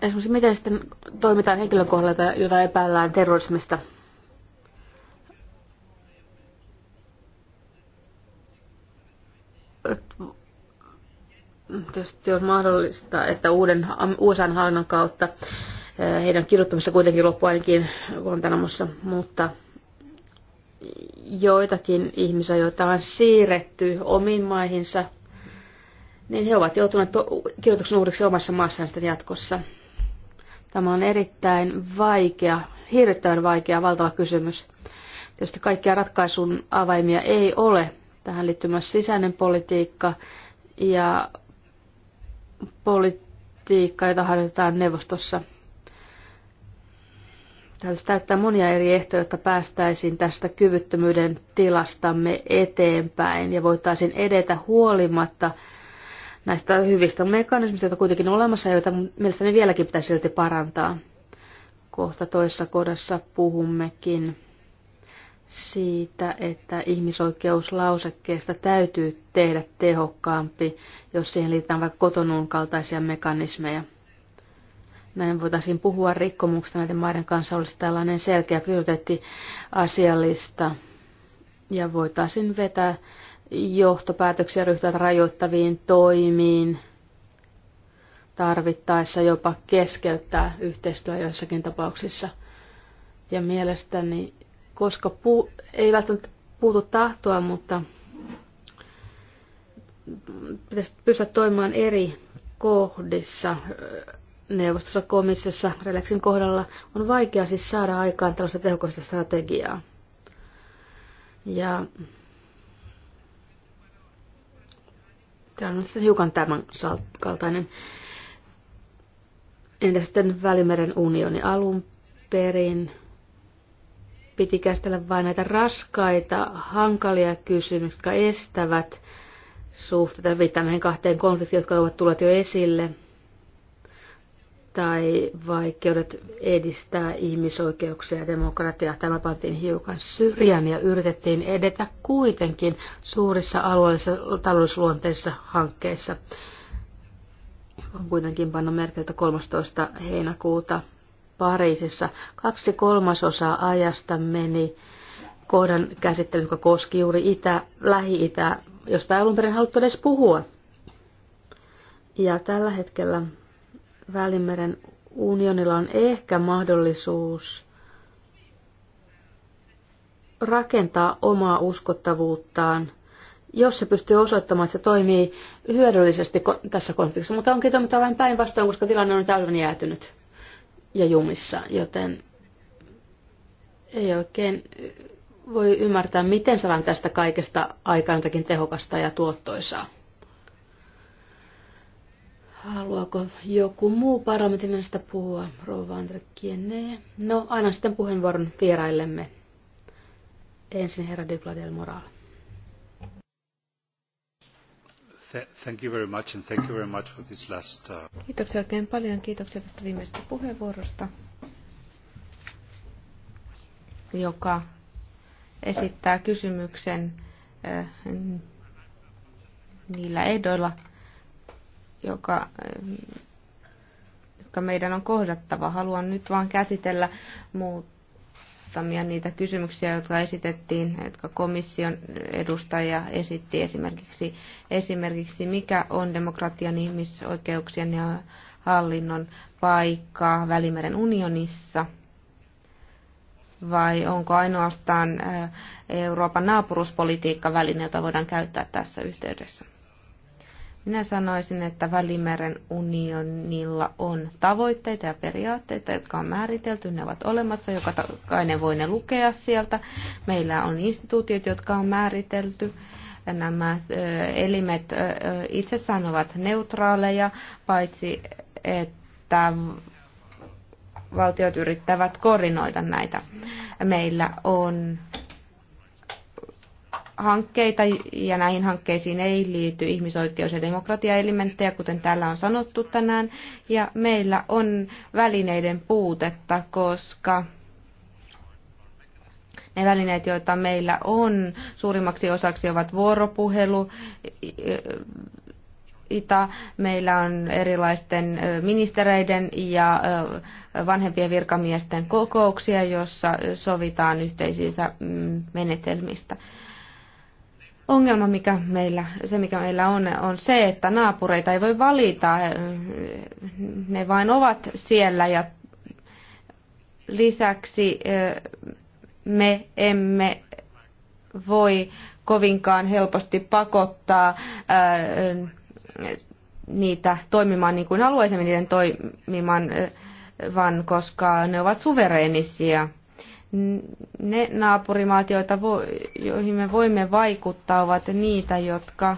C: Esimerkiksi miten sitten toimitaan henkilön kohdalla, jota epäillään terrorismista – tietysti on mahdollista, että uuden usa hallinnon kautta eh, heidän kirjoittamissa kuitenkin loppu ainakin Guantanamossa, mutta joitakin ihmisiä, joita on siirretty omiin maihinsa, niin he ovat joutuneet kirjoituksen uudeksi omassa maassaan sitten jatkossa. Tämä on erittäin vaikea, hirvittävän vaikea, valtava kysymys. Tietysti kaikkia ratkaisun avaimia ei ole, Tähän liittyy myös sisäinen politiikka ja politiikka, jota harjoitetaan neuvostossa. Täytyisi täyttää monia eri ehtoja, jotta päästäisiin tästä kyvyttömyyden tilastamme eteenpäin ja voitaisiin edetä huolimatta näistä hyvistä mekanismista, joita kuitenkin on olemassa ja joita mielestäni vieläkin pitäisi silti parantaa. Kohta toisessa kohdassa puhummekin siitä, että ihmisoikeuslausekkeesta täytyy tehdä tehokkaampi, jos siihen liitetään vaikka kotonuun kaltaisia mekanismeja. Näin voitaisiin puhua rikkomuksesta näiden maiden kanssa, olisi tällainen selkeä prioriteetti asiallista ja voitaisiin vetää johtopäätöksiä ryhtyä rajoittaviin toimiin, tarvittaessa jopa keskeyttää yhteistyö joissakin tapauksissa. Ja mielestäni koska puu, ei välttämättä puutu tahtoa, mutta pitäisi pystyä toimimaan eri kohdissa neuvostossa, komissiossa, Relaxin kohdalla on vaikea siis saada aikaan tällaista tehokasta strategiaa. Ja tämä on se hiukan tämän kaltainen. Entä sitten Välimeren unioni alun perin? piti käsitellä vain näitä raskaita, hankalia kysymyksiä, jotka estävät suhteita viittaamien kahteen konfliktiin, jotka ovat tulleet jo esille, tai vaikeudet edistää ihmisoikeuksia ja demokratiaa. Tämä pantiin hiukan syrjään ja yritettiin edetä kuitenkin suurissa alueellisissa talousluonteissa hankkeissa. On kuitenkin panna merkeltä 13. heinäkuuta Pariisissa. Kaksi kolmasosaa ajasta meni kohdan käsittely, joka koski juuri itä, lähi-itä, josta ei alun perin haluttu edes puhua. Ja tällä hetkellä Välimeren unionilla on ehkä mahdollisuus rakentaa omaa uskottavuuttaan, jos se pystyy osoittamaan, että se toimii hyödyllisesti tässä konfliktissa. Mutta onkin toimittava vain päinvastoin, koska tilanne on täysin jäätynyt ja jumissa, joten ei oikein voi ymmärtää, miten saadaan tästä kaikesta aikaan jotakin tehokasta ja tuottoisaa. Haluaako joku muu parlamentinista puhua? Rouva No, aina sitten puheenvuoron vieraillemme. Ensin herra Dupla del Moral.
B: Kiitoksia oikein paljon. Kiitoksia tästä viimeisestä puheenvuorosta, joka esittää kysymyksen äh, niillä ehdoilla, joka, äh, jotka meidän on kohdattava. Haluan nyt vain käsitellä muut vastamia niitä kysymyksiä, jotka esitettiin, jotka komission edustaja esitti esimerkiksi, esimerkiksi mikä on demokratian, ihmisoikeuksien ja hallinnon paikka Välimeren unionissa vai onko ainoastaan Euroopan naapuruspolitiikka väline, jota voidaan käyttää tässä yhteydessä? Minä sanoisin, että Välimeren unionilla on tavoitteita ja periaatteita, jotka on määritelty, ne ovat olemassa, joka ne voi ne lukea sieltä. Meillä on instituutiot, jotka on määritelty. Nämä elimet itsessään ovat neutraaleja, paitsi että valtiot yrittävät koordinoida näitä. Meillä on hankkeita ja näihin hankkeisiin ei liity ihmisoikeus- ja demokratiaelementtejä, kuten täällä on sanottu tänään. Ja meillä on välineiden puutetta, koska ne välineet, joita meillä on, suurimmaksi osaksi ovat vuoropuhelu, Ita. Meillä on erilaisten ministereiden ja vanhempien virkamiesten kokouksia, joissa sovitaan yhteisistä mm, menetelmistä ongelma, mikä meillä, se mikä meillä on, on se, että naapureita ei voi valita. Ne vain ovat siellä ja lisäksi eh, me emme voi kovinkaan helposti pakottaa eh, niitä toimimaan niin kuin haluaisimme niiden toimimaan, eh, vaan koska ne ovat suvereenisia ne naapurimaat, joita joihin me voimme vaikuttaa, ovat niitä, jotka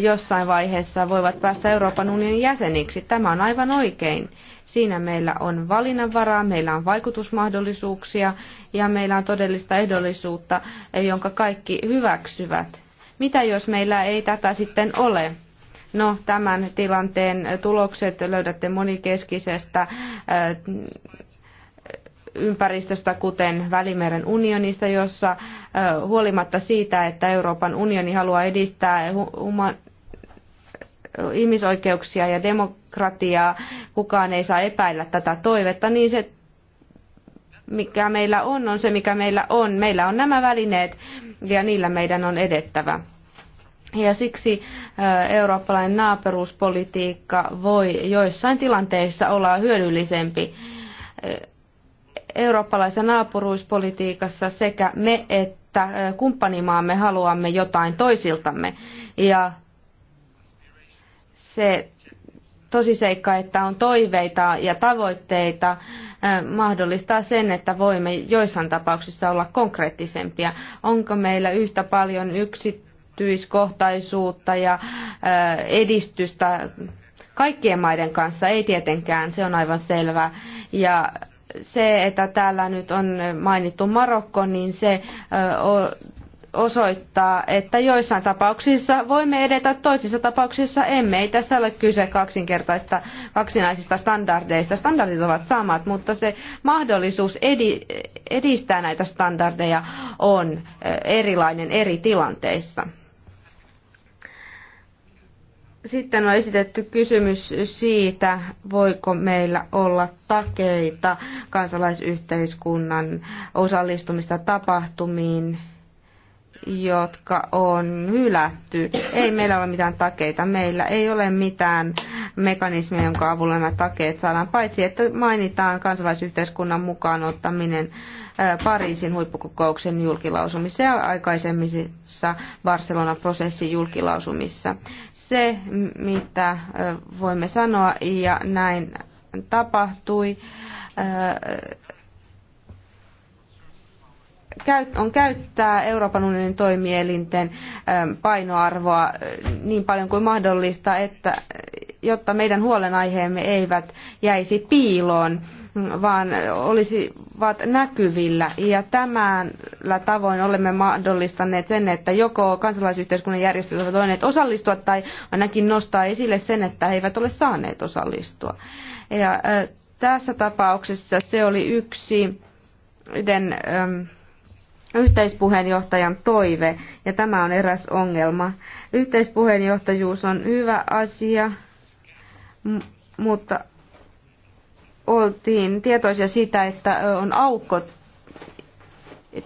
B: jossain vaiheessa voivat päästä Euroopan unionin jäseniksi. Tämä on aivan oikein. Siinä meillä on valinnanvaraa, meillä on vaikutusmahdollisuuksia ja meillä on todellista ehdollisuutta, jonka kaikki hyväksyvät. Mitä jos meillä ei tätä sitten ole? No, tämän tilanteen tulokset löydätte monikeskisestä ympäristöstä, kuten Välimeren unionista, jossa huolimatta siitä, että Euroopan unioni haluaa edistää ihmisoikeuksia ja demokratiaa, kukaan ei saa epäillä tätä toivetta, niin se mikä meillä on, on se mikä meillä on. Meillä on nämä välineet ja niillä meidän on edettävä. Ja siksi eurooppalainen naapuruuspolitiikka voi joissain tilanteissa olla hyödyllisempi eurooppalaisessa naapuruuspolitiikassa sekä me että kumppanimaamme haluamme jotain toisiltamme. Ja se tosiseikka, että on toiveita ja tavoitteita, mahdollistaa sen, että voimme joissain tapauksissa olla konkreettisempia. Onko meillä yhtä paljon yksityiskohtaisuutta ja edistystä kaikkien maiden kanssa? Ei tietenkään, se on aivan selvää. Ja se, että täällä nyt on mainittu Marokko, niin se osoittaa, että joissain tapauksissa voimme edetä, toisissa tapauksissa emme. Ei tässä ole kyse kaksinkertaista, kaksinaisista standardeista. Standardit ovat samat, mutta se mahdollisuus edistää näitä standardeja on erilainen eri tilanteissa. Sitten on esitetty kysymys siitä, voiko meillä olla takeita kansalaisyhteiskunnan osallistumista tapahtumiin, jotka on hylätty. Ei meillä ole mitään takeita. Meillä ei ole mitään mekanismia, jonka avulla nämä takeet saadaan, paitsi että mainitaan kansalaisyhteiskunnan mukaan ottaminen Pariisin huippukokouksen julkilausumissa ja aikaisemmissa Barcelonan prosessin julkilausumissa. Se, mitä voimme sanoa, ja näin tapahtui, on käyttää Euroopan unionin toimielinten painoarvoa niin paljon kuin mahdollista, että, jotta meidän huolenaiheemme eivät jäisi piiloon vaan olisi vaat näkyvillä. Ja tämän tavoin olemme mahdollistaneet sen, että joko kansalaisyhteiskunnan järjestöt ovat voineet osallistua tai ainakin nostaa esille sen, että he eivät ole saaneet osallistua. Ja tässä tapauksessa se oli yksi yhden, yhteispuheenjohtajan toive, ja tämä on eräs ongelma. Yhteispuheenjohtajuus on hyvä asia, mutta oltiin tietoisia siitä, että on aukko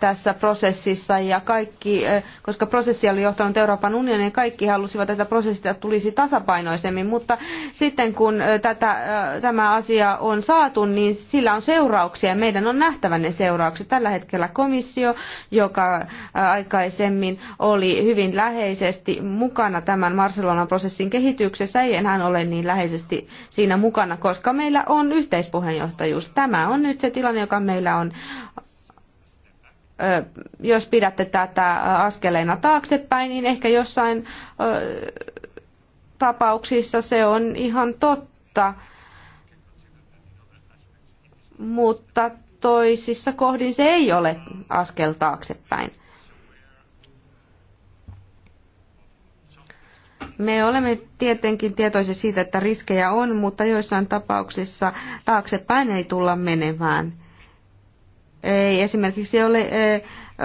B: tässä prosessissa ja kaikki, eh, koska prosessi oli johtanut Euroopan unionin, ja niin kaikki halusivat, että prosessista tulisi tasapainoisemmin, mutta sitten kun eh, tätä, eh, tämä asia on saatu, niin sillä on seurauksia ja meidän on nähtävä ne seuraukset. Tällä hetkellä komissio, joka aikaisemmin oli hyvin läheisesti mukana tämän Barcelonan prosessin kehityksessä, ei enää ole niin läheisesti siinä mukana, koska meillä on yhteispuheenjohtajuus. Tämä on nyt se tilanne, joka meillä on jos pidätte tätä askeleena taaksepäin, niin ehkä jossain tapauksissa se on ihan totta, mutta toisissa kohdin se ei ole askel taaksepäin. Me olemme tietenkin tietoisia siitä, että riskejä on, mutta joissain tapauksissa taaksepäin ei tulla menemään ei esimerkiksi ole e,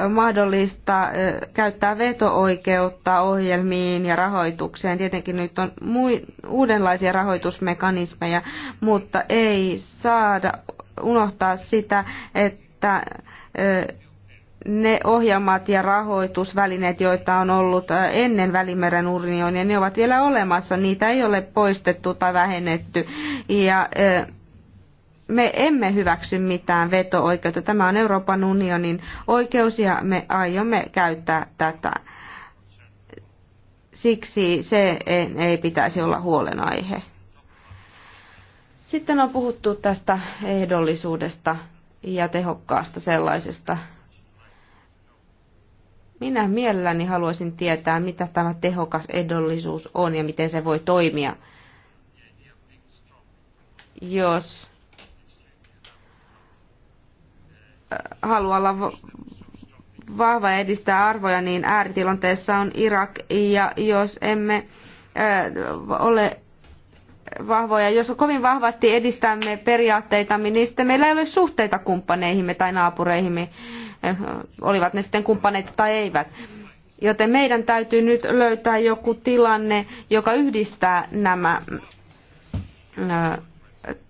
B: mahdollista e, käyttää veto-oikeutta ohjelmiin ja rahoitukseen. Tietenkin nyt on uudenlaisia rahoitusmekanismeja, mutta ei saada unohtaa sitä, että e, ne ohjelmat ja rahoitusvälineet, joita on ollut ennen Välimeren unionia, ne ovat vielä olemassa. Niitä ei ole poistettu tai vähennetty. Ja, me emme hyväksy mitään veto-oikeutta. Tämä on Euroopan unionin oikeus ja me aiomme käyttää tätä. Siksi se ei pitäisi olla huolenaihe. Sitten on puhuttu tästä ehdollisuudesta ja tehokkaasta sellaisesta. Minä mielelläni haluaisin tietää, mitä tämä tehokas ehdollisuus on ja miten se voi toimia, jos halua olla vahva ja edistää arvoja, niin ääritilanteessa on Irak. Ja jos emme ole vahvoja, jos kovin vahvasti edistämme periaatteitamme, niin sitten meillä ei ole suhteita kumppaneihimme tai naapureihimme, olivat ne sitten kumppaneita tai eivät. Joten meidän täytyy nyt löytää joku tilanne, joka yhdistää nämä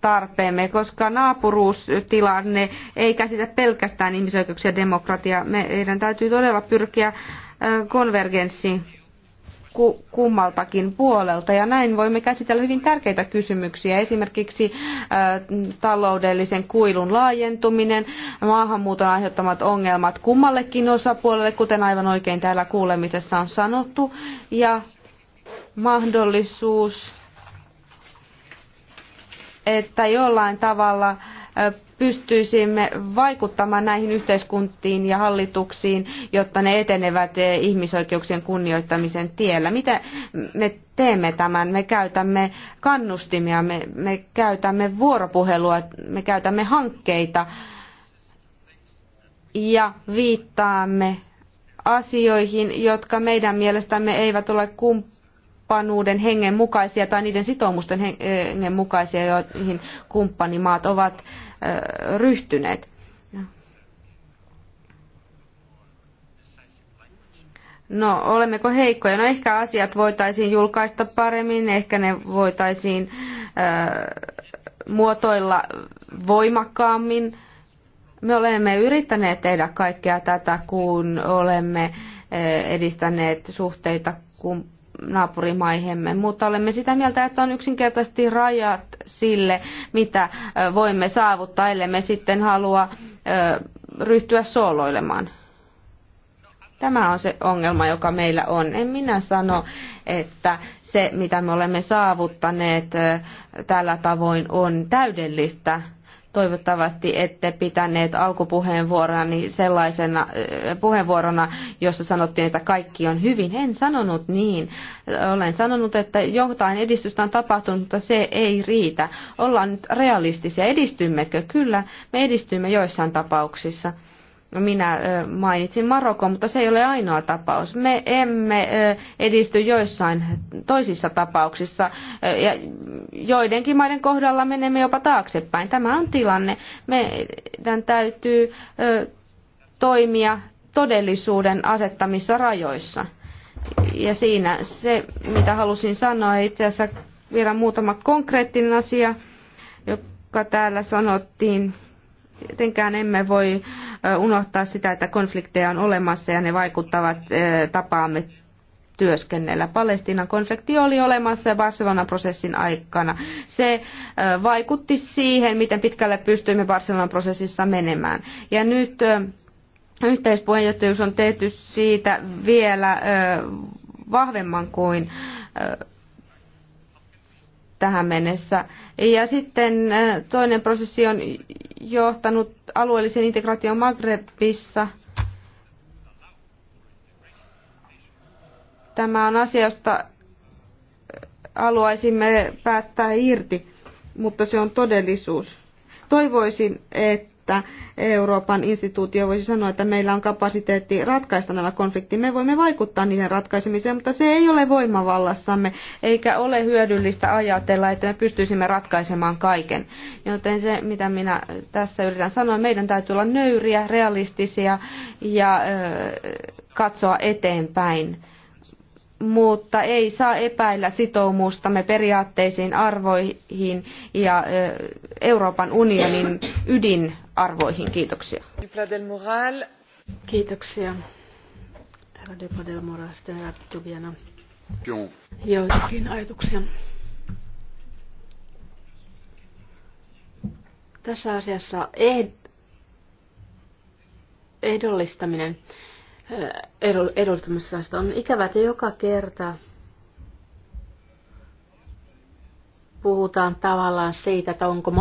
B: tarpeemme, koska naapuruustilanne ei käsitä pelkästään ihmisoikeuksia ja demokratiaa. Meidän täytyy todella pyrkiä konvergenssiin kummaltakin puolelta. Ja näin voimme käsitellä hyvin tärkeitä kysymyksiä, esimerkiksi taloudellisen kuilun laajentuminen, maahanmuuton aiheuttamat ongelmat kummallekin osapuolelle, kuten aivan oikein täällä kuulemisessa on sanottu, ja mahdollisuus että jollain tavalla pystyisimme vaikuttamaan näihin yhteiskuntiin ja hallituksiin, jotta ne etenevät ihmisoikeuksien kunnioittamisen tiellä. Mitä me teemme tämän? Me käytämme kannustimia, me, me käytämme vuoropuhelua, me käytämme hankkeita ja viittaamme asioihin, jotka meidän mielestämme eivät ole kumppaneita kumppanuuden hengen mukaisia tai niiden sitoumusten hengen mukaisia, joihin kumppanimaat ovat ryhtyneet. No, olemmeko heikkoja? No ehkä asiat voitaisiin julkaista paremmin, ehkä ne voitaisiin muotoilla voimakkaammin. Me olemme yrittäneet tehdä kaikkea tätä, kun olemme edistäneet suhteita kum- naapurimaihemme, mutta olemme sitä mieltä, että on yksinkertaisesti rajat sille, mitä voimme saavuttaa, ellei me sitten halua ryhtyä sooloilemaan. Tämä on se ongelma, joka meillä on. En minä sano, että se, mitä me olemme saavuttaneet tällä tavoin, on täydellistä Toivottavasti ette pitäneet alkupuheenvuoroni sellaisena äh, puheenvuorona, jossa sanottiin, että kaikki on hyvin. En sanonut niin. Olen sanonut, että jotain edistystä on tapahtunut, mutta se ei riitä. Ollaan nyt realistisia. Edistymmekö? Kyllä, me edistymme joissain tapauksissa. No minä mainitsin Marokon, mutta se ei ole ainoa tapaus. Me emme edisty joissain toisissa tapauksissa ja joidenkin maiden kohdalla menemme jopa taaksepäin. Tämä on tilanne. Meidän täytyy toimia todellisuuden asettamissa rajoissa. Ja siinä se, mitä halusin sanoa, itse asiassa vielä muutama konkreettinen asia, joka täällä sanottiin Tietenkään emme voi unohtaa sitä, että konflikteja on olemassa ja ne vaikuttavat tapaamme työskennellä. Palestiinan konflikti oli olemassa Barcelonan prosessin aikana. Se vaikutti siihen, miten pitkälle pystyimme Barcelonan prosessissa menemään. Ja nyt yhteispuheenjohtajuus on tehty siitä vielä vahvemman kuin tähän mennessä. Ja sitten toinen prosessi on johtanut alueellisen integraation Magrebissa. Tämä on asia, josta haluaisimme päästä irti, mutta se on todellisuus. Toivoisin, että että Euroopan instituutio voisi sanoa, että meillä on kapasiteetti ratkaista nämä konfliktit. Me voimme vaikuttaa niiden ratkaisemiseen, mutta se ei ole voimavallassamme, eikä ole hyödyllistä ajatella, että me pystyisimme ratkaisemaan kaiken. Joten se, mitä minä tässä yritän sanoa, meidän täytyy olla nöyriä, realistisia ja katsoa eteenpäin mutta ei saa epäillä sitoumustamme periaatteisiin, arvoihin ja Euroopan unionin ydin arvoihin. Kiitoksia.
C: Kiitoksia. Herra Depa del Moral, sitten Juliana. Joitakin ajatuksia. Tässä asiassa ehdollistaminen ehdollistamista on ikävää, että joka kerta puhutaan tavallaan siitä, että onko,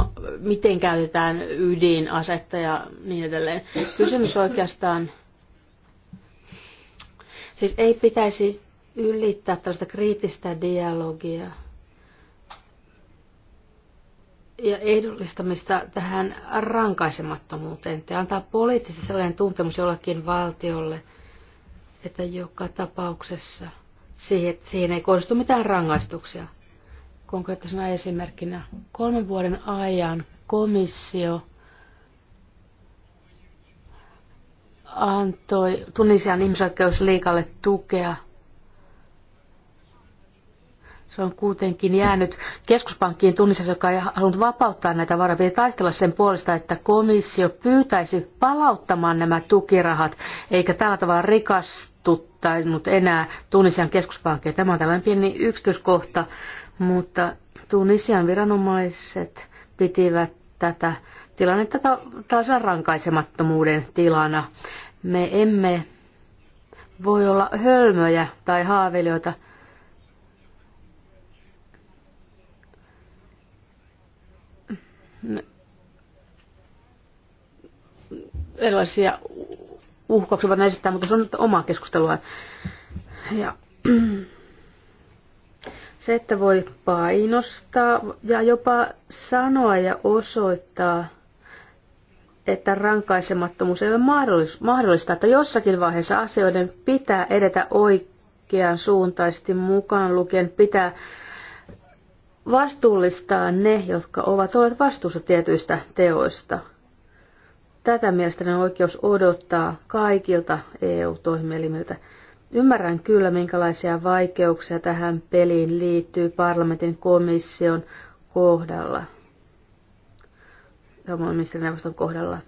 C: miten käytetään ydinasetta ja niin edelleen. Kysymys oikeastaan, siis ei pitäisi ylittää tällaista kriittistä dialogia ja ehdollistamista tähän rankaisemattomuuteen. Te antaa poliittisesti sellainen tuntemus jollakin valtiolle, että joka tapauksessa siihen, siihen ei kohdistu mitään rangaistuksia. Konkreettisena esimerkkinä kolmen vuoden ajan komissio antoi Tunisian ihmisoikeusliikalle tukea. Se on kuitenkin jäänyt keskuspankkiin Tunisiassa, joka ei halunnut vapauttaa näitä varoja. Piti taistella sen puolesta, että komissio pyytäisi palauttamaan nämä tukirahat, eikä tällä tavalla rikastuttanut enää Tunisian keskuspankkeja. Tämä on tällainen pieni yksityiskohta, mutta Tunisian viranomaiset pitivät tätä tilannetta tasan rankaisemattomuuden tilana. Me emme voi olla hölmöjä tai haaveilijoita. Erilaisia uhkauksia voidaan esittää, mutta se on nyt omaa keskustelua. Ja se, että voi painostaa ja jopa sanoa ja osoittaa, että rankaisemattomuus ei ole mahdollista, että jossakin vaiheessa asioiden pitää edetä oikean suuntaisesti mukaan lukien, pitää vastuullistaa ne, jotka ovat olleet vastuussa tietyistä teoista. Tätä mielestäni on oikeus odottaa kaikilta EU-toimielimiltä. Ymmärrän kyllä, minkälaisia vaikeuksia tähän peliin liittyy parlamentin komission kohdalla, samoin ministerineuvoston kohdalla.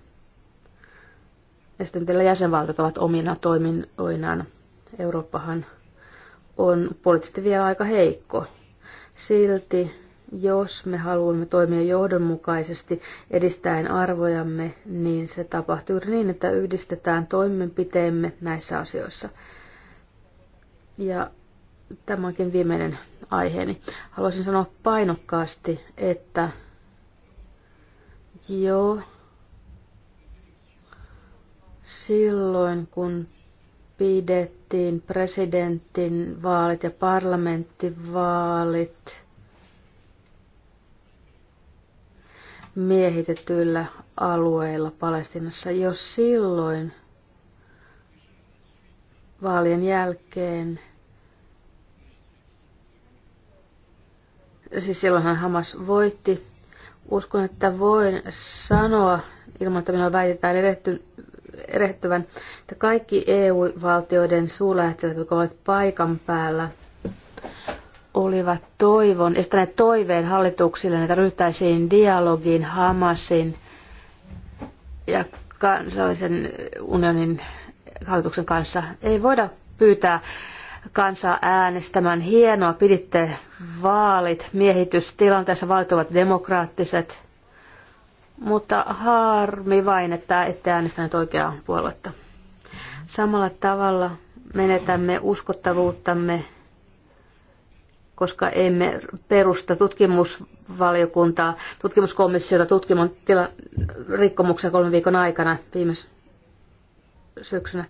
C: Ja sitten vielä jäsenvaltiot ovat omina toiminnoinaan. Eurooppahan on poliittisesti vielä aika heikko. Silti, jos me haluamme toimia johdonmukaisesti edistäen arvojamme, niin se tapahtuu niin, että yhdistetään toimenpiteemme näissä asioissa – ja tämä onkin viimeinen aiheeni. Haluaisin sanoa painokkaasti, että joo, silloin kun pidettiin presidentin vaalit ja parlamenttivaalit miehitetyillä alueilla Palestinassa, jos silloin – vaalien jälkeen. Siis silloinhan Hamas voitti. Uskon, että voin sanoa, ilman että minua väitetään erehty, erehtyvän, että kaikki EU-valtioiden suurlähettiläät, jotka ovat paikan päällä, olivat toivon, estäneet toiveen hallituksille, että ryhtäisiin dialogiin Hamasin ja kansallisen unionin hallituksen kanssa. Ei voida pyytää kansaa äänestämään. Hienoa, piditte vaalit, miehitystilanteessa vaalit ovat demokraattiset. Mutta harmi vain, että ette äänestäneet oikeaa puoluetta. Samalla tavalla menetämme uskottavuuttamme, koska emme perusta tutkimusvaliokuntaa, tutkimuskomissiota tutkimon tilan rikkomuksia kolmen viikon aikana viimeisessä syksynä.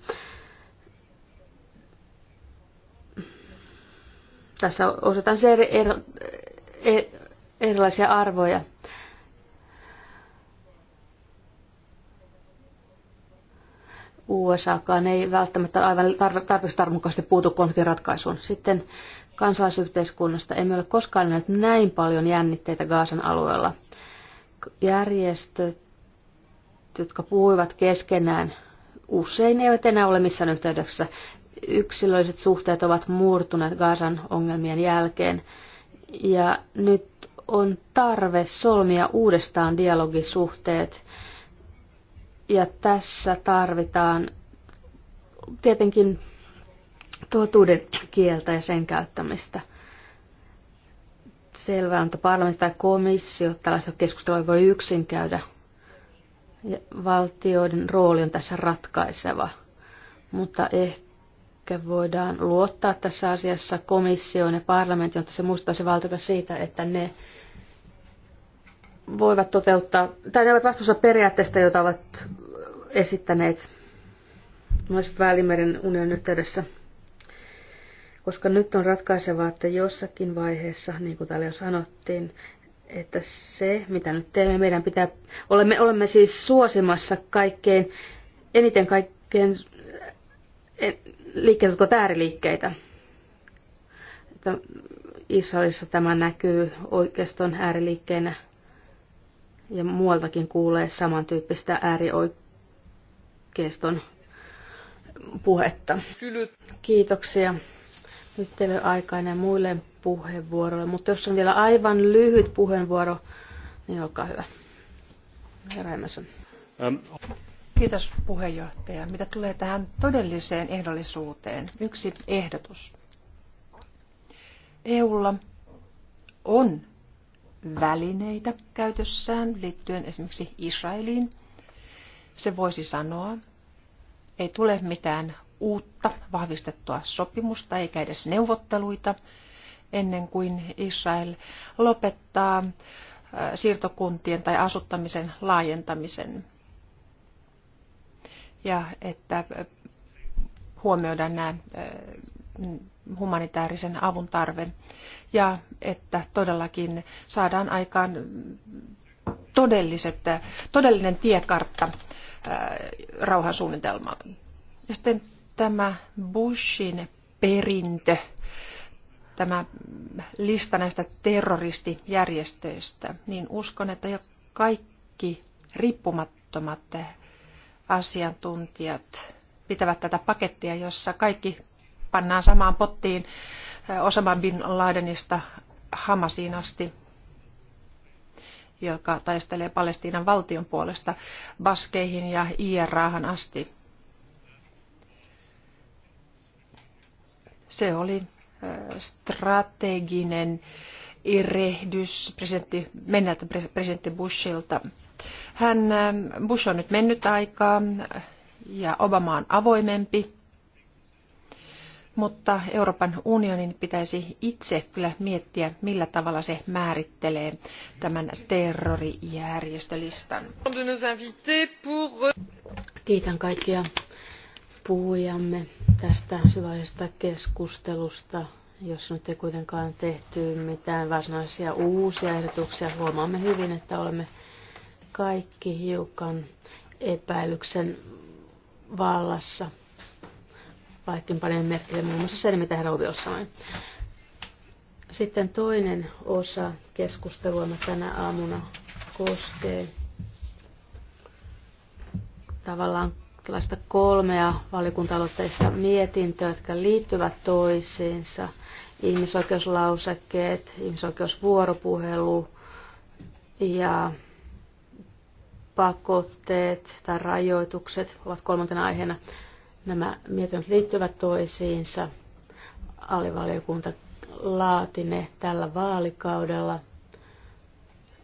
C: Tässä osataan se eri, er, er, erilaisia arvoja. USAkaan ei välttämättä aivan tarpeeksi tarmukkaasti puutu konfliktin ratkaisuun. Sitten kansalaisyhteiskunnasta emme ole koskaan nähneet näin paljon jännitteitä Gaasan alueella. Järjestöt, jotka puhuivat keskenään usein eivät enää ole missään yhteydessä. Yksilölliset suhteet ovat murtuneet Gaasan ongelmien jälkeen ja nyt on tarve solmia uudestaan dialogisuhteet. Ja tässä tarvitaan tietenkin totuuden kieltä ja sen käyttämistä. Selvää on, että parlamentti tai komissio tällaista keskustelua voi yksin käydä, valtioiden rooli on tässä ratkaiseva, mutta ehkä voidaan luottaa tässä asiassa komissioon ja parlamenttiin, jotta se muistaa se valtiota siitä, että ne voivat toteuttaa, tai ne ovat vastuussa periaatteista, joita ovat esittäneet myös Välimeren unionin yhteydessä. Koska nyt on ratkaisevaa, että jossakin vaiheessa, niin kuin täällä jo sanottiin, että se, mitä nyt teemme, meidän pitää, olemme, olemme siis suosimassa kaikkein, eniten kaikkein eh, liikkeet, jotka ääriliikkeitä. Että Israelissa tämä näkyy oikeiston ääriliikkeenä ja muualtakin kuulee samantyyppistä äärioikeiston puhetta. Kiitoksia. Nyt teille aikainen muille puheenvuorolle, mutta jos on vielä aivan lyhyt puheenvuoro,
D: niin olkaa hyvä. Herra Emerson. Kiitos puheenjohtaja. Mitä tulee tähän todelliseen ehdollisuuteen? Yksi ehdotus. EUlla on välineitä käytössään liittyen esimerkiksi Israeliin. Se voisi sanoa, ei tule mitään uutta vahvistettua sopimusta eikä edes neuvotteluita, ennen kuin Israel lopettaa äh, siirtokuntien tai asuttamisen laajentamisen. Ja että äh, huomioidaan nämä äh, humanitaarisen avun tarve ja että todellakin saadaan aikaan todelliset, todellinen tiekartta rauhansuunnitelmalle. Ja sitten tämä Bushin perintö tämä lista näistä terroristijärjestöistä, niin uskon, että jo kaikki riippumattomat asiantuntijat pitävät tätä pakettia, jossa kaikki pannaan samaan pottiin Osama Bin Ladenista Hamasiin asti, joka taistelee Palestiinan valtion puolesta Baskeihin ja IRAhan asti. Se oli strateginen erehdys presidentti, mennältä presidentti Bushilta. Hän, Bush on nyt mennyt aikaa ja Obama on avoimempi, mutta Euroopan unionin pitäisi itse kyllä miettiä, millä tavalla se määrittelee tämän terrorijärjestölistan. Kiitän kaikkia
C: puhujamme tästä syvällisestä keskustelusta. Jos nyt ei kuitenkaan tehty mitään varsinaisia uusia ehdotuksia, huomaamme hyvin, että olemme kaikki hiukan epäilyksen vallassa. Vaikkin paljon merkille muun muassa sen, mitä herra Uvio sanoi. Sitten toinen osa keskustelua tänä aamuna koskee tavallaan tällaista kolmea valiokunta-aloitteista mietintöä, jotka liittyvät toisiinsa. Ihmisoikeuslausekkeet, ihmisoikeusvuoropuhelu ja pakotteet tai rajoitukset ovat kolmantena aiheena. Nämä mietinnöt liittyvät toisiinsa. Alivaliokunta laati ne tällä vaalikaudella.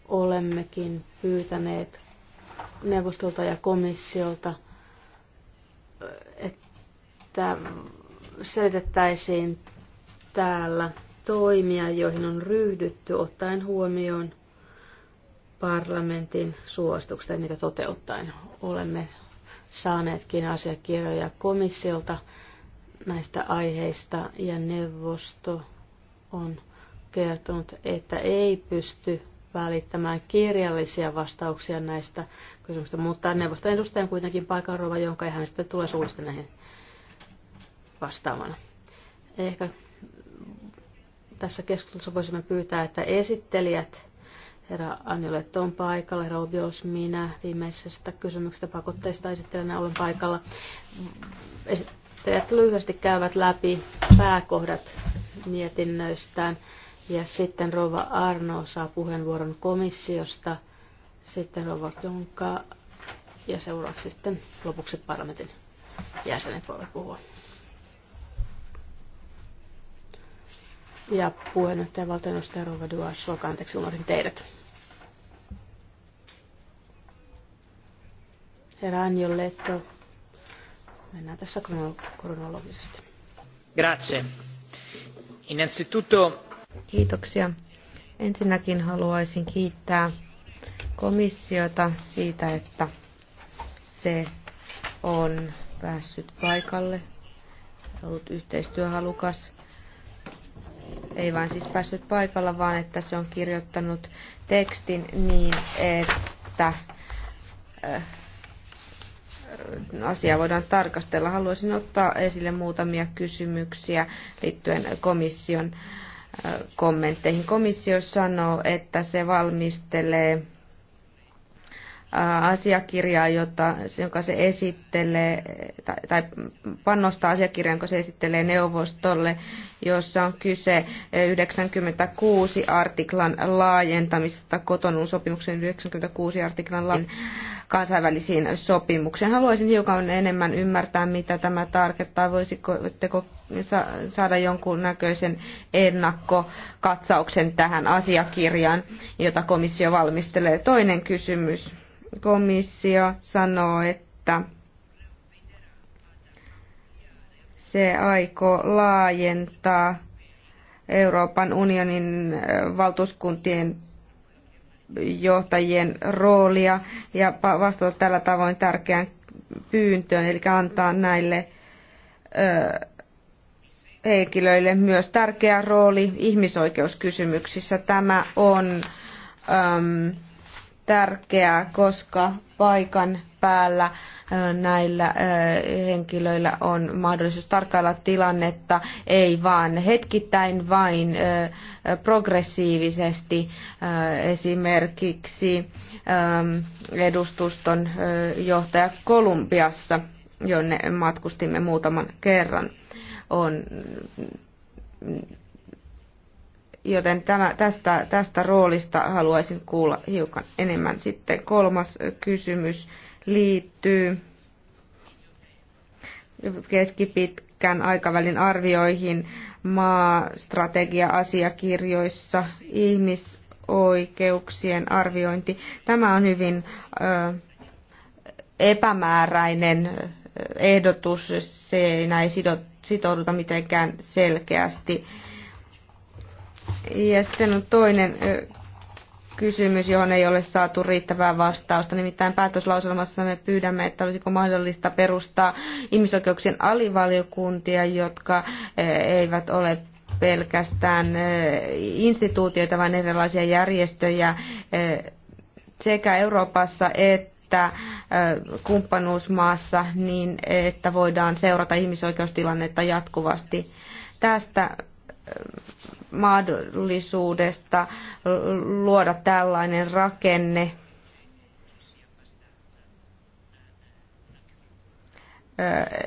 C: Olemmekin pyytäneet neuvostolta ja komissiolta – että selitettäisiin täällä toimia, joihin on ryhdytty ottaen huomioon parlamentin suositukset ja niitä toteuttaen. Olemme saaneetkin asiakirjoja komissiolta näistä aiheista ja neuvosto on kertonut, että ei pysty välittämään kirjallisia vastauksia näistä kysymyksistä, mutta neuvoston edustajan kuitenkin paikan rova, jonka hän sitten tulee suullisesti näihin vastaamaan. Ehkä tässä keskustelussa voisimme pyytää, että esittelijät, herra Anjolet on paikalla, herra Obios, minä viimeisestä kysymyksestä pakotteista esittelijänä olen paikalla. Esittelijät lyhyesti käyvät läpi pääkohdat mietinnöistään ja sitten Rova Arno saa puheenvuoron komissiosta, sitten Rova Jonka ja seuraavaksi sitten lopuksi parlamentin jäsenet voivat puhua. Ja puheenjohtaja valtioneuvostaja Rova Duas, olkaa anteeksi, unohdin teidät. Herra Anjo Letto,
B: mennään tässä kronologisesti.
A: Grazie. Innanzitutto
B: Kiitoksia. Ensinnäkin haluaisin kiittää komissiota siitä, että se on päässyt paikalle, ollut yhteistyöhalukas, ei vain siis päässyt paikalla, vaan että se on kirjoittanut tekstin niin, että äh, asiaa voidaan tarkastella. Haluaisin ottaa esille muutamia kysymyksiä liittyen komission kommentteihin. Komissio sanoo, että se valmistelee asiakirjaa, jota, jonka se esittelee, tai, tai pannosta asiakirjaa, jonka se esittelee neuvostolle, jossa on kyse 96 artiklan laajentamisesta kotonun sopimuksen 96 artiklan laajentamisesta kansainvälisiin sopimuksiin. Haluaisin hiukan enemmän ymmärtää, mitä tämä tarkoittaa. Voisitteko saada jonkun näköisen ennakkokatsauksen tähän asiakirjaan, jota komissio valmistelee? Toinen kysymys komissio sanoo, että se aikoo laajentaa Euroopan unionin valtuuskuntien johtajien roolia ja vastata tällä tavoin tärkeään pyyntöön, eli antaa näille ö, henkilöille myös tärkeä rooli ihmisoikeuskysymyksissä. Tämä on äm, tärkeää, koska paikan päällä äh, näillä äh, henkilöillä on mahdollisuus tarkkailla tilannetta, ei vaan hetkittäin, vain äh, progressiivisesti esimerkiksi ähm, edustuston johtaja Kolumbiassa, jonne matkustimme muutaman kerran, on joten tämä, tästä, tästä roolista haluaisin kuulla hiukan enemmän. Sitten kolmas kysymys liittyy keskipitkän aikavälin arvioihin maastrategia-asiakirjoissa ihmisoikeuksien arviointi. Tämä on hyvin ö, epämääräinen ehdotus, se ei näin sitouduta mitenkään selkeästi ja sitten on toinen kysymys, johon ei ole saatu riittävää vastausta. Nimittäin päätöslauselmassa me pyydämme, että olisiko mahdollista perustaa ihmisoikeuksien alivaliokuntia, jotka eivät ole pelkästään instituutioita, vaan erilaisia järjestöjä sekä Euroopassa että kumppanuusmaassa, niin että voidaan seurata ihmisoikeustilannetta jatkuvasti. Tästä mahdollisuudesta luoda tällainen rakenne.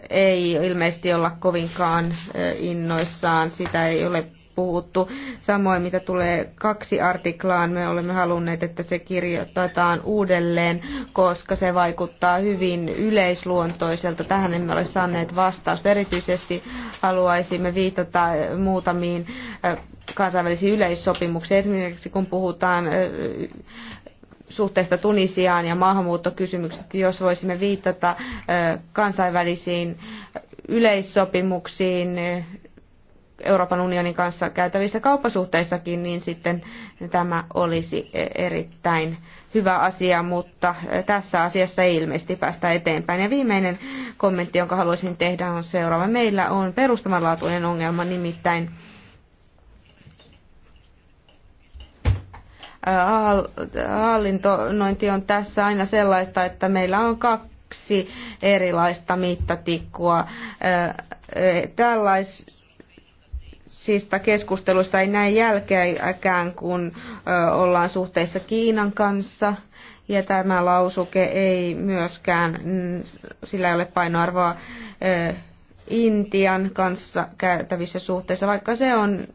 B: Ei ilmeisesti olla kovinkaan innoissaan, sitä ei ole puhuttu. Samoin mitä tulee kaksi artiklaan, me olemme halunneet, että se kirjoitetaan uudelleen, koska se vaikuttaa hyvin yleisluontoiselta. Tähän emme ole saaneet vastausta. Erityisesti haluaisimme viitata muutamiin äh, kansainvälisiin yleissopimuksiin. Esimerkiksi kun puhutaan äh, suhteesta Tunisiaan ja maahanmuuttokysymykset, jos voisimme viitata äh, kansainvälisiin yleissopimuksiin, Euroopan unionin kanssa käytävissä kauppasuhteissakin, niin sitten tämä olisi erittäin hyvä asia, mutta tässä asiassa ei ilmeisesti päästä eteenpäin. Ja viimeinen kommentti, jonka haluaisin tehdä, on seuraava. Meillä on perustavanlaatuinen ongelma, nimittäin hallintonointi on tässä aina sellaista, että meillä on kaksi erilaista mittatikkua. E, tällais, Sista keskustelusta ei näin jälkeäkään, kun ollaan suhteessa Kiinan kanssa. Ja tämä lausuke ei myöskään, sillä ei ole painoarvoa Intian kanssa käytävissä suhteissa, vaikka se on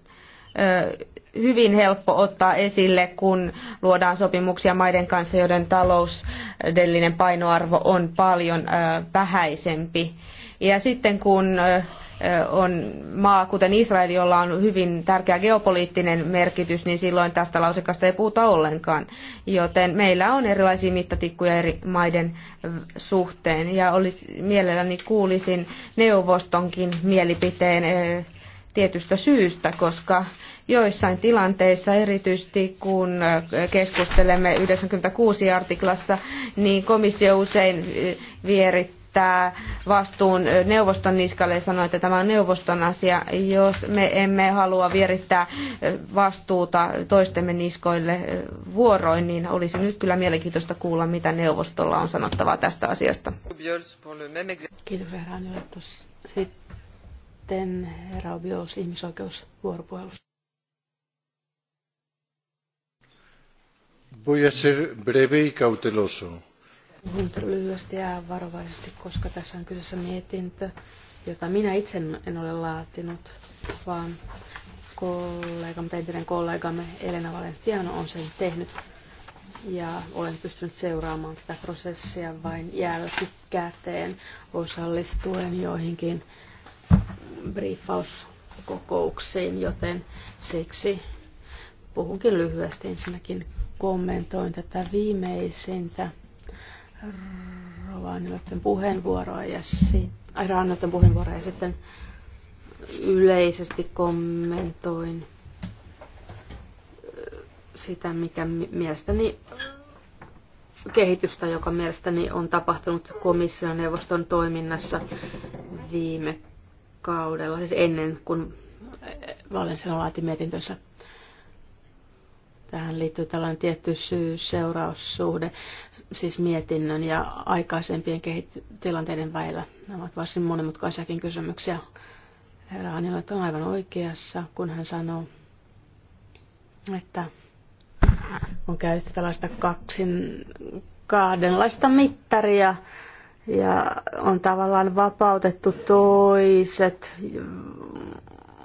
B: hyvin helppo ottaa esille, kun luodaan sopimuksia maiden kanssa, joiden taloudellinen painoarvo on paljon vähäisempi. Ja sitten kun on maa, kuten Israel, jolla on hyvin tärkeä geopoliittinen merkitys, niin silloin tästä lausekasta ei puhuta ollenkaan. Joten meillä on erilaisia mittatikkuja eri maiden suhteen. Ja olisi, mielelläni kuulisin neuvostonkin mielipiteen eh, tietystä syystä, koska joissain tilanteissa, erityisesti kun eh, keskustelemme 96 artiklassa, niin komissio usein eh, vierittää jättää vastuun neuvoston niskalle ja sanoi, että tämä on neuvoston asia, jos me emme halua vierittää vastuuta toistemme niskoille vuoroin, niin olisi nyt kyllä mielenkiintoista kuulla, mitä neuvostolla on sanottavaa tästä asiasta.
A: Kiitos
C: herra Sitten herra Obiols ihmisoikeusvuoropuhelusta.
A: Voy a ser breve y cauteloso Puhun
C: lyhyesti ja varovaisesti, koska tässä on kyseessä mietintö, jota minä itse en ole laatinut, vaan kollega, mutta entinen kollegamme Elena Valentiano on sen tehnyt. Ja olen pystynyt seuraamaan tätä prosessia vain jälkikäteen osallistuen joihinkin briefauskokouksiin, joten siksi puhunkin lyhyesti ensinnäkin kommentoin tätä viimeisintä Rovaniemen puheenvuoroa ja sitten, puheenvuoroa ja sitten yleisesti kommentoin äh, sitä, mikä mielestäni äh, kehitystä, joka mielestäni on tapahtunut komission neuvoston toiminnassa viime kaudella, siis ennen kuin äh, Valensen laati mietintönsä Tähän liittyy tällainen tietty syy-seuraussuhde, siis mietinnön ja aikaisempien kehit- tilanteiden Nämä ovat varsin monimutkaisiakin kysymyksiä. Herra Anjala on aivan oikeassa, kun hän sanoo, että on käytetty tällaista kaksin, kahdenlaista mittaria ja on tavallaan vapautettu toiset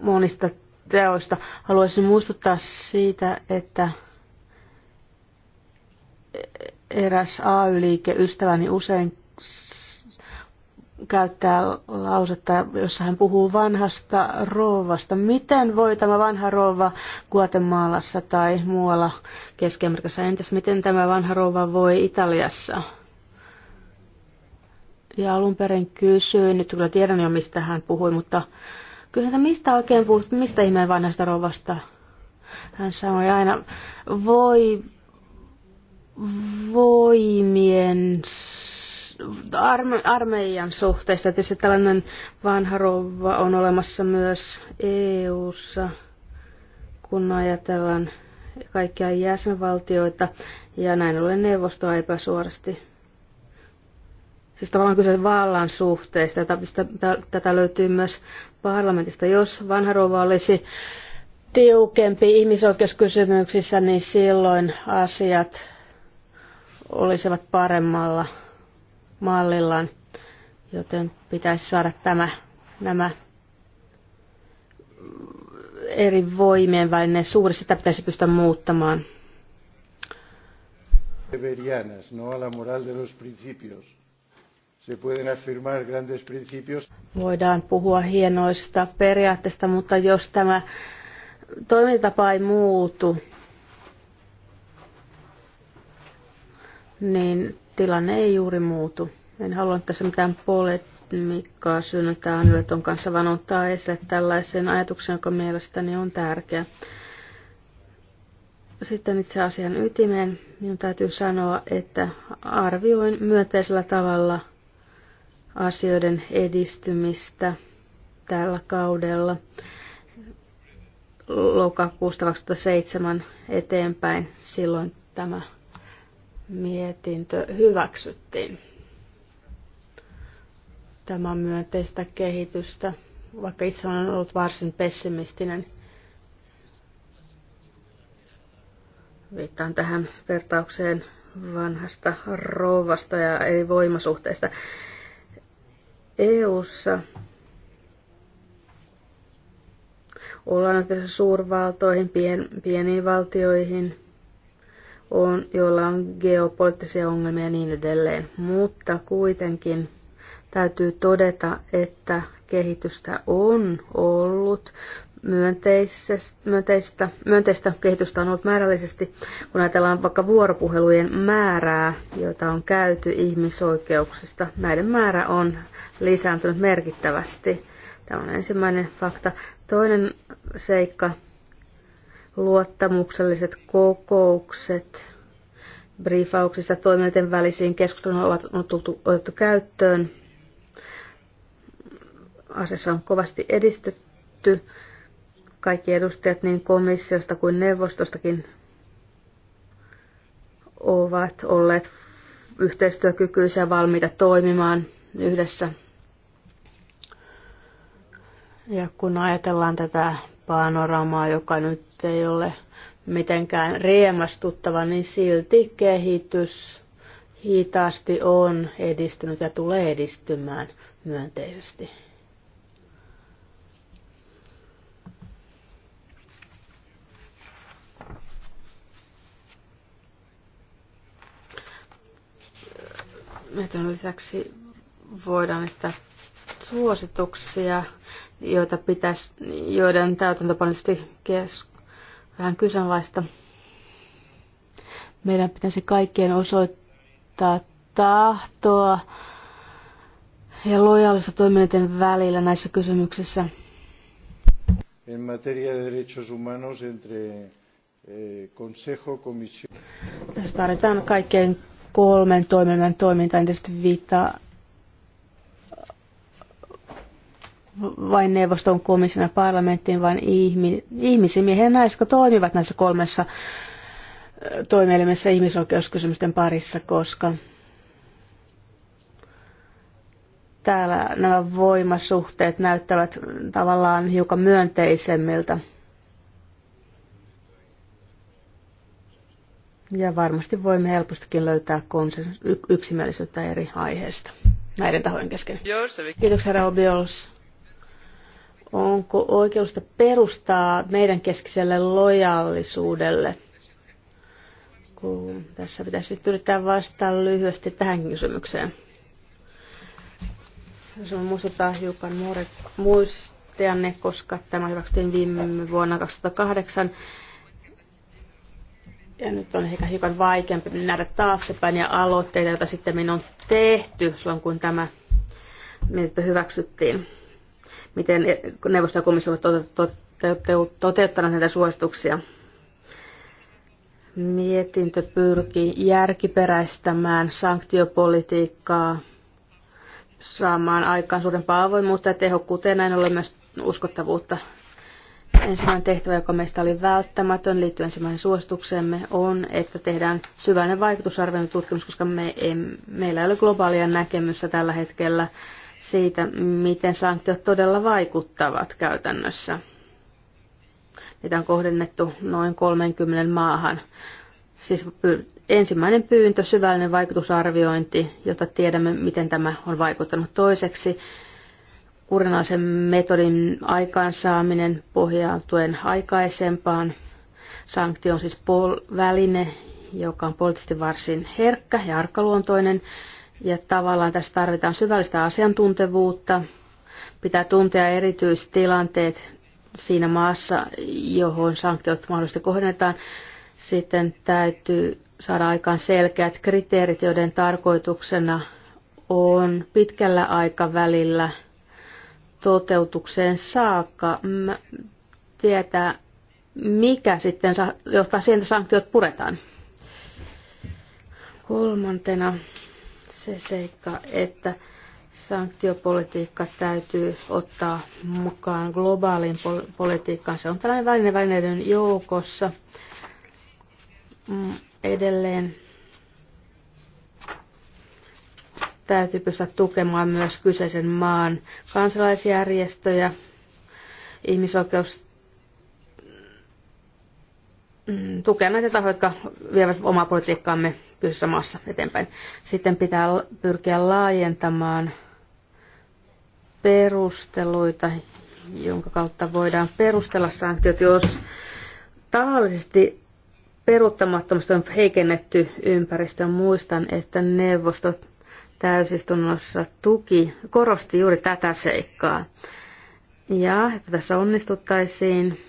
C: monista teoista. Haluaisin muistuttaa siitä, että eräs AY-liike ystäväni usein käyttää lausetta, jossa hän puhuu vanhasta rouvasta. Miten voi tämä vanha rouva Guatemalassa tai muualla keski entäs miten tämä vanha rouva voi Italiassa? Ja alun perin kysyin, nyt kyllä tiedän jo mistä hän puhui, mutta Kyllä mistä oikein puhut, mistä ihmeen vanhasta rouvasta? Hän sanoi aina, voi voimien arme, armeijan suhteessa. Tietysti tällainen vanha rouva on olemassa myös EU-ssa, kun ajatellaan kaikkia jäsenvaltioita, ja näin ollen neuvostoa epäsuorasti Siis tavallaan kyse vallan suhteesta. Tätä löytyy myös parlamentista. Jos vanha rouva olisi tiukempi ihmisoikeuskysymyksissä, niin silloin asiat olisivat paremmalla mallillaan, joten pitäisi saada tämä, nämä eri voimien välinen suuri, sitä pitäisi pystyä muuttamaan.
D: Deberianas, no a la moral de los principios
C: Voidaan puhua hienoista periaatteista, mutta jos tämä toimintapa ei muutu, niin tilanne ei juuri muutu. En halua tässä mitään polemikkaa synnyttää Anneleton kanssa, vaan ottaa esille tällaisen ajatuksen, joka mielestäni on tärkeä. Sitten itse asian ytimeen minun täytyy sanoa, että arvioin myönteisellä tavalla – asioiden edistymistä tällä kaudella lokakuusta 2007 eteenpäin. Silloin tämä mietintö hyväksyttiin. Tämä on myönteistä kehitystä, vaikka itse olen ollut varsin pessimistinen. Viittaan tähän vertaukseen vanhasta rouvasta ja ei voimasuhteista. EU:ssa ollaan yhteydessä suurvaltoihin, pien, pieniin valtioihin, on, joilla on geopoliittisia ongelmia ja niin edelleen. Mutta kuitenkin täytyy todeta, että kehitystä on ollut myönteistä, myönteistä kehitystä on ollut määrällisesti, kun ajatellaan vaikka vuoropuhelujen määrää, joita on käyty ihmisoikeuksista. Näiden määrä on lisääntynyt merkittävästi. Tämä on ensimmäinen fakta. Toinen seikka, luottamukselliset kokoukset briefauksista toimijoiden välisiin keskusteluun ovat tultu, otettu käyttöön. Asiassa on kovasti edistytty kaikki edustajat niin komissiosta kuin neuvostostakin ovat olleet yhteistyökykyisiä valmiita toimimaan yhdessä. Ja kun ajatellaan tätä panoramaa, joka nyt ei ole mitenkään riemastuttava, niin silti kehitys hitaasti on edistynyt ja tulee edistymään myönteisesti. Meidän lisäksi voidaan estää suosituksia, joita pitäisi, joiden täytäntöpanisesti kes, vähän kyseenalaista. Meidän pitäisi kaikkien osoittaa tahtoa ja lojaalista toiminnan välillä näissä kysymyksissä.
A: En materia de derechos humanos entre eh, Tässä tarvitaan kaikkein
C: kolmen toiminnan en niin tietysti viittaa vain neuvoston komission ja parlamenttiin, vaan mihin ja naiset, toimivat näissä kolmessa toimielimessä ihmisoikeuskysymysten parissa, koska täällä nämä voimasuhteet näyttävät tavallaan hiukan myönteisemmiltä – Ja varmasti voimme helpostikin löytää konsen, yksimielisyyttä eri aiheista näiden tahojen kesken. Kiitoksia, herra Obiols. Onko oikeusta perustaa meidän keskiselle lojallisuudelle. Kun tässä pitäisi yrittää vastata lyhyesti tähänkin kysymykseen. Jos on muistuttaa hiukan muistajanne, koska tämä hyväksyttiin viime vuonna 2008, ja nyt on ehkä hiukan vaikeampi nähdä taaksepäin ja aloitteita, joita sitten minun on tehty silloin, kun tämä mietintö hyväksyttiin. Miten neuvosto ja komissio ovat toteuttaneet näitä suosituksia. Mietintö pyrkii järkiperäistämään sanktiopolitiikkaa, saamaan aikaan suurempaa avoimuutta ja tehokkuuteen näin ollen myös uskottavuutta Ensimmäinen tehtävä, joka meistä oli välttämätön liittyen ensimmäiseen suostukseemme, on, että tehdään syvällinen vaikutusarvioinnin tutkimus, koska me ei, meillä ei ole globaalia näkemystä tällä hetkellä siitä, miten sanktiot todella vaikuttavat käytännössä. Niitä on kohdennettu noin 30 maahan. Siis ensimmäinen pyyntö, syvällinen vaikutusarviointi, jotta tiedämme, miten tämä on vaikuttanut toiseksi kurinalaisen metodin aikaansaaminen pohjautuen aikaisempaan. Sanktio on siis pol- väline, joka on poliittisesti varsin herkkä ja arkaluontoinen. Ja tavallaan tässä tarvitaan syvällistä asiantuntevuutta. Pitää tuntea erityistilanteet siinä maassa, johon sanktiot mahdollisesti kohdennetaan. Sitten täytyy saada aikaan selkeät kriteerit, joiden tarkoituksena on pitkällä aikavälillä – toteutukseen saakka tietää, mikä sitten saa, johtaa siihen, että sanktiot puretaan. Kolmantena se seikka, että sanktiopolitiikka täytyy ottaa mukaan globaaliin politiikkaan. Se on tällainen väline välineiden joukossa. Mm, edelleen täytyy pystyä tukemaan myös kyseisen maan kansalaisjärjestöjä, ihmisoikeus mm, tukea näitä tahoja, jotka vievät omaa politiikkaamme kyseisessä maassa eteenpäin. Sitten pitää pyrkiä laajentamaan perusteluita, jonka kautta voidaan perustella sanktiot, jos tahallisesti peruuttamattomasti on heikennetty ympäristö. Muistan, että neuvostot täysistunnossa tuki, korosti juuri tätä seikkaa. Ja että tässä onnistuttaisiin,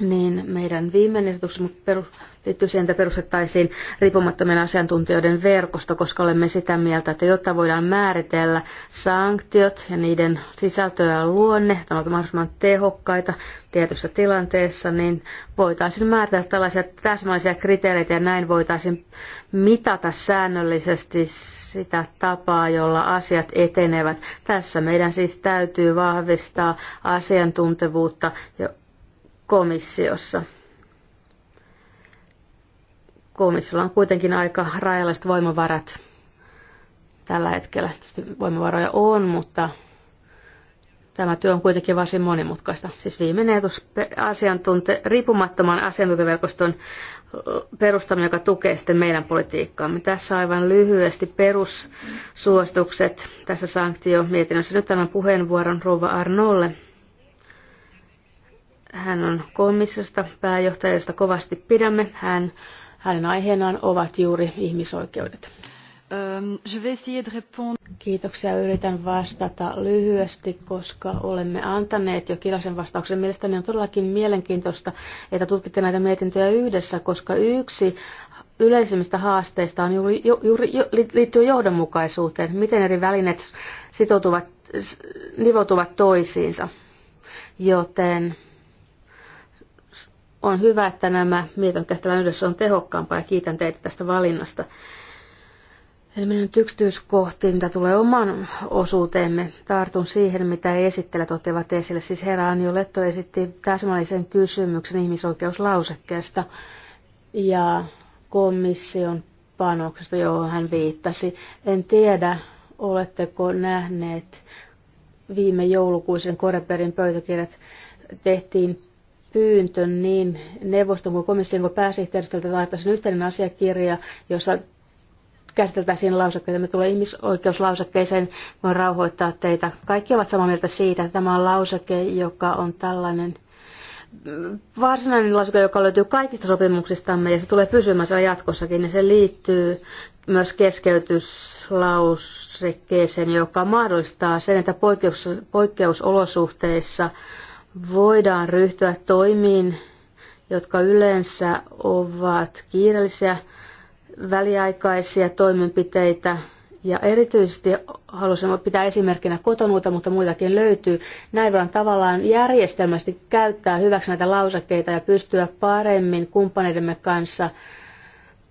C: niin meidän viimeinen perus, liittyy siihen, että perustettaisiin riippumattomien asiantuntijoiden verkosto, koska olemme sitä mieltä, että jotta voidaan määritellä sanktiot ja niiden sisältöä ja luonne, että ovat mahdollisimman tehokkaita tietyssä tilanteessa, niin voitaisiin määritellä tällaisia täsmällisiä kriteereitä ja näin voitaisiin mitata säännöllisesti sitä tapaa, jolla asiat etenevät. Tässä meidän siis täytyy vahvistaa asiantuntevuutta komissiossa komissiolla on kuitenkin aika rajalliset voimavarat tällä hetkellä. Tietysti voimavaroja on, mutta tämä työ on kuitenkin varsin monimutkaista. Siis viimeinen etus asiantunte, riippumattoman asiantuntijaverkoston perustaminen, joka tukee sitten meidän politiikkaamme. Tässä aivan lyhyesti perussuositukset tässä sanktio mietinnössä. Nyt tämän puheenvuoron Rova Arnolle. Hän on komissiosta josta kovasti pidämme. Hän hänen aiheenaan ovat juuri ihmisoikeudet. Kiitoksia. Yritän vastata lyhyesti, koska olemme antaneet jo kirjallisen vastauksen. Mielestäni on todellakin mielenkiintoista, että tutkitte näitä mietintöjä yhdessä, koska yksi yleisimmistä haasteista on juuri, juuri liittyy johdonmukaisuuteen, miten eri välineet sitoutuvat, nivoutuvat toisiinsa. Joten on hyvä, että nämä mietintöt tehtävän yhdessä on tehokkaampaa ja kiitän teitä tästä valinnasta. Eli menen nyt yksityiskohtiin, mitä tulee oman osuuteemme. Tartun siihen, mitä esittelijät ottivat esille. Siis herra Anjo Letto esitti täsmällisen kysymyksen ihmisoikeuslausekkeesta ja komission panoksesta, johon hän viittasi. En tiedä, oletteko nähneet viime joulukuisen Koreperin pöytäkirjat tehtiin pyyntö niin neuvoston kuin komission kuin pääsihteeristöltä laittaisiin yhteinen asiakirja, jossa käsiteltäisiin lausekkeita. Me tulee ihmisoikeuslausekkeeseen, voin rauhoittaa teitä. Kaikki ovat samaa mieltä siitä, että tämä on lauseke, joka on tällainen varsinainen lausake, joka löytyy kaikista sopimuksistamme ja se tulee pysymään siellä jatkossakin. Ja se liittyy myös keskeytyslausekkeeseen, joka mahdollistaa sen, että poikkeusolosuhteissa voidaan ryhtyä toimiin, jotka yleensä ovat kiireellisiä väliaikaisia toimenpiteitä, ja erityisesti halusin pitää esimerkkinä kotonuuta, mutta muitakin löytyy. Näin voidaan tavallaan järjestelmästi käyttää hyväksi näitä lausakkeita ja pystyä paremmin kumppaneidemme kanssa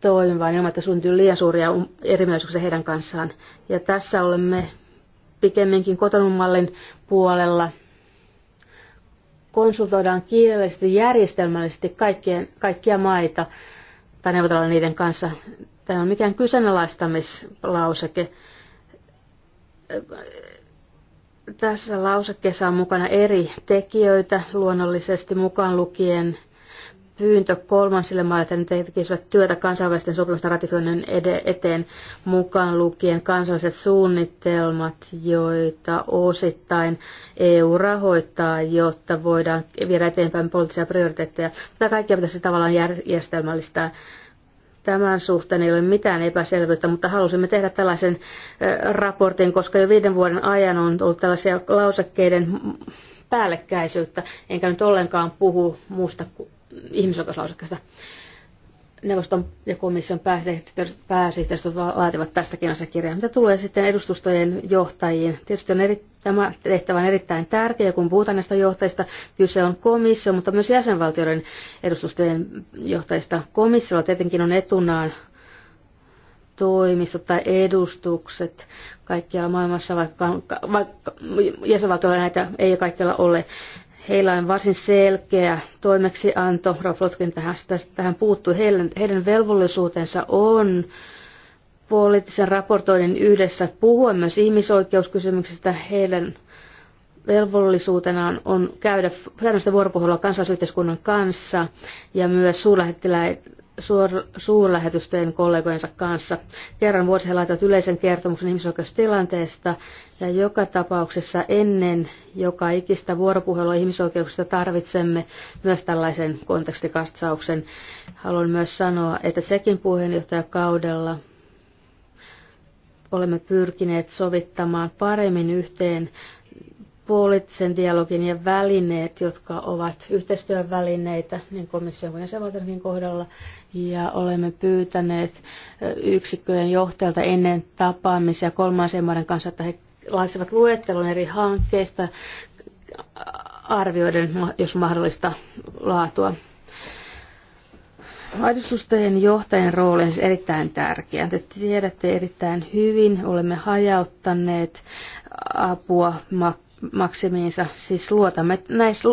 C: toimimaan ilman, että syntyy liian suuria um- erimielisyyksiä heidän kanssaan. Ja tässä olemme pikemminkin kotonumallin puolella konsultoidaan kielellisesti, järjestelmällisesti kaikkien, kaikkia maita tai neuvotellaan niiden kanssa. Tämä on mikään kyseenalaistamislauseke. Tässä lausekkeessa on mukana eri tekijöitä, luonnollisesti mukaan lukien pyyntö kolmansille maille, että ne tekisivät työtä kansainvälisten sopimusten ratifioinnin eteen mukaan lukien kansalliset suunnitelmat, joita osittain EU rahoittaa, jotta voidaan viedä eteenpäin poliittisia prioriteetteja. Tätä kaikkea pitäisi tavallaan järjestelmällistää. Tämän suhteen ei ole mitään epäselvyyttä, mutta halusimme tehdä tällaisen raportin, koska jo viiden vuoden ajan on ollut tällaisia lausekkeiden päällekkäisyyttä, enkä nyt ollenkaan puhu muusta ihmisoikeuslausekkeesta. Neuvoston ja komission pääsihteistö laativat tästäkin asiakirjaa. Mitä tulee sitten edustustojen johtajiin? Tietysti on eri, tämä tehtävä on erittäin tärkeä, kun puhutaan näistä johtajista. Kyse on komissio, mutta myös jäsenvaltioiden edustustojen johtajista. Komissiolla tietenkin on etunaan toimistot tai edustukset kaikkialla maailmassa, vaikka, vaikka jäsenvaltioilla näitä ei kaikkialla ole. Heillä on varsin selkeä toimeksianto, Lutkin tähän, tähän puuttui. Heidän, heidän velvollisuutensa on poliittisen raportoinnin yhdessä puhua myös ihmisoikeuskysymyksistä. Heidän velvollisuutenaan on käydä säännöllistä vuoropuhelua kansalaisyhteiskunnan kanssa ja myös suurlähettiläiden suor- suurlähetysten kollegojensa kanssa. Kerran vuosi he laitavat yleisen kertomuksen ihmisoikeustilanteesta ja joka tapauksessa ennen joka ikistä vuoropuhelua ihmisoikeuksista tarvitsemme myös tällaisen kontekstikatsauksen. Haluan myös sanoa, että sekin puheenjohtajakaudella olemme pyrkineet sovittamaan paremmin yhteen poliittisen dialogin ja välineet, jotka ovat yhteistyön välineitä niin komission kuin jäsenvaltioiden kohdalla. Ja olemme pyytäneet yksikköjen johtajalta ennen tapaamisia kolmansien maiden kanssa, että he laisivat luettelon eri hankkeista arvioiden, jos mahdollista, laatua. Vaikutusten johtajan rooli on siis erittäin tärkeä. Te tiedätte erittäin hyvin, olemme hajauttaneet apua maksimiinsa. Siis luotamme näissä,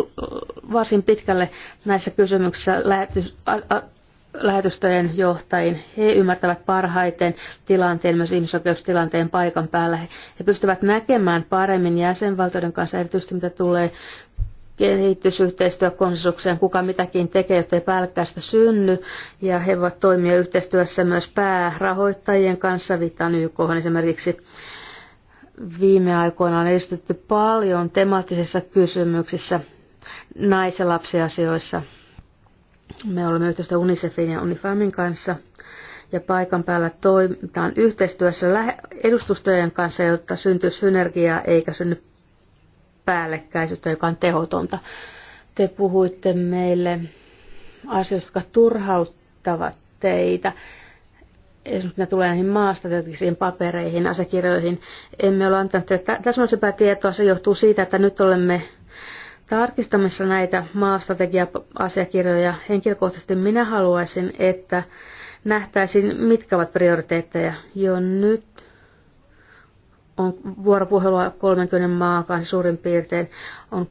C: varsin pitkälle näissä kysymyksissä lähetys, a, a, lähetystöjen johtajiin. He ymmärtävät parhaiten tilanteen, myös ihmisoikeustilanteen paikan päällä. He pystyvät näkemään paremmin jäsenvaltioiden kanssa, erityisesti mitä tulee kehitysyhteistyökonsensukseen, kuka mitäkin tekee, jotta ei päällekkäistä synny. Ja he voivat toimia yhteistyössä myös päärahoittajien kanssa, viittaan YK esimerkiksi Viime aikoina on esitetty paljon temaattisissa kysymyksissä nais- ja lapsiasioissa. Me olemme yhteistyössä UNICEFin ja UNIFAMin kanssa ja paikan päällä toimitaan yhteistyössä edustustojen kanssa, jotta syntyy synergiaa eikä synny päällekkäisyyttä, joka on tehotonta. Te puhuitte meille asioista, jotka turhauttavat teitä mitä tulee näihin maastatioksiin papereihin, asiakirjoihin, emme ole antaneet täsmällisempää tietoa. Se johtuu siitä, että nyt olemme tarkistamassa näitä maastrategia-asiakirjoja. Henkilökohtaisesti minä haluaisin, että nähtäisiin, mitkä ovat prioriteetteja. Jo nyt on vuoropuhelua 30 maan kanssa suurin piirtein. On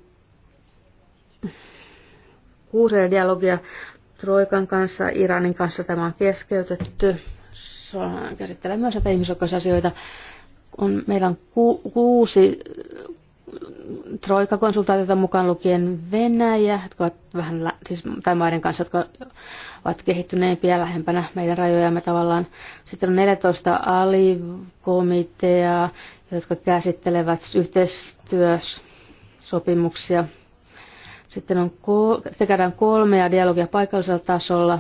C: kuusi dialogia Troikan kanssa, Iranin kanssa tämä on keskeytetty käsittelee myös näitä ihmisoikeusasioita. On, meillä on ku, kuusi troikakonsultaatiota mukaan lukien Venäjä, jotka ovat vähän, siis, tai maiden kanssa, jotka ovat kehittyneempiä lähempänä meidän rajojamme tavallaan. Sitten on 14 alikomiteaa, jotka käsittelevät yhteistyösopimuksia. Sitten on, sitten käydään kolmea dialogia paikallisella tasolla,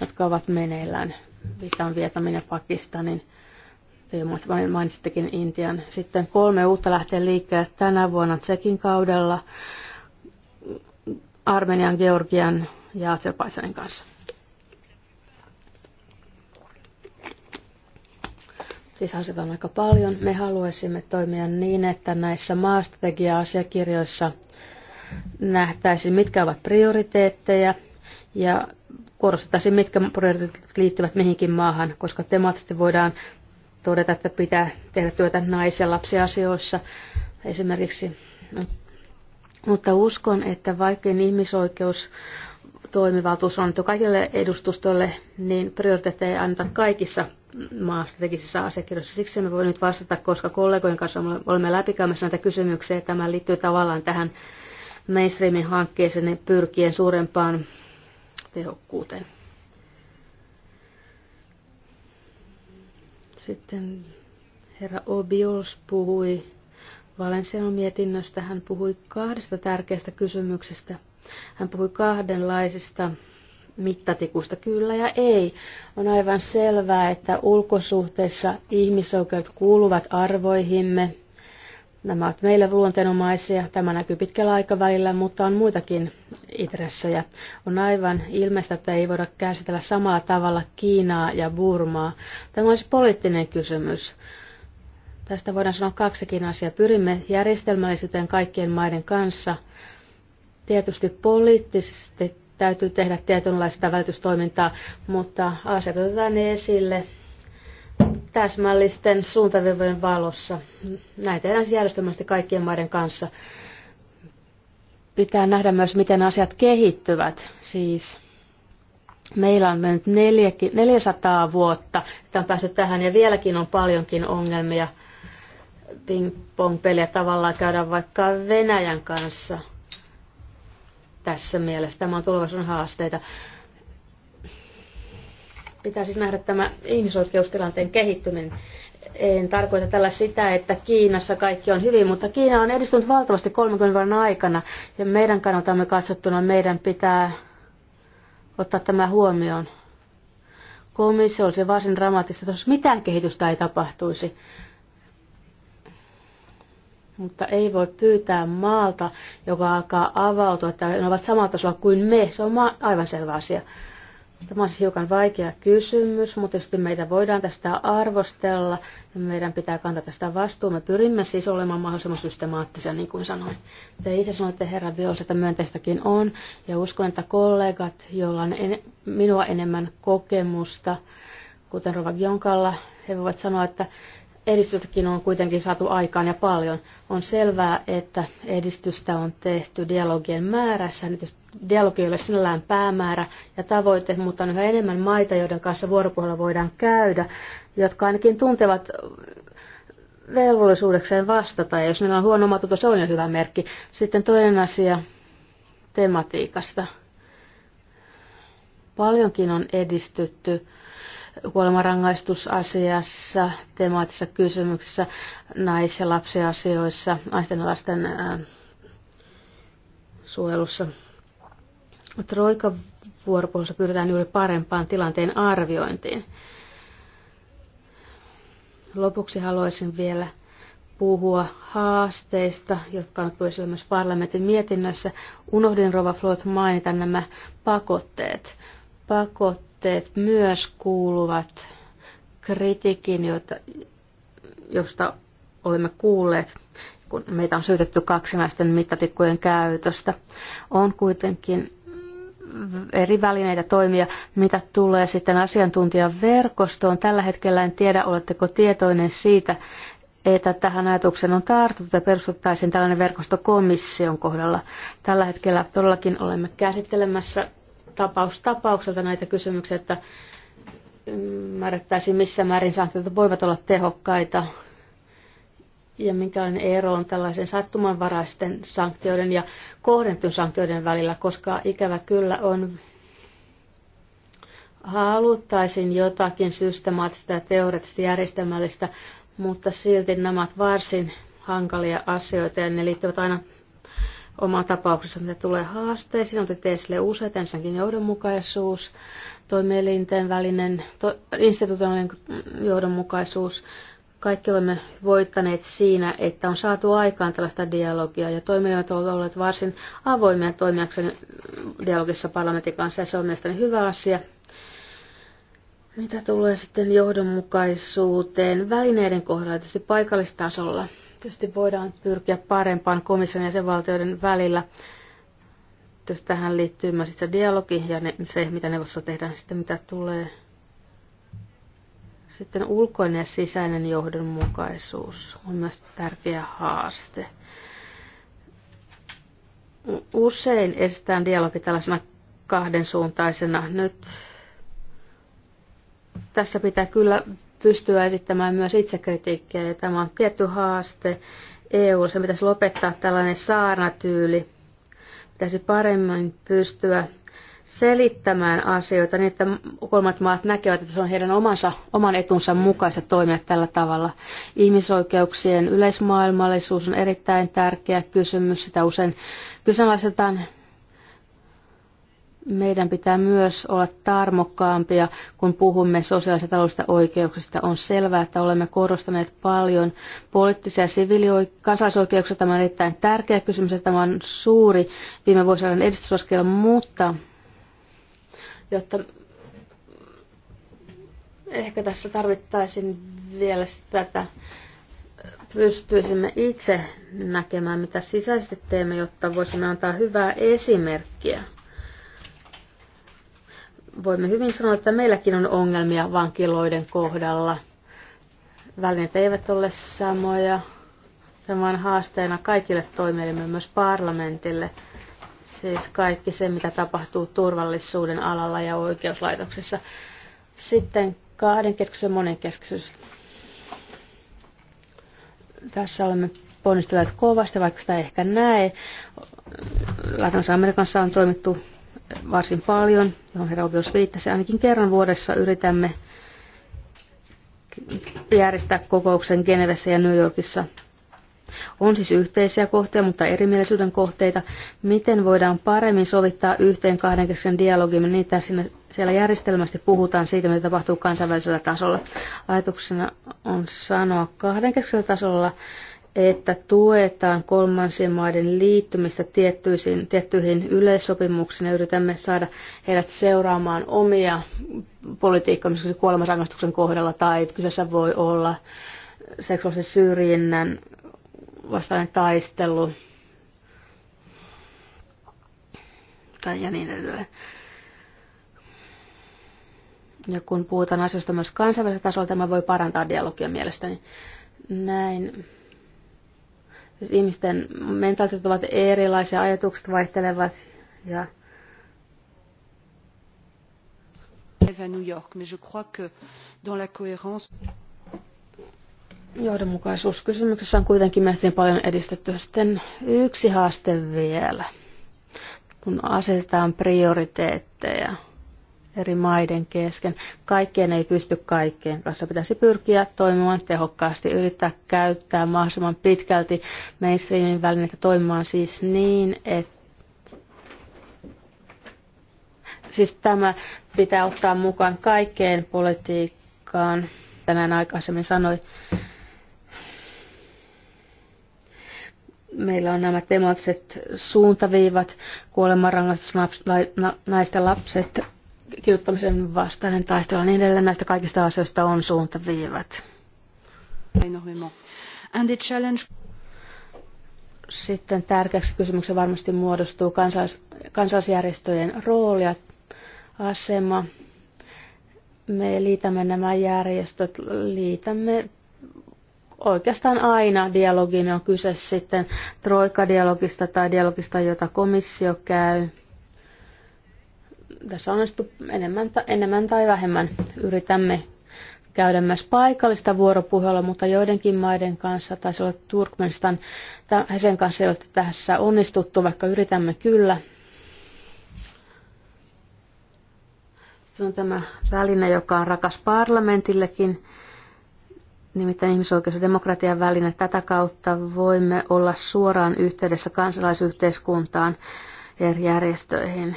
C: jotka ovat meneillään viittaan Vietnamin ja Pakistanin. mainitsittekin Intian. Sitten kolme uutta lähtee liikkeelle tänä vuonna Tsekin kaudella Armenian, Georgian ja Azerbaidžanin kanssa. Siis on aika paljon. Me haluaisimme toimia niin, että näissä maastrategia-asiakirjoissa nähtäisiin, mitkä ovat prioriteetteja ja se, mitkä projektit liittyvät mihinkin maahan, koska temaattisesti voidaan todeta, että pitää tehdä työtä nais- ja lapsiasioissa esimerkiksi. Mutta uskon, että vaikkei ihmisoikeus toimivaltuus on annettu kaikille edustustolle, niin prioriteetteja ei anneta kaikissa maastrategisissa asiakirjoissa. Siksi me voi nyt vastata, koska kollegojen kanssa olemme läpikäymässä näitä kysymyksiä. Tämä liittyy tavallaan tähän mainstreamin hankkeeseen pyrkien suurempaan tehokkuuteen. Sitten herra Obios puhui Valensian mietinnöstä. Hän puhui kahdesta tärkeästä kysymyksestä. Hän puhui kahdenlaisista mittatikusta kyllä ja ei. On aivan selvää, että ulkosuhteissa ihmisoikeudet kuuluvat arvoihimme – Nämä ovat meille luonteenomaisia, tämä näkyy pitkällä aikavälillä, mutta on muitakin intressejä. On aivan ilmeistä, että ei voida käsitellä samalla tavalla Kiinaa ja Burmaa. Tämä olisi poliittinen kysymys. Tästä voidaan sanoa kaksikin asiaa. Pyrimme järjestelmällisyyteen kaikkien maiden kanssa. Tietysti poliittisesti täytyy tehdä tietynlaista välitystoimintaa, mutta asiat otetaan esille täsmällisten suuntaviivojen valossa. Näin tehdään siis järjestelmästi kaikkien maiden kanssa. Pitää nähdä myös, miten asiat kehittyvät. Siis meillä on mennyt 400 vuotta, että on päässyt tähän, ja vieläkin on paljonkin ongelmia. Ping-pong-peliä tavallaan käydään vaikka Venäjän kanssa. Tässä mielessä tämä on tulevaisuuden haasteita. Pitää siis nähdä tämä ihmisoikeustilanteen kehittyminen. En tarkoita tällä sitä, että Kiinassa kaikki on hyvin, mutta Kiina on edistynyt valtavasti 30 vuoden aikana ja meidän kannaltamme katsottuna meidän pitää ottaa tämä huomioon. Komissio se varsin dramaattista, jos mitään kehitystä ei tapahtuisi mutta ei voi pyytää maalta, joka alkaa avautua, että ne ovat samalla tasolla kuin me. Se on aivan selvä asia. Tämä on siis hiukan vaikea kysymys, mutta tietysti meitä voidaan tästä arvostella ja meidän pitää kantaa tästä vastuu. Me pyrimme siis olemaan mahdollisimman systemaattisia, niin kuin sanoin. Te itse sanoitte, herra Viols, että myönteistäkin on, ja uskon, että kollegat, joilla on en, minua enemmän kokemusta, kuten Rova Jonkalla, he voivat sanoa, että edistystäkin on kuitenkin saatu aikaan ja paljon. On selvää, että edistystä on tehty dialogien määrässä. Nyt dialogi ei ole sinällään päämäärä ja tavoite, mutta on yhä enemmän maita, joiden kanssa vuoropuhelua voidaan käydä, jotka ainakin tuntevat velvollisuudekseen vastata. Ja jos meillä on huono matuto, se on jo hyvä merkki. Sitten toinen asia tematiikasta. Paljonkin on edistytty kuolemanrangaistusasiassa, temaattisessa kysymyksessä, nais- ja lapsiasioissa, naisten ja lasten ää, suojelussa. Troika vuoropuhelussa pyritään juuri parempaan tilanteen arviointiin. Lopuksi haluaisin vielä puhua haasteista, jotka on esillä myös parlamentin mietinnössä. Unohdin Rova Floyd mainita nämä pakotteet. Pakot puutteet myös kuuluvat kritiikin, joita, josta olemme kuulleet, kun meitä on syytetty kaksinaisten mittatikkujen käytöstä. On kuitenkin eri välineitä toimia. Mitä tulee sitten verkostoon. tällä hetkellä en tiedä, oletteko tietoinen siitä, että tähän ajatukseen on tartuttu ja perustettaisiin tällainen verkosto kohdalla. Tällä hetkellä todellakin olemme käsittelemässä tapaus tapaukselta näitä kysymyksiä, että ymmärrettäisiin missä määrin sanktiot voivat olla tehokkaita ja minkälainen ero on tällaisen sattumanvaraisten sanktioiden ja kohdentun sanktioiden välillä, koska ikävä kyllä on haluttaisin jotakin systemaattista ja teoreettista järjestelmällistä, mutta silti nämä ovat varsin hankalia asioita ja ne liittyvät aina oma tapauksessa, mitä tulee haasteisiin, tehty esille useat, ensinnäkin johdonmukaisuus, toimielinten välinen, to, institutionaalinen johdonmukaisuus. Kaikki olemme voittaneet siinä, että on saatu aikaan tällaista dialogia ja toimijat ovat olleet varsin avoimia toimijakseen dialogissa parlamentin kanssa ja se on mielestäni hyvä asia. Mitä tulee sitten johdonmukaisuuteen välineiden kohdalla, tietysti paikallistasolla – Tietysti voidaan pyrkiä parempaan komission ja sen valtioiden välillä. Tietysti tähän liittyy myös itse dialogi ja ne, se, mitä neuvostossa tehdään, sitten mitä tulee. Sitten ulkoinen ja sisäinen johdonmukaisuus on myös tärkeä haaste. Usein estetään dialogi tällaisena kahden suuntaisena. Nyt tässä pitää kyllä pystyä esittämään myös itsekritiikkiä ja tämä on tietty haaste. EU, se pitäisi lopettaa tällainen saarnatyyli. Pitäisi paremmin pystyä selittämään asioita niin, että kolmat maat näkevät, että se on heidän omansa, oman etunsa mukaista toimia tällä tavalla. Ihmisoikeuksien yleismaailmallisuus on erittäin tärkeä kysymys. Sitä usein kyseenalaistetaan meidän pitää myös olla tarmokkaampia, kun puhumme sosiaalisesta taloudellisista oikeuksista. On selvää, että olemme korostaneet paljon poliittisia sivili- kansalaisoikeuksia. Tämä on erittäin tärkeä kysymys, että tämä on suuri viime vuosien edistysaskel, mutta jotta ehkä tässä tarvittaisiin vielä että pystyisimme itse näkemään, mitä sisäisesti teemme, jotta voisimme antaa hyvää esimerkkiä voimme hyvin sanoa, että meilläkin on ongelmia vankiloiden kohdalla. Välineet eivät ole samoja. Tämä on haasteena kaikille toimijoille, myös parlamentille. Siis kaikki se, mitä tapahtuu turvallisuuden alalla ja oikeuslaitoksessa. Sitten kahdenkeskisyys ja monenkeskisyys. Tässä olemme ponnistelleet kovasti, vaikka sitä ei ehkä näe. Latinalaisessa Amerikassa on toimittu varsin paljon, johon no, herra Opios viittasi. Ainakin kerran vuodessa yritämme järjestää kokouksen Genevessä ja New Yorkissa. On siis yhteisiä kohteita, mutta erimielisyyden kohteita. Miten voidaan paremmin sovittaa yhteen kahden kesken dialogin? Niitä siinä, siellä järjestelmästi puhutaan siitä, mitä tapahtuu kansainvälisellä tasolla. Ajatuksena on sanoa kahden tasolla että tuetaan kolmansien maiden liittymistä tiettyihin, tiettyihin yleissopimuksiin ja yritämme saada heidät seuraamaan omia politiikkoja, esimerkiksi kuolemanrangaistuksen kohdalla tai kyseessä voi olla seksuaalisen syrjinnän vastainen taistelu tai ja niin edelleen. Ja kun puhutaan asioista myös kansainvälisellä tasolla, tämä voi parantaa dialogia mielestäni. Näin Siis ihmisten mentaliteetit ovat erilaisia, ajatukset vaihtelevat ja
D: à New York, mais je crois que dans la cohérence
C: johdonmukaisuuskysymyksessä on kuitenkin mielestäni paljon edistetty. Sitten yksi haaste vielä, kun asetetaan prioriteetteja – eri maiden kesken. Kaikkeen ei pysty kaikkeen kanssa. Pitäisi pyrkiä toimimaan tehokkaasti, yrittää käyttää mahdollisimman pitkälti mainstreamin välineitä toimimaan siis niin, että Siis tämä pitää ottaa mukaan kaikkeen politiikkaan, tänään aikaisemmin sanoi. meillä on nämä temaattiset suuntaviivat, kuolemanrangaistus, naisten lapset, kiduttamisen vastainen taistelu niin edelleen näistä kaikista asioista on suuntaviivat. Sitten tärkeäksi kysymyksen varmasti muodostuu kansais- kansalaisjärjestöjen rooli ja asema. Me liitämme nämä järjestöt, liitämme oikeastaan aina dialogiin on kyse sitten troikadialogista tai dialogista, jota komissio käy – tässä onnistu enemmän, enemmän tai vähemmän. Yritämme käydä myös paikallista vuoropuhelua, mutta joidenkin maiden kanssa, taisi olla Turkmenistan, sen kanssa ei ole tässä onnistuttu, vaikka yritämme kyllä. Se on tämä väline, joka on rakas parlamentillekin, nimittäin ihmisoikeus- ja demokratian väline. Tätä kautta voimme olla suoraan yhteydessä kansalaisyhteiskuntaan ja järjestöihin.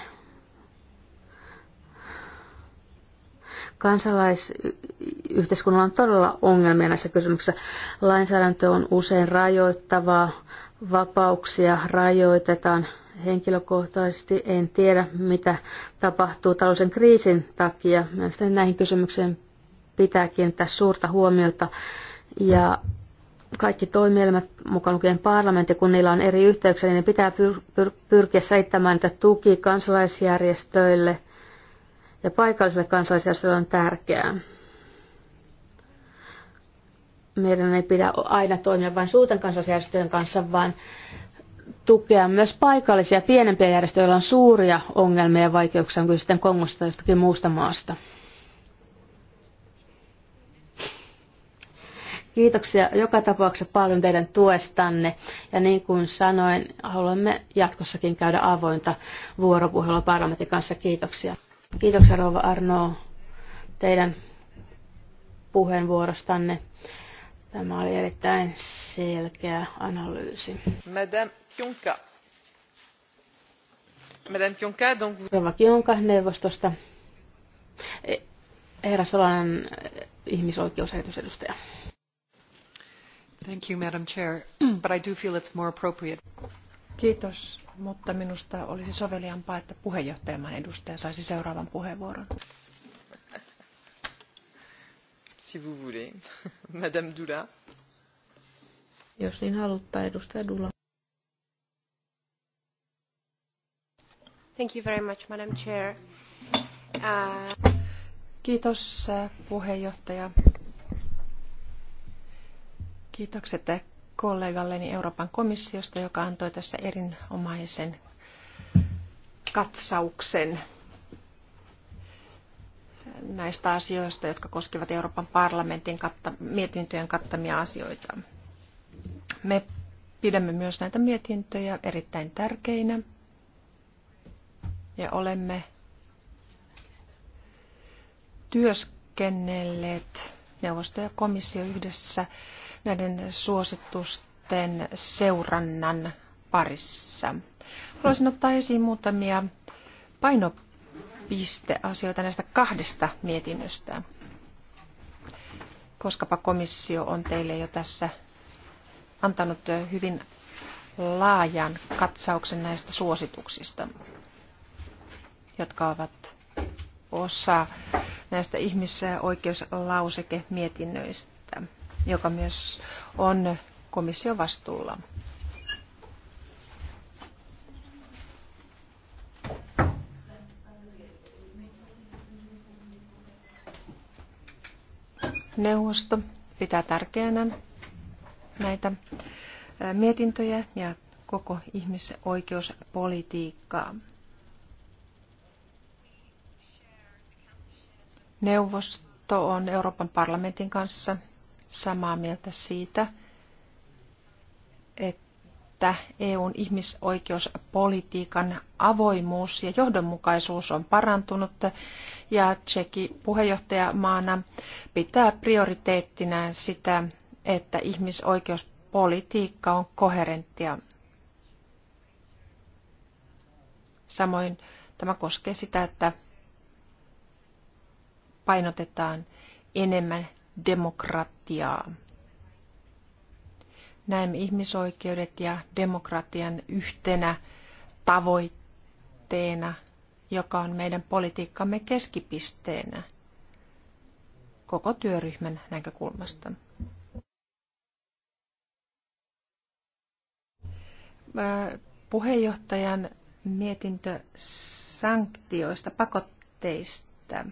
C: Kansalaisyhteiskunnalla on todella ongelmia näissä kysymyksissä. Lainsäädäntö on usein rajoittavaa, vapauksia rajoitetaan henkilökohtaisesti. En tiedä, mitä tapahtuu talousen kriisin takia. Mielestäni näihin kysymyksiin pitää kiinnittää suurta huomiota. Ja kaikki toimielimet, mukaan lukien parlamentti, kun niillä on eri yhteyksiä, niin ne pitää pyr- pyr- pyrkiä seittämään niitä tuki kansalaisjärjestöille – ja paikalliselle kansalaisjärjestöille on tärkeää. Meidän ei pidä aina toimia vain suurten kansalaisjärjestöjen kanssa, vaan tukea myös paikallisia pienempiä järjestöjä, joilla on suuria ongelmia ja vaikeuksia, kuin sitten Kongosta tai jostakin muusta maasta. Kiitoksia joka tapauksessa paljon teidän tuestanne. Ja niin kuin sanoin, haluamme jatkossakin käydä avointa vuoropuhelua parlamentin kanssa. Kiitoksia. Kiitoksia Rova Arno teidän puheenvuorostanne. Tämä oli erittäin selkeä analyysi.
A: Madame Kionka. Madame Kionka, donc...
C: Rova Kionka neuvostosta. E, herra Solanen,
D: ihmisoikeuserityisedustaja. Thank you, Madam Chair, but I do feel it's more appropriate. Kiitos, mutta minusta olisi soveliampaa, että puheenjohtajamaan edustaja saisi seuraavan puheenvuoron.
A: Si vous voulez. Madame Dula.
D: Jos niin haluttaa, edustaja Dula. Thank you very much, Madam Chair. Uh... Kiitos äh, puheenjohtaja. Kiitokset äh, kollegalleni Euroopan komissiosta, joka antoi tässä erinomaisen katsauksen näistä asioista, jotka koskevat Euroopan parlamentin katta, mietintöjen kattamia asioita. Me pidämme myös näitä mietintöjä erittäin tärkeinä ja olemme työskennelleet neuvosto ja komissio yhdessä näiden suositusten seurannan parissa. Haluaisin ottaa esiin muutamia painopisteasioita näistä kahdesta mietinnöstä, koskapa komissio on teille jo tässä antanut hyvin laajan katsauksen näistä suosituksista, jotka ovat osa näistä ihmisoikeuslausekemietinnöistä. mietinnöistä joka myös on komission vastuulla. Neuvosto pitää tärkeänä näitä mietintöjä ja koko ihmisoikeuspolitiikkaa. Neuvosto on Euroopan parlamentin kanssa samaa mieltä siitä, että EUn ihmisoikeuspolitiikan avoimuus ja johdonmukaisuus on parantunut ja Tseki puheenjohtajamaana pitää prioriteettina sitä, että ihmisoikeuspolitiikka on koherenttia. Samoin tämä koskee sitä, että painotetaan enemmän demokratiaa. Näemme ihmisoikeudet ja demokratian yhtenä tavoitteena, joka on meidän politiikkamme keskipisteenä koko työryhmän näkökulmasta. Puheenjohtajan mietintö sanktioista, pakotteista.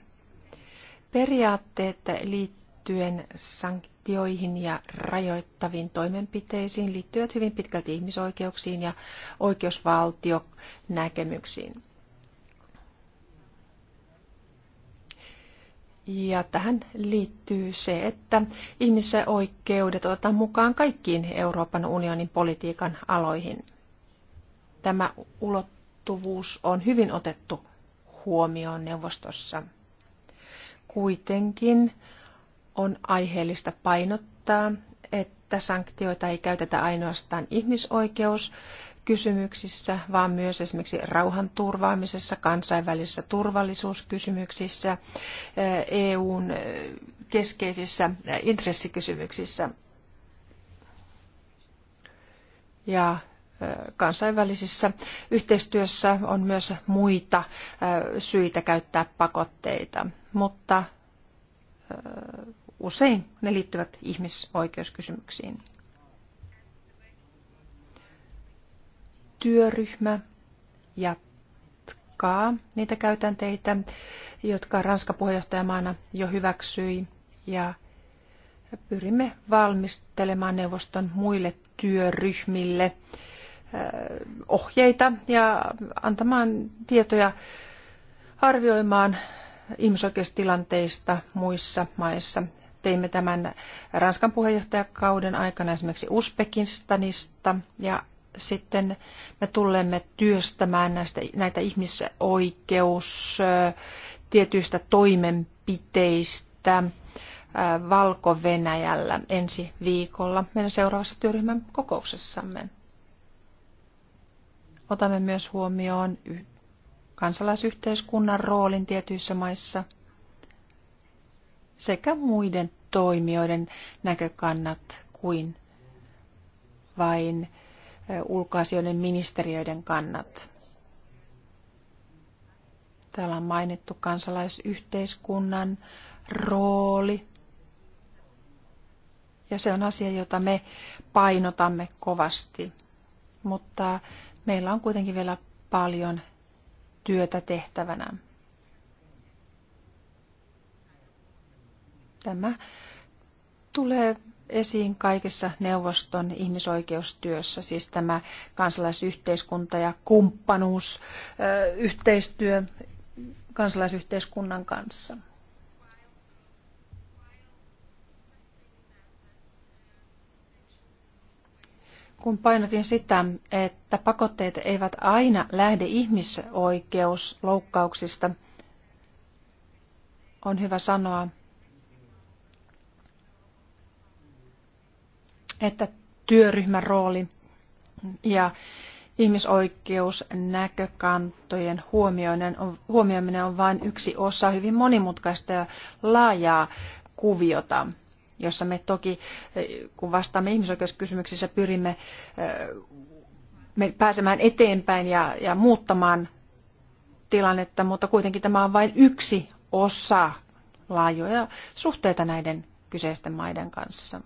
D: Periaatteet liittyvät liittyen sanktioihin ja rajoittaviin toimenpiteisiin liittyvät hyvin pitkälti ihmisoikeuksiin ja oikeusvaltionäkemyksiin. Ja tähän liittyy se, että ihmisoikeudet otetaan mukaan kaikkiin Euroopan unionin politiikan aloihin. Tämä ulottuvuus on hyvin otettu huomioon neuvostossa. Kuitenkin on aiheellista painottaa, että sanktioita ei käytetä ainoastaan ihmisoikeus kysymyksissä, vaan myös esimerkiksi rauhanturvaamisessa, kansainvälisissä turvallisuuskysymyksissä, EUn keskeisissä intressikysymyksissä ja kansainvälisissä yhteistyössä on myös muita syitä käyttää pakotteita, mutta usein ne liittyvät ihmisoikeuskysymyksiin. Työryhmä jatkaa niitä käytänteitä, jotka Ranska puheenjohtajamaana jo hyväksyi ja pyrimme valmistelemaan neuvoston muille työryhmille äh, ohjeita ja antamaan tietoja arvioimaan ihmisoikeustilanteista muissa maissa teimme tämän Ranskan puheenjohtajakauden aikana esimerkiksi Uzbekistanista ja sitten me tulemme työstämään näistä, näitä ihmisoikeus tietyistä toimenpiteistä Valko-Venäjällä ensi viikolla meidän seuraavassa työryhmän kokouksessamme. Otamme myös huomioon kansalaisyhteiskunnan roolin tietyissä maissa – sekä muiden toimijoiden näkökannat kuin vain ulkoasioiden ministeriöiden kannat. Täällä on mainittu kansalaisyhteiskunnan rooli. Ja se on asia, jota me painotamme kovasti. Mutta meillä on kuitenkin vielä paljon työtä tehtävänä. Tämä tulee esiin kaikessa neuvoston ihmisoikeustyössä, siis tämä kansalaisyhteiskunta ja kumppanuus, yhteistyö kansalaisyhteiskunnan kanssa. kun painotin sitä, että pakotteet eivät aina lähde ihmisoikeusloukkauksista, on hyvä sanoa, että työryhmän rooli ja ihmisoikeusnäkökantojen huomioiminen on, huomioiminen on vain yksi osa hyvin monimutkaista ja laajaa kuviota, jossa me toki, kun vastaamme ihmisoikeuskysymyksissä, pyrimme me pääsemään eteenpäin ja, ja muuttamaan tilannetta, mutta kuitenkin tämä on vain yksi osa laajoja suhteita näiden kyseisten maiden kanssa.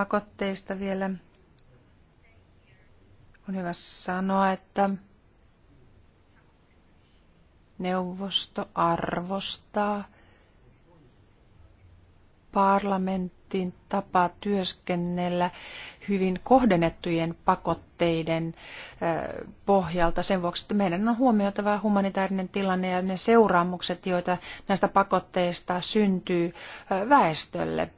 D: pakotteista vielä. On hyvä sanoa, että neuvosto arvostaa parlamentin tapaa työskennellä hyvin kohdennettujen pakotteiden pohjalta sen vuoksi, että meidän on huomioitava humanitaarinen tilanne ja ne seuraamukset, joita näistä pakotteista syntyy väestölle.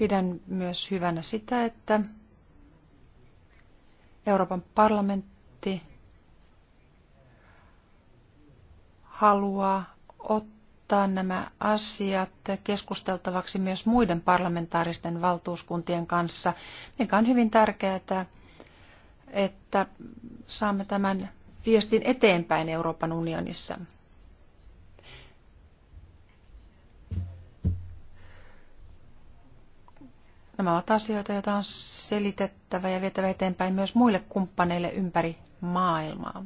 D: Pidän myös hyvänä sitä, että Euroopan parlamentti haluaa ottaa nämä asiat keskusteltavaksi myös muiden parlamentaaristen valtuuskuntien kanssa, mikä on hyvin tärkeää, että saamme tämän viestin eteenpäin Euroopan unionissa. Nämä ovat asioita, joita on selitettävä ja vietävä eteenpäin myös muille kumppaneille ympäri maailmaa.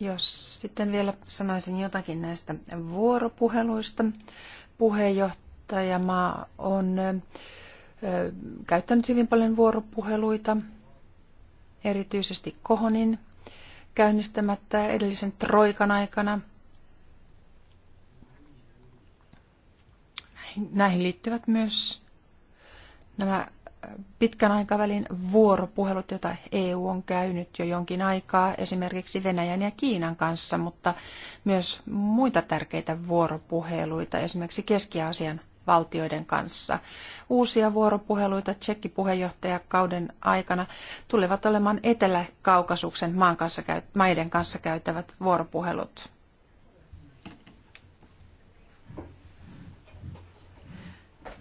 D: Jos sitten vielä sanoisin jotakin näistä vuoropuheluista. Puheenjohtajamaa on käyttänyt hyvin paljon vuoropuheluita, erityisesti Kohonin käynnistämättä edellisen troikan aikana. Näihin liittyvät myös nämä pitkän aikavälin vuoropuhelut, joita EU on käynyt jo jonkin aikaa esimerkiksi Venäjän ja Kiinan kanssa, mutta myös muita tärkeitä vuoropuheluita esimerkiksi Keski-Aasian valtioiden kanssa. Uusia vuoropuheluita Tsekki puheenjohtajakauden aikana tulevat olemaan Etelä-Kaukasuksen maan kanssa, maiden kanssa käytävät vuoropuhelut.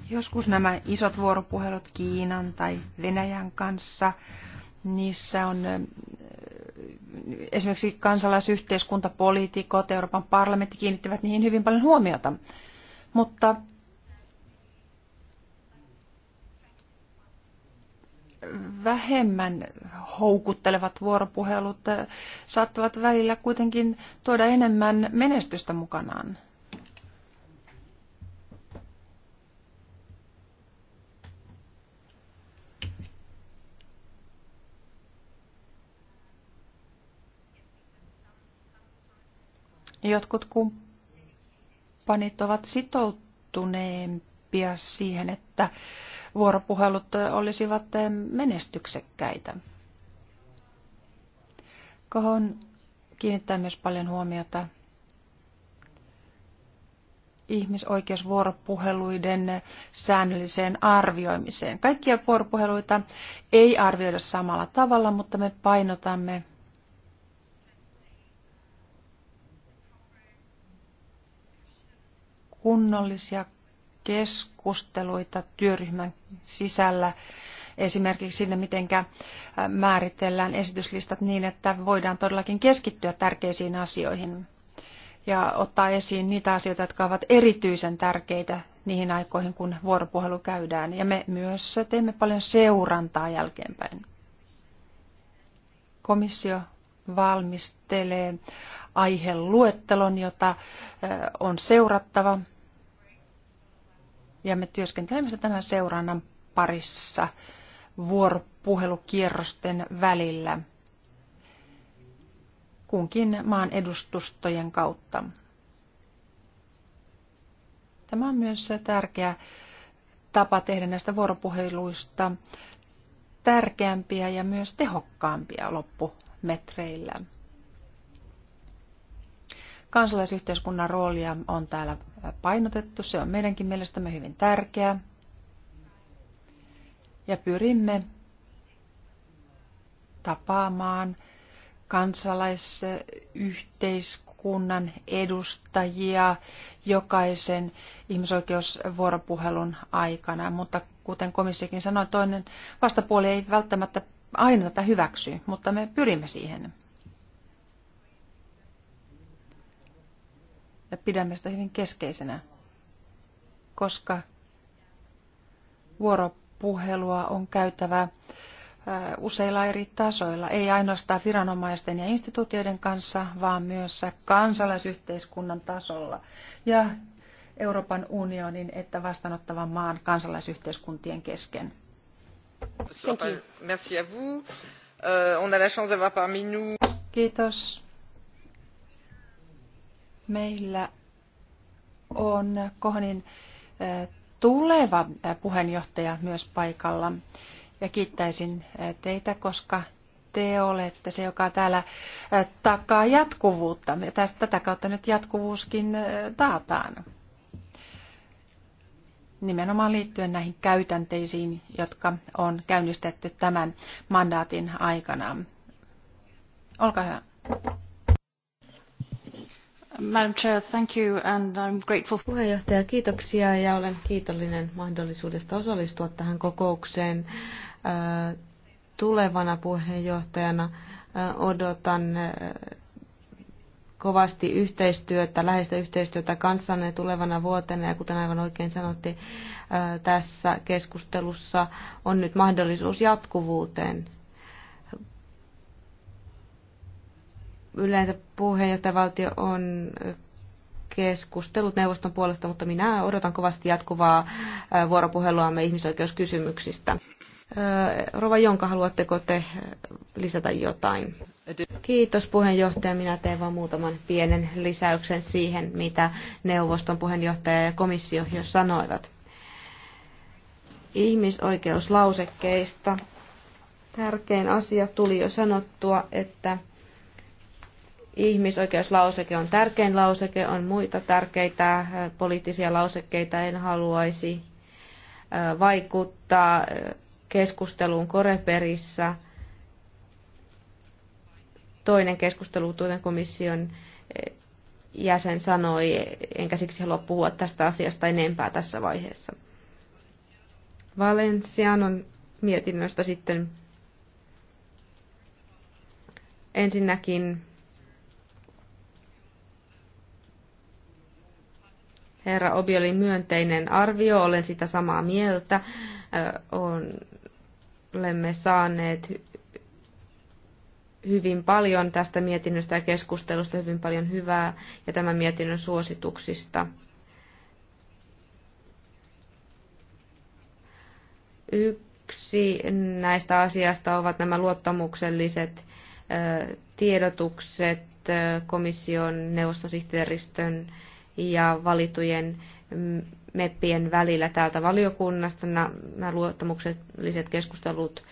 D: Joskus nämä isot vuoropuhelut Kiinan tai Venäjän kanssa, niissä on esimerkiksi kansalaisyhteiskunta, poliitikot, Euroopan parlamentti kiinnittävät niihin hyvin paljon huomiota. Mutta vähemmän houkuttelevat vuoropuhelut eh, saattavat välillä kuitenkin tuoda enemmän menestystä mukanaan. Jotkut kumppanit ovat sitoutuneempia siihen, että vuoropuhelut olisivat menestyksekkäitä. Kohon kiinnittää myös paljon huomiota ihmisoikeusvuoropuheluiden säännölliseen arvioimiseen. Kaikkia vuoropuheluita ei arvioida samalla tavalla, mutta me painotamme kunnollisia keskusteluita työryhmän sisällä esimerkiksi sinne, miten äh, määritellään esityslistat niin, että voidaan todellakin keskittyä tärkeisiin asioihin ja ottaa esiin niitä asioita, jotka ovat erityisen tärkeitä niihin aikoihin, kun vuoropuhelu käydään. Ja me myös teemme paljon seurantaa jälkeenpäin. Komissio valmistelee aiheluettelon, jota äh, on seurattava – ja me työskentelemme tämän seurannan parissa vuoropuhelukierrosten välillä kunkin maan edustustojen kautta. Tämä on myös tärkeä tapa tehdä näistä vuoropuheluista tärkeämpiä ja myös tehokkaampia loppumetreillä. Kansalaisyhteiskunnan roolia on täällä painotettu, se on meidänkin mielestämme hyvin tärkeä. Ja pyrimme tapaamaan kansalaisyhteiskunnan edustajia jokaisen ihmisoikeusvuoropuhelun aikana. Mutta kuten komissiokin sanoi, toinen vastapuoli ei välttämättä aina tätä hyväksy, mutta me pyrimme siihen. ja pidämme sitä hyvin keskeisenä, koska vuoropuhelua on käytävä useilla eri tasoilla, ei ainoastaan viranomaisten ja instituutioiden kanssa, vaan myös kansalaisyhteiskunnan tasolla ja Euroopan unionin että vastaanottavan maan kansalaisyhteiskuntien kesken.
A: Euh,
D: Kiitos. Meillä on Kohonin tuleva puheenjohtaja myös paikalla. Ja kiittäisin teitä, koska te olette se, joka täällä takaa jatkuvuutta. Ja tästä, tätä kautta nyt jatkuvuuskin taataan. Nimenomaan liittyen näihin käytänteisiin, jotka on käynnistetty tämän mandaatin aikana. Olkaa hyvä. Madam
B: Puheenjohtaja, kiitoksia ja olen kiitollinen mahdollisuudesta osallistua tähän kokoukseen. Äh, tulevana puheenjohtajana äh, odotan äh, kovasti yhteistyötä, läheistä yhteistyötä kanssanne tulevana vuotena. Ja kuten aivan oikein sanoitte, tässä keskustelussa on nyt mahdollisuus jatkuvuuteen. Yleensä puheenjohtajavaltio on keskustellut neuvoston puolesta, mutta minä odotan kovasti jatkuvaa vuoropuheluamme ihmisoikeuskysymyksistä. Rova Jonka, haluatteko te lisätä jotain? Kiitos puheenjohtaja. Minä teen vain muutaman pienen lisäyksen siihen, mitä neuvoston puheenjohtaja ja komissio jo sanoivat. Ihmisoikeuslausekkeista. Tärkein asia tuli jo sanottua, että Ihmisoikeuslauseke on tärkein lauseke, on muita tärkeitä äh, poliittisia lausekkeita. En haluaisi äh, vaikuttaa äh, keskusteluun Koreperissä. Toinen keskustelu, kuten komission jäsen sanoi, enkä siksi halua puhua tästä asiasta enempää tässä vaiheessa. Valencianon mietinnöstä sitten ensinnäkin Herra Obi oli myönteinen arvio, olen sitä samaa mieltä. Olemme saaneet hyvin paljon tästä mietinnöstä ja keskustelusta hyvin paljon hyvää ja tämän mietinnön suosituksista. Yksi näistä asiasta ovat nämä luottamukselliset tiedotukset komission neuvoston sihteeristön ja valitujen mm, meppien välillä täältä valiokunnasta. Nämä luottamukselliset keskustelut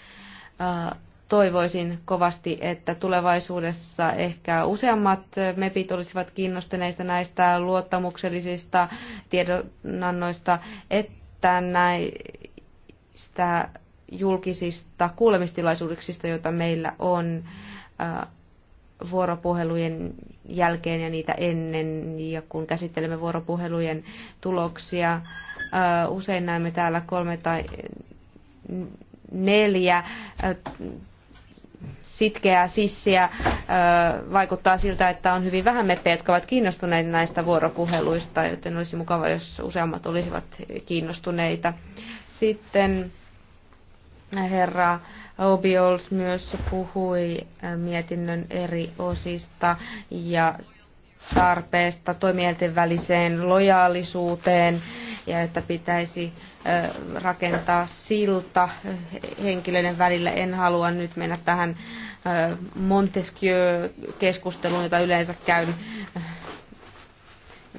B: toivoisin kovasti, että tulevaisuudessa ehkä useammat mepit olisivat kiinnostuneita näistä luottamuksellisista tiedonannoista, että näistä julkisista kuulemistilaisuuksista, joita meillä on vuoropuhelujen jälkeen ja niitä ennen ja kun käsittelemme vuoropuhelujen tuloksia. Usein näemme täällä kolme tai neljä sitkeää sissiä. Vaikuttaa siltä, että on hyvin vähän meppejä, jotka ovat kiinnostuneita näistä vuoropuheluista, joten olisi mukava, jos useammat olisivat kiinnostuneita. Sitten herra Obiol myös puhui äh, mietinnön eri osista ja tarpeesta toimielten väliseen lojaalisuuteen ja että pitäisi äh, rakentaa silta henkilöiden välillä. En halua nyt mennä tähän äh, Montesquieu-keskusteluun, jota yleensä käyn.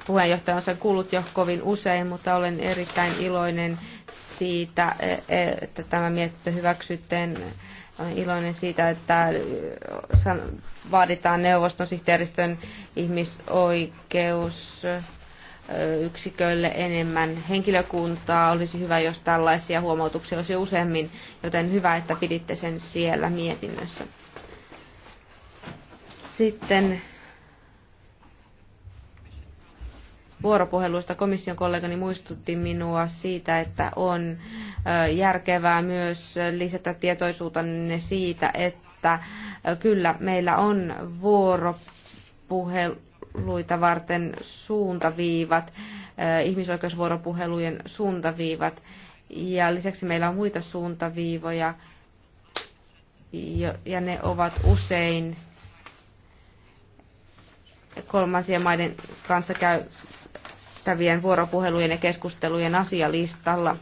B: Puheenjohtaja on sen kuullut jo kovin usein, mutta olen erittäin iloinen siitä, e, e, että tämä mietintö hyväksyttiin. Olen iloinen siitä, että e, vaaditaan neuvoston sihteeristön ihmisoikeus yksiköille enemmän henkilökuntaa. Olisi hyvä, jos tällaisia huomautuksia olisi useammin, joten hyvä, että piditte sen siellä mietinnössä. Sitten vuoropuheluista komission kollegani muistutti minua siitä, että on järkevää myös lisätä tietoisuutta siitä, että kyllä meillä on vuoropuheluita varten suuntaviivat, ihmisoikeusvuoropuhelujen suuntaviivat. Ja lisäksi meillä on muita suuntaviivoja, ja ne ovat usein kolmansien maiden kanssa käy kestävien vuoropuhelujen ja keskustelujen asialistalla.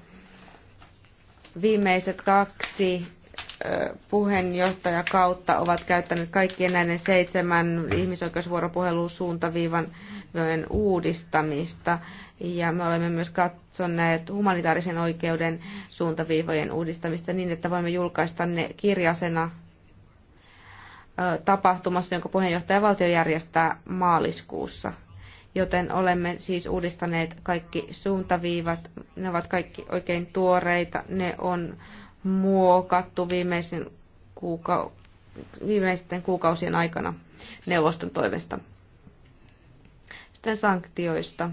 B: Viimeiset kaksi puheenjohtajakautta ovat käyttäneet kaikkien näiden seitsemän ihmisoikeusvuoropuhelun suuntaviivan uudistamista. Ja me olemme myös katsoneet humanitaarisen oikeuden suuntaviivojen uudistamista niin, että voimme julkaista ne kirjasena tapahtumassa, jonka valtio järjestää maaliskuussa joten olemme siis uudistaneet kaikki suuntaviivat. Ne ovat kaikki oikein tuoreita, ne on muokattu viimeisen kuuka- viimeisten kuukausien aikana neuvoston toimesta. Sitten sanktioista.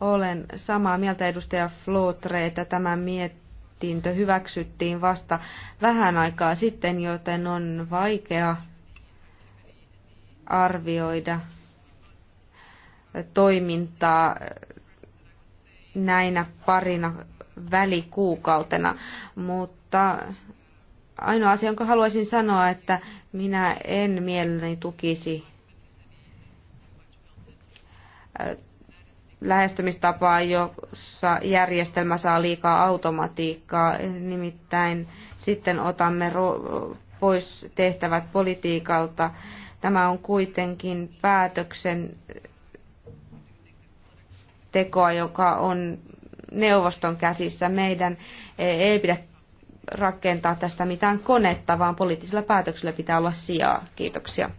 B: Olen samaa mieltä edustaja Flotre, että tämä mietintö hyväksyttiin vasta vähän aikaa sitten, joten on vaikea arvioida toimintaa näinä parina välikuukautena, mutta ainoa asia, jonka haluaisin sanoa, että minä en mielelläni tukisi lähestymistapaa, jossa järjestelmä saa liikaa automatiikkaa. Nimittäin sitten otamme pois tehtävät politiikalta. Tämä on kuitenkin päätöksen tekoa, joka on neuvoston käsissä. Meidän eh, ei pidä rakentaa tästä mitään konetta, vaan poliittisilla päätöksillä pitää olla sijaa. Kiitoksia.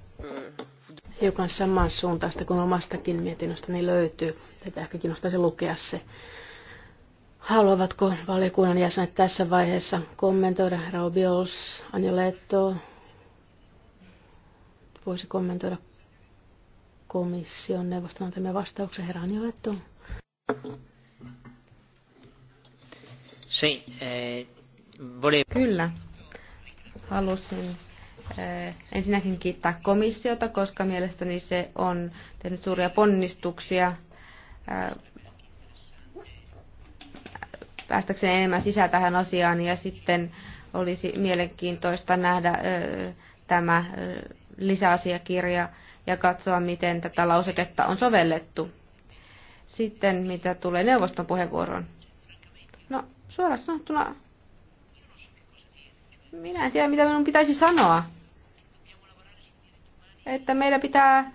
B: Hiukan saman suuntaista kuin omastakin mietinnöstäni löytyy.
C: Tätä ehkä kiinnostaisi lukea se. Haluavatko valiokunnan jäsenet tässä vaiheessa kommentoida? Raubiols, Anjoletto, voisi kommentoida komission neuvoston antamia vastauksia. Herra Anjoletto.
D: Eh, Kyllä.
B: Halusin eh, ensinnäkin kiittää komissiota, koska mielestäni se on tehnyt suuria ponnistuksia eh, päästäkseen enemmän sisään tähän asiaan ja sitten olisi mielenkiintoista nähdä tämä lisäasiakirja ja katsoa, miten tätä lauseketta on sovellettu. Sitten mitä tulee neuvoston puheenvuoroon. No, suoraan sanottuna, minä en tiedä mitä minun pitäisi sanoa. Että meidän pitää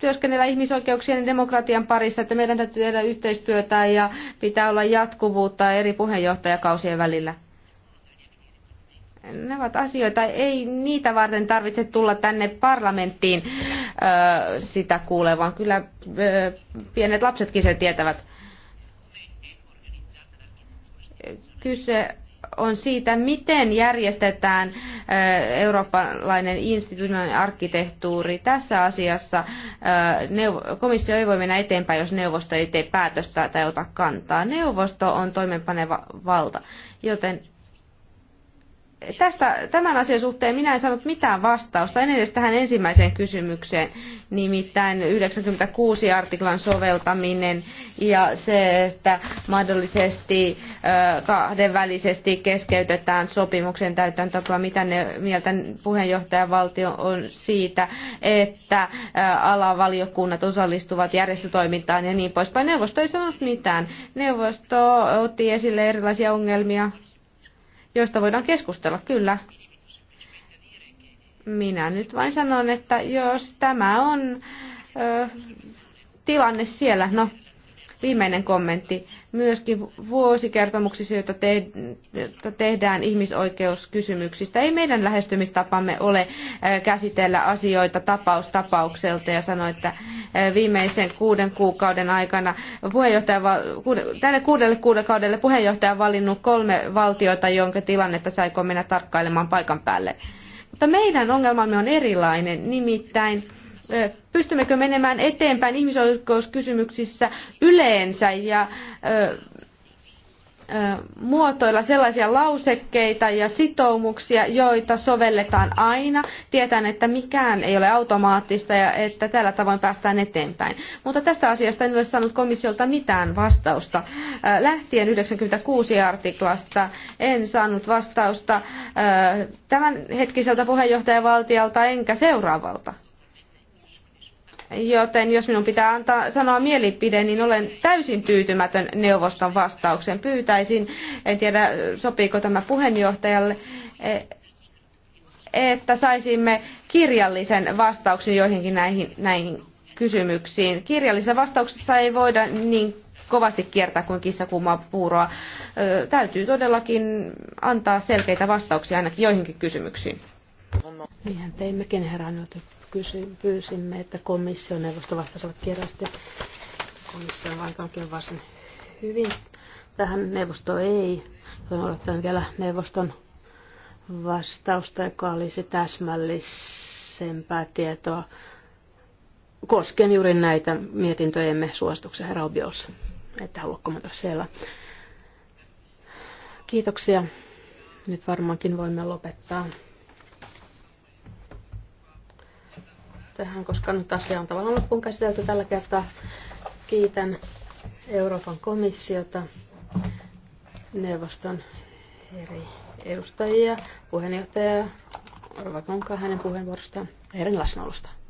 B: työskennellä ihmisoikeuksien ja demokratian parissa, että meidän täytyy tehdä yhteistyötä ja pitää olla jatkuvuutta eri puheenjohtajakausien välillä. Ne ovat asioita, ei niitä varten tarvitse tulla tänne parlamenttiin sitä kuule, vaan kyllä pienet lapsetkin sen tietävät. Kyse on siitä, miten järjestetään eurooppalainen instituutioiden arkkitehtuuri. Tässä asiassa komissio ei voi mennä eteenpäin, jos neuvosto ei tee päätöstä tai ota kantaa. Neuvosto on toimenpaneva valta, joten tästä, tämän asian suhteen minä en saanut mitään vastausta, en edes tähän ensimmäiseen kysymykseen, nimittäin 96 artiklan soveltaminen ja se, että mahdollisesti kahdenvälisesti keskeytetään sopimuksen täytäntöpä, mitä ne mieltä puheenjohtajavaltio on siitä, että alavaliokunnat osallistuvat järjestötoimintaan ja niin poispäin. Neuvosto ei sanonut mitään. Neuvosto otti esille erilaisia ongelmia joista voidaan keskustella, kyllä. Minä nyt vain sanon, että jos tämä on ö, tilanne siellä, no viimeinen kommentti myöskin vuosikertomuksissa, joita te, tehdään ihmisoikeuskysymyksistä. Ei meidän lähestymistapamme ole äh, käsitellä asioita tapaus tapaukselta ja sanoa, että äh, viimeisen kuuden kuukauden aikana puheenjohtaja, tälle kuudelle kuukaudelle puheenjohtaja on valinnut kolme valtiota, jonka tilannetta saiko mennä tarkkailemaan paikan päälle. Mutta meidän ongelmamme on erilainen, nimittäin pystymmekö menemään eteenpäin ihmisoikeuskysymyksissä yleensä ja muotoilla sellaisia lausekkeita ja sitoumuksia, joita sovelletaan aina, tietäen, että mikään ei ole automaattista ja että tällä tavoin päästään eteenpäin. Mutta tästä asiasta en ole saanut komissiolta mitään vastausta. Lähtien 96 artiklasta en saanut vastausta tämän hetkiseltä puheenjohtajavaltialta enkä seuraavalta. Joten jos minun pitää antaa sanoa mielipide, niin olen täysin tyytymätön neuvoston vastauksen. Pyytäisin, en tiedä sopiiko tämä puheenjohtajalle, e, että saisimme kirjallisen vastauksen joihinkin näihin, näihin kysymyksiin. Kirjallisessa vastauksessa ei voida niin kovasti kiertää kuin kissa kuumaa puuroa. Ö, e, täytyy todellakin antaa selkeitä vastauksia ainakin joihinkin kysymyksiin.
C: Niinhän teimmekin herran kysyin, pyysimme, että komission neuvosto vastasivat kerrasti. Komissio vaikka vaikankin varsin hyvin. Tähän neuvosto ei. Olen odottanut vielä neuvoston vastausta, joka olisi täsmällisempää tietoa koskien juuri näitä mietintöjemme suosituksia, herra Obios. Että halua kommentoida siellä. Kiitoksia. Nyt varmaankin voimme lopettaa. tähän, koska nyt asia on tavallaan loppuun käsitelty tällä kertaa. Kiitän Euroopan komissiota, neuvoston eri edustajia, puheenjohtajaa, Orva Konkaa hänen puheenvuorostaan ja heidän läsnäolostaan.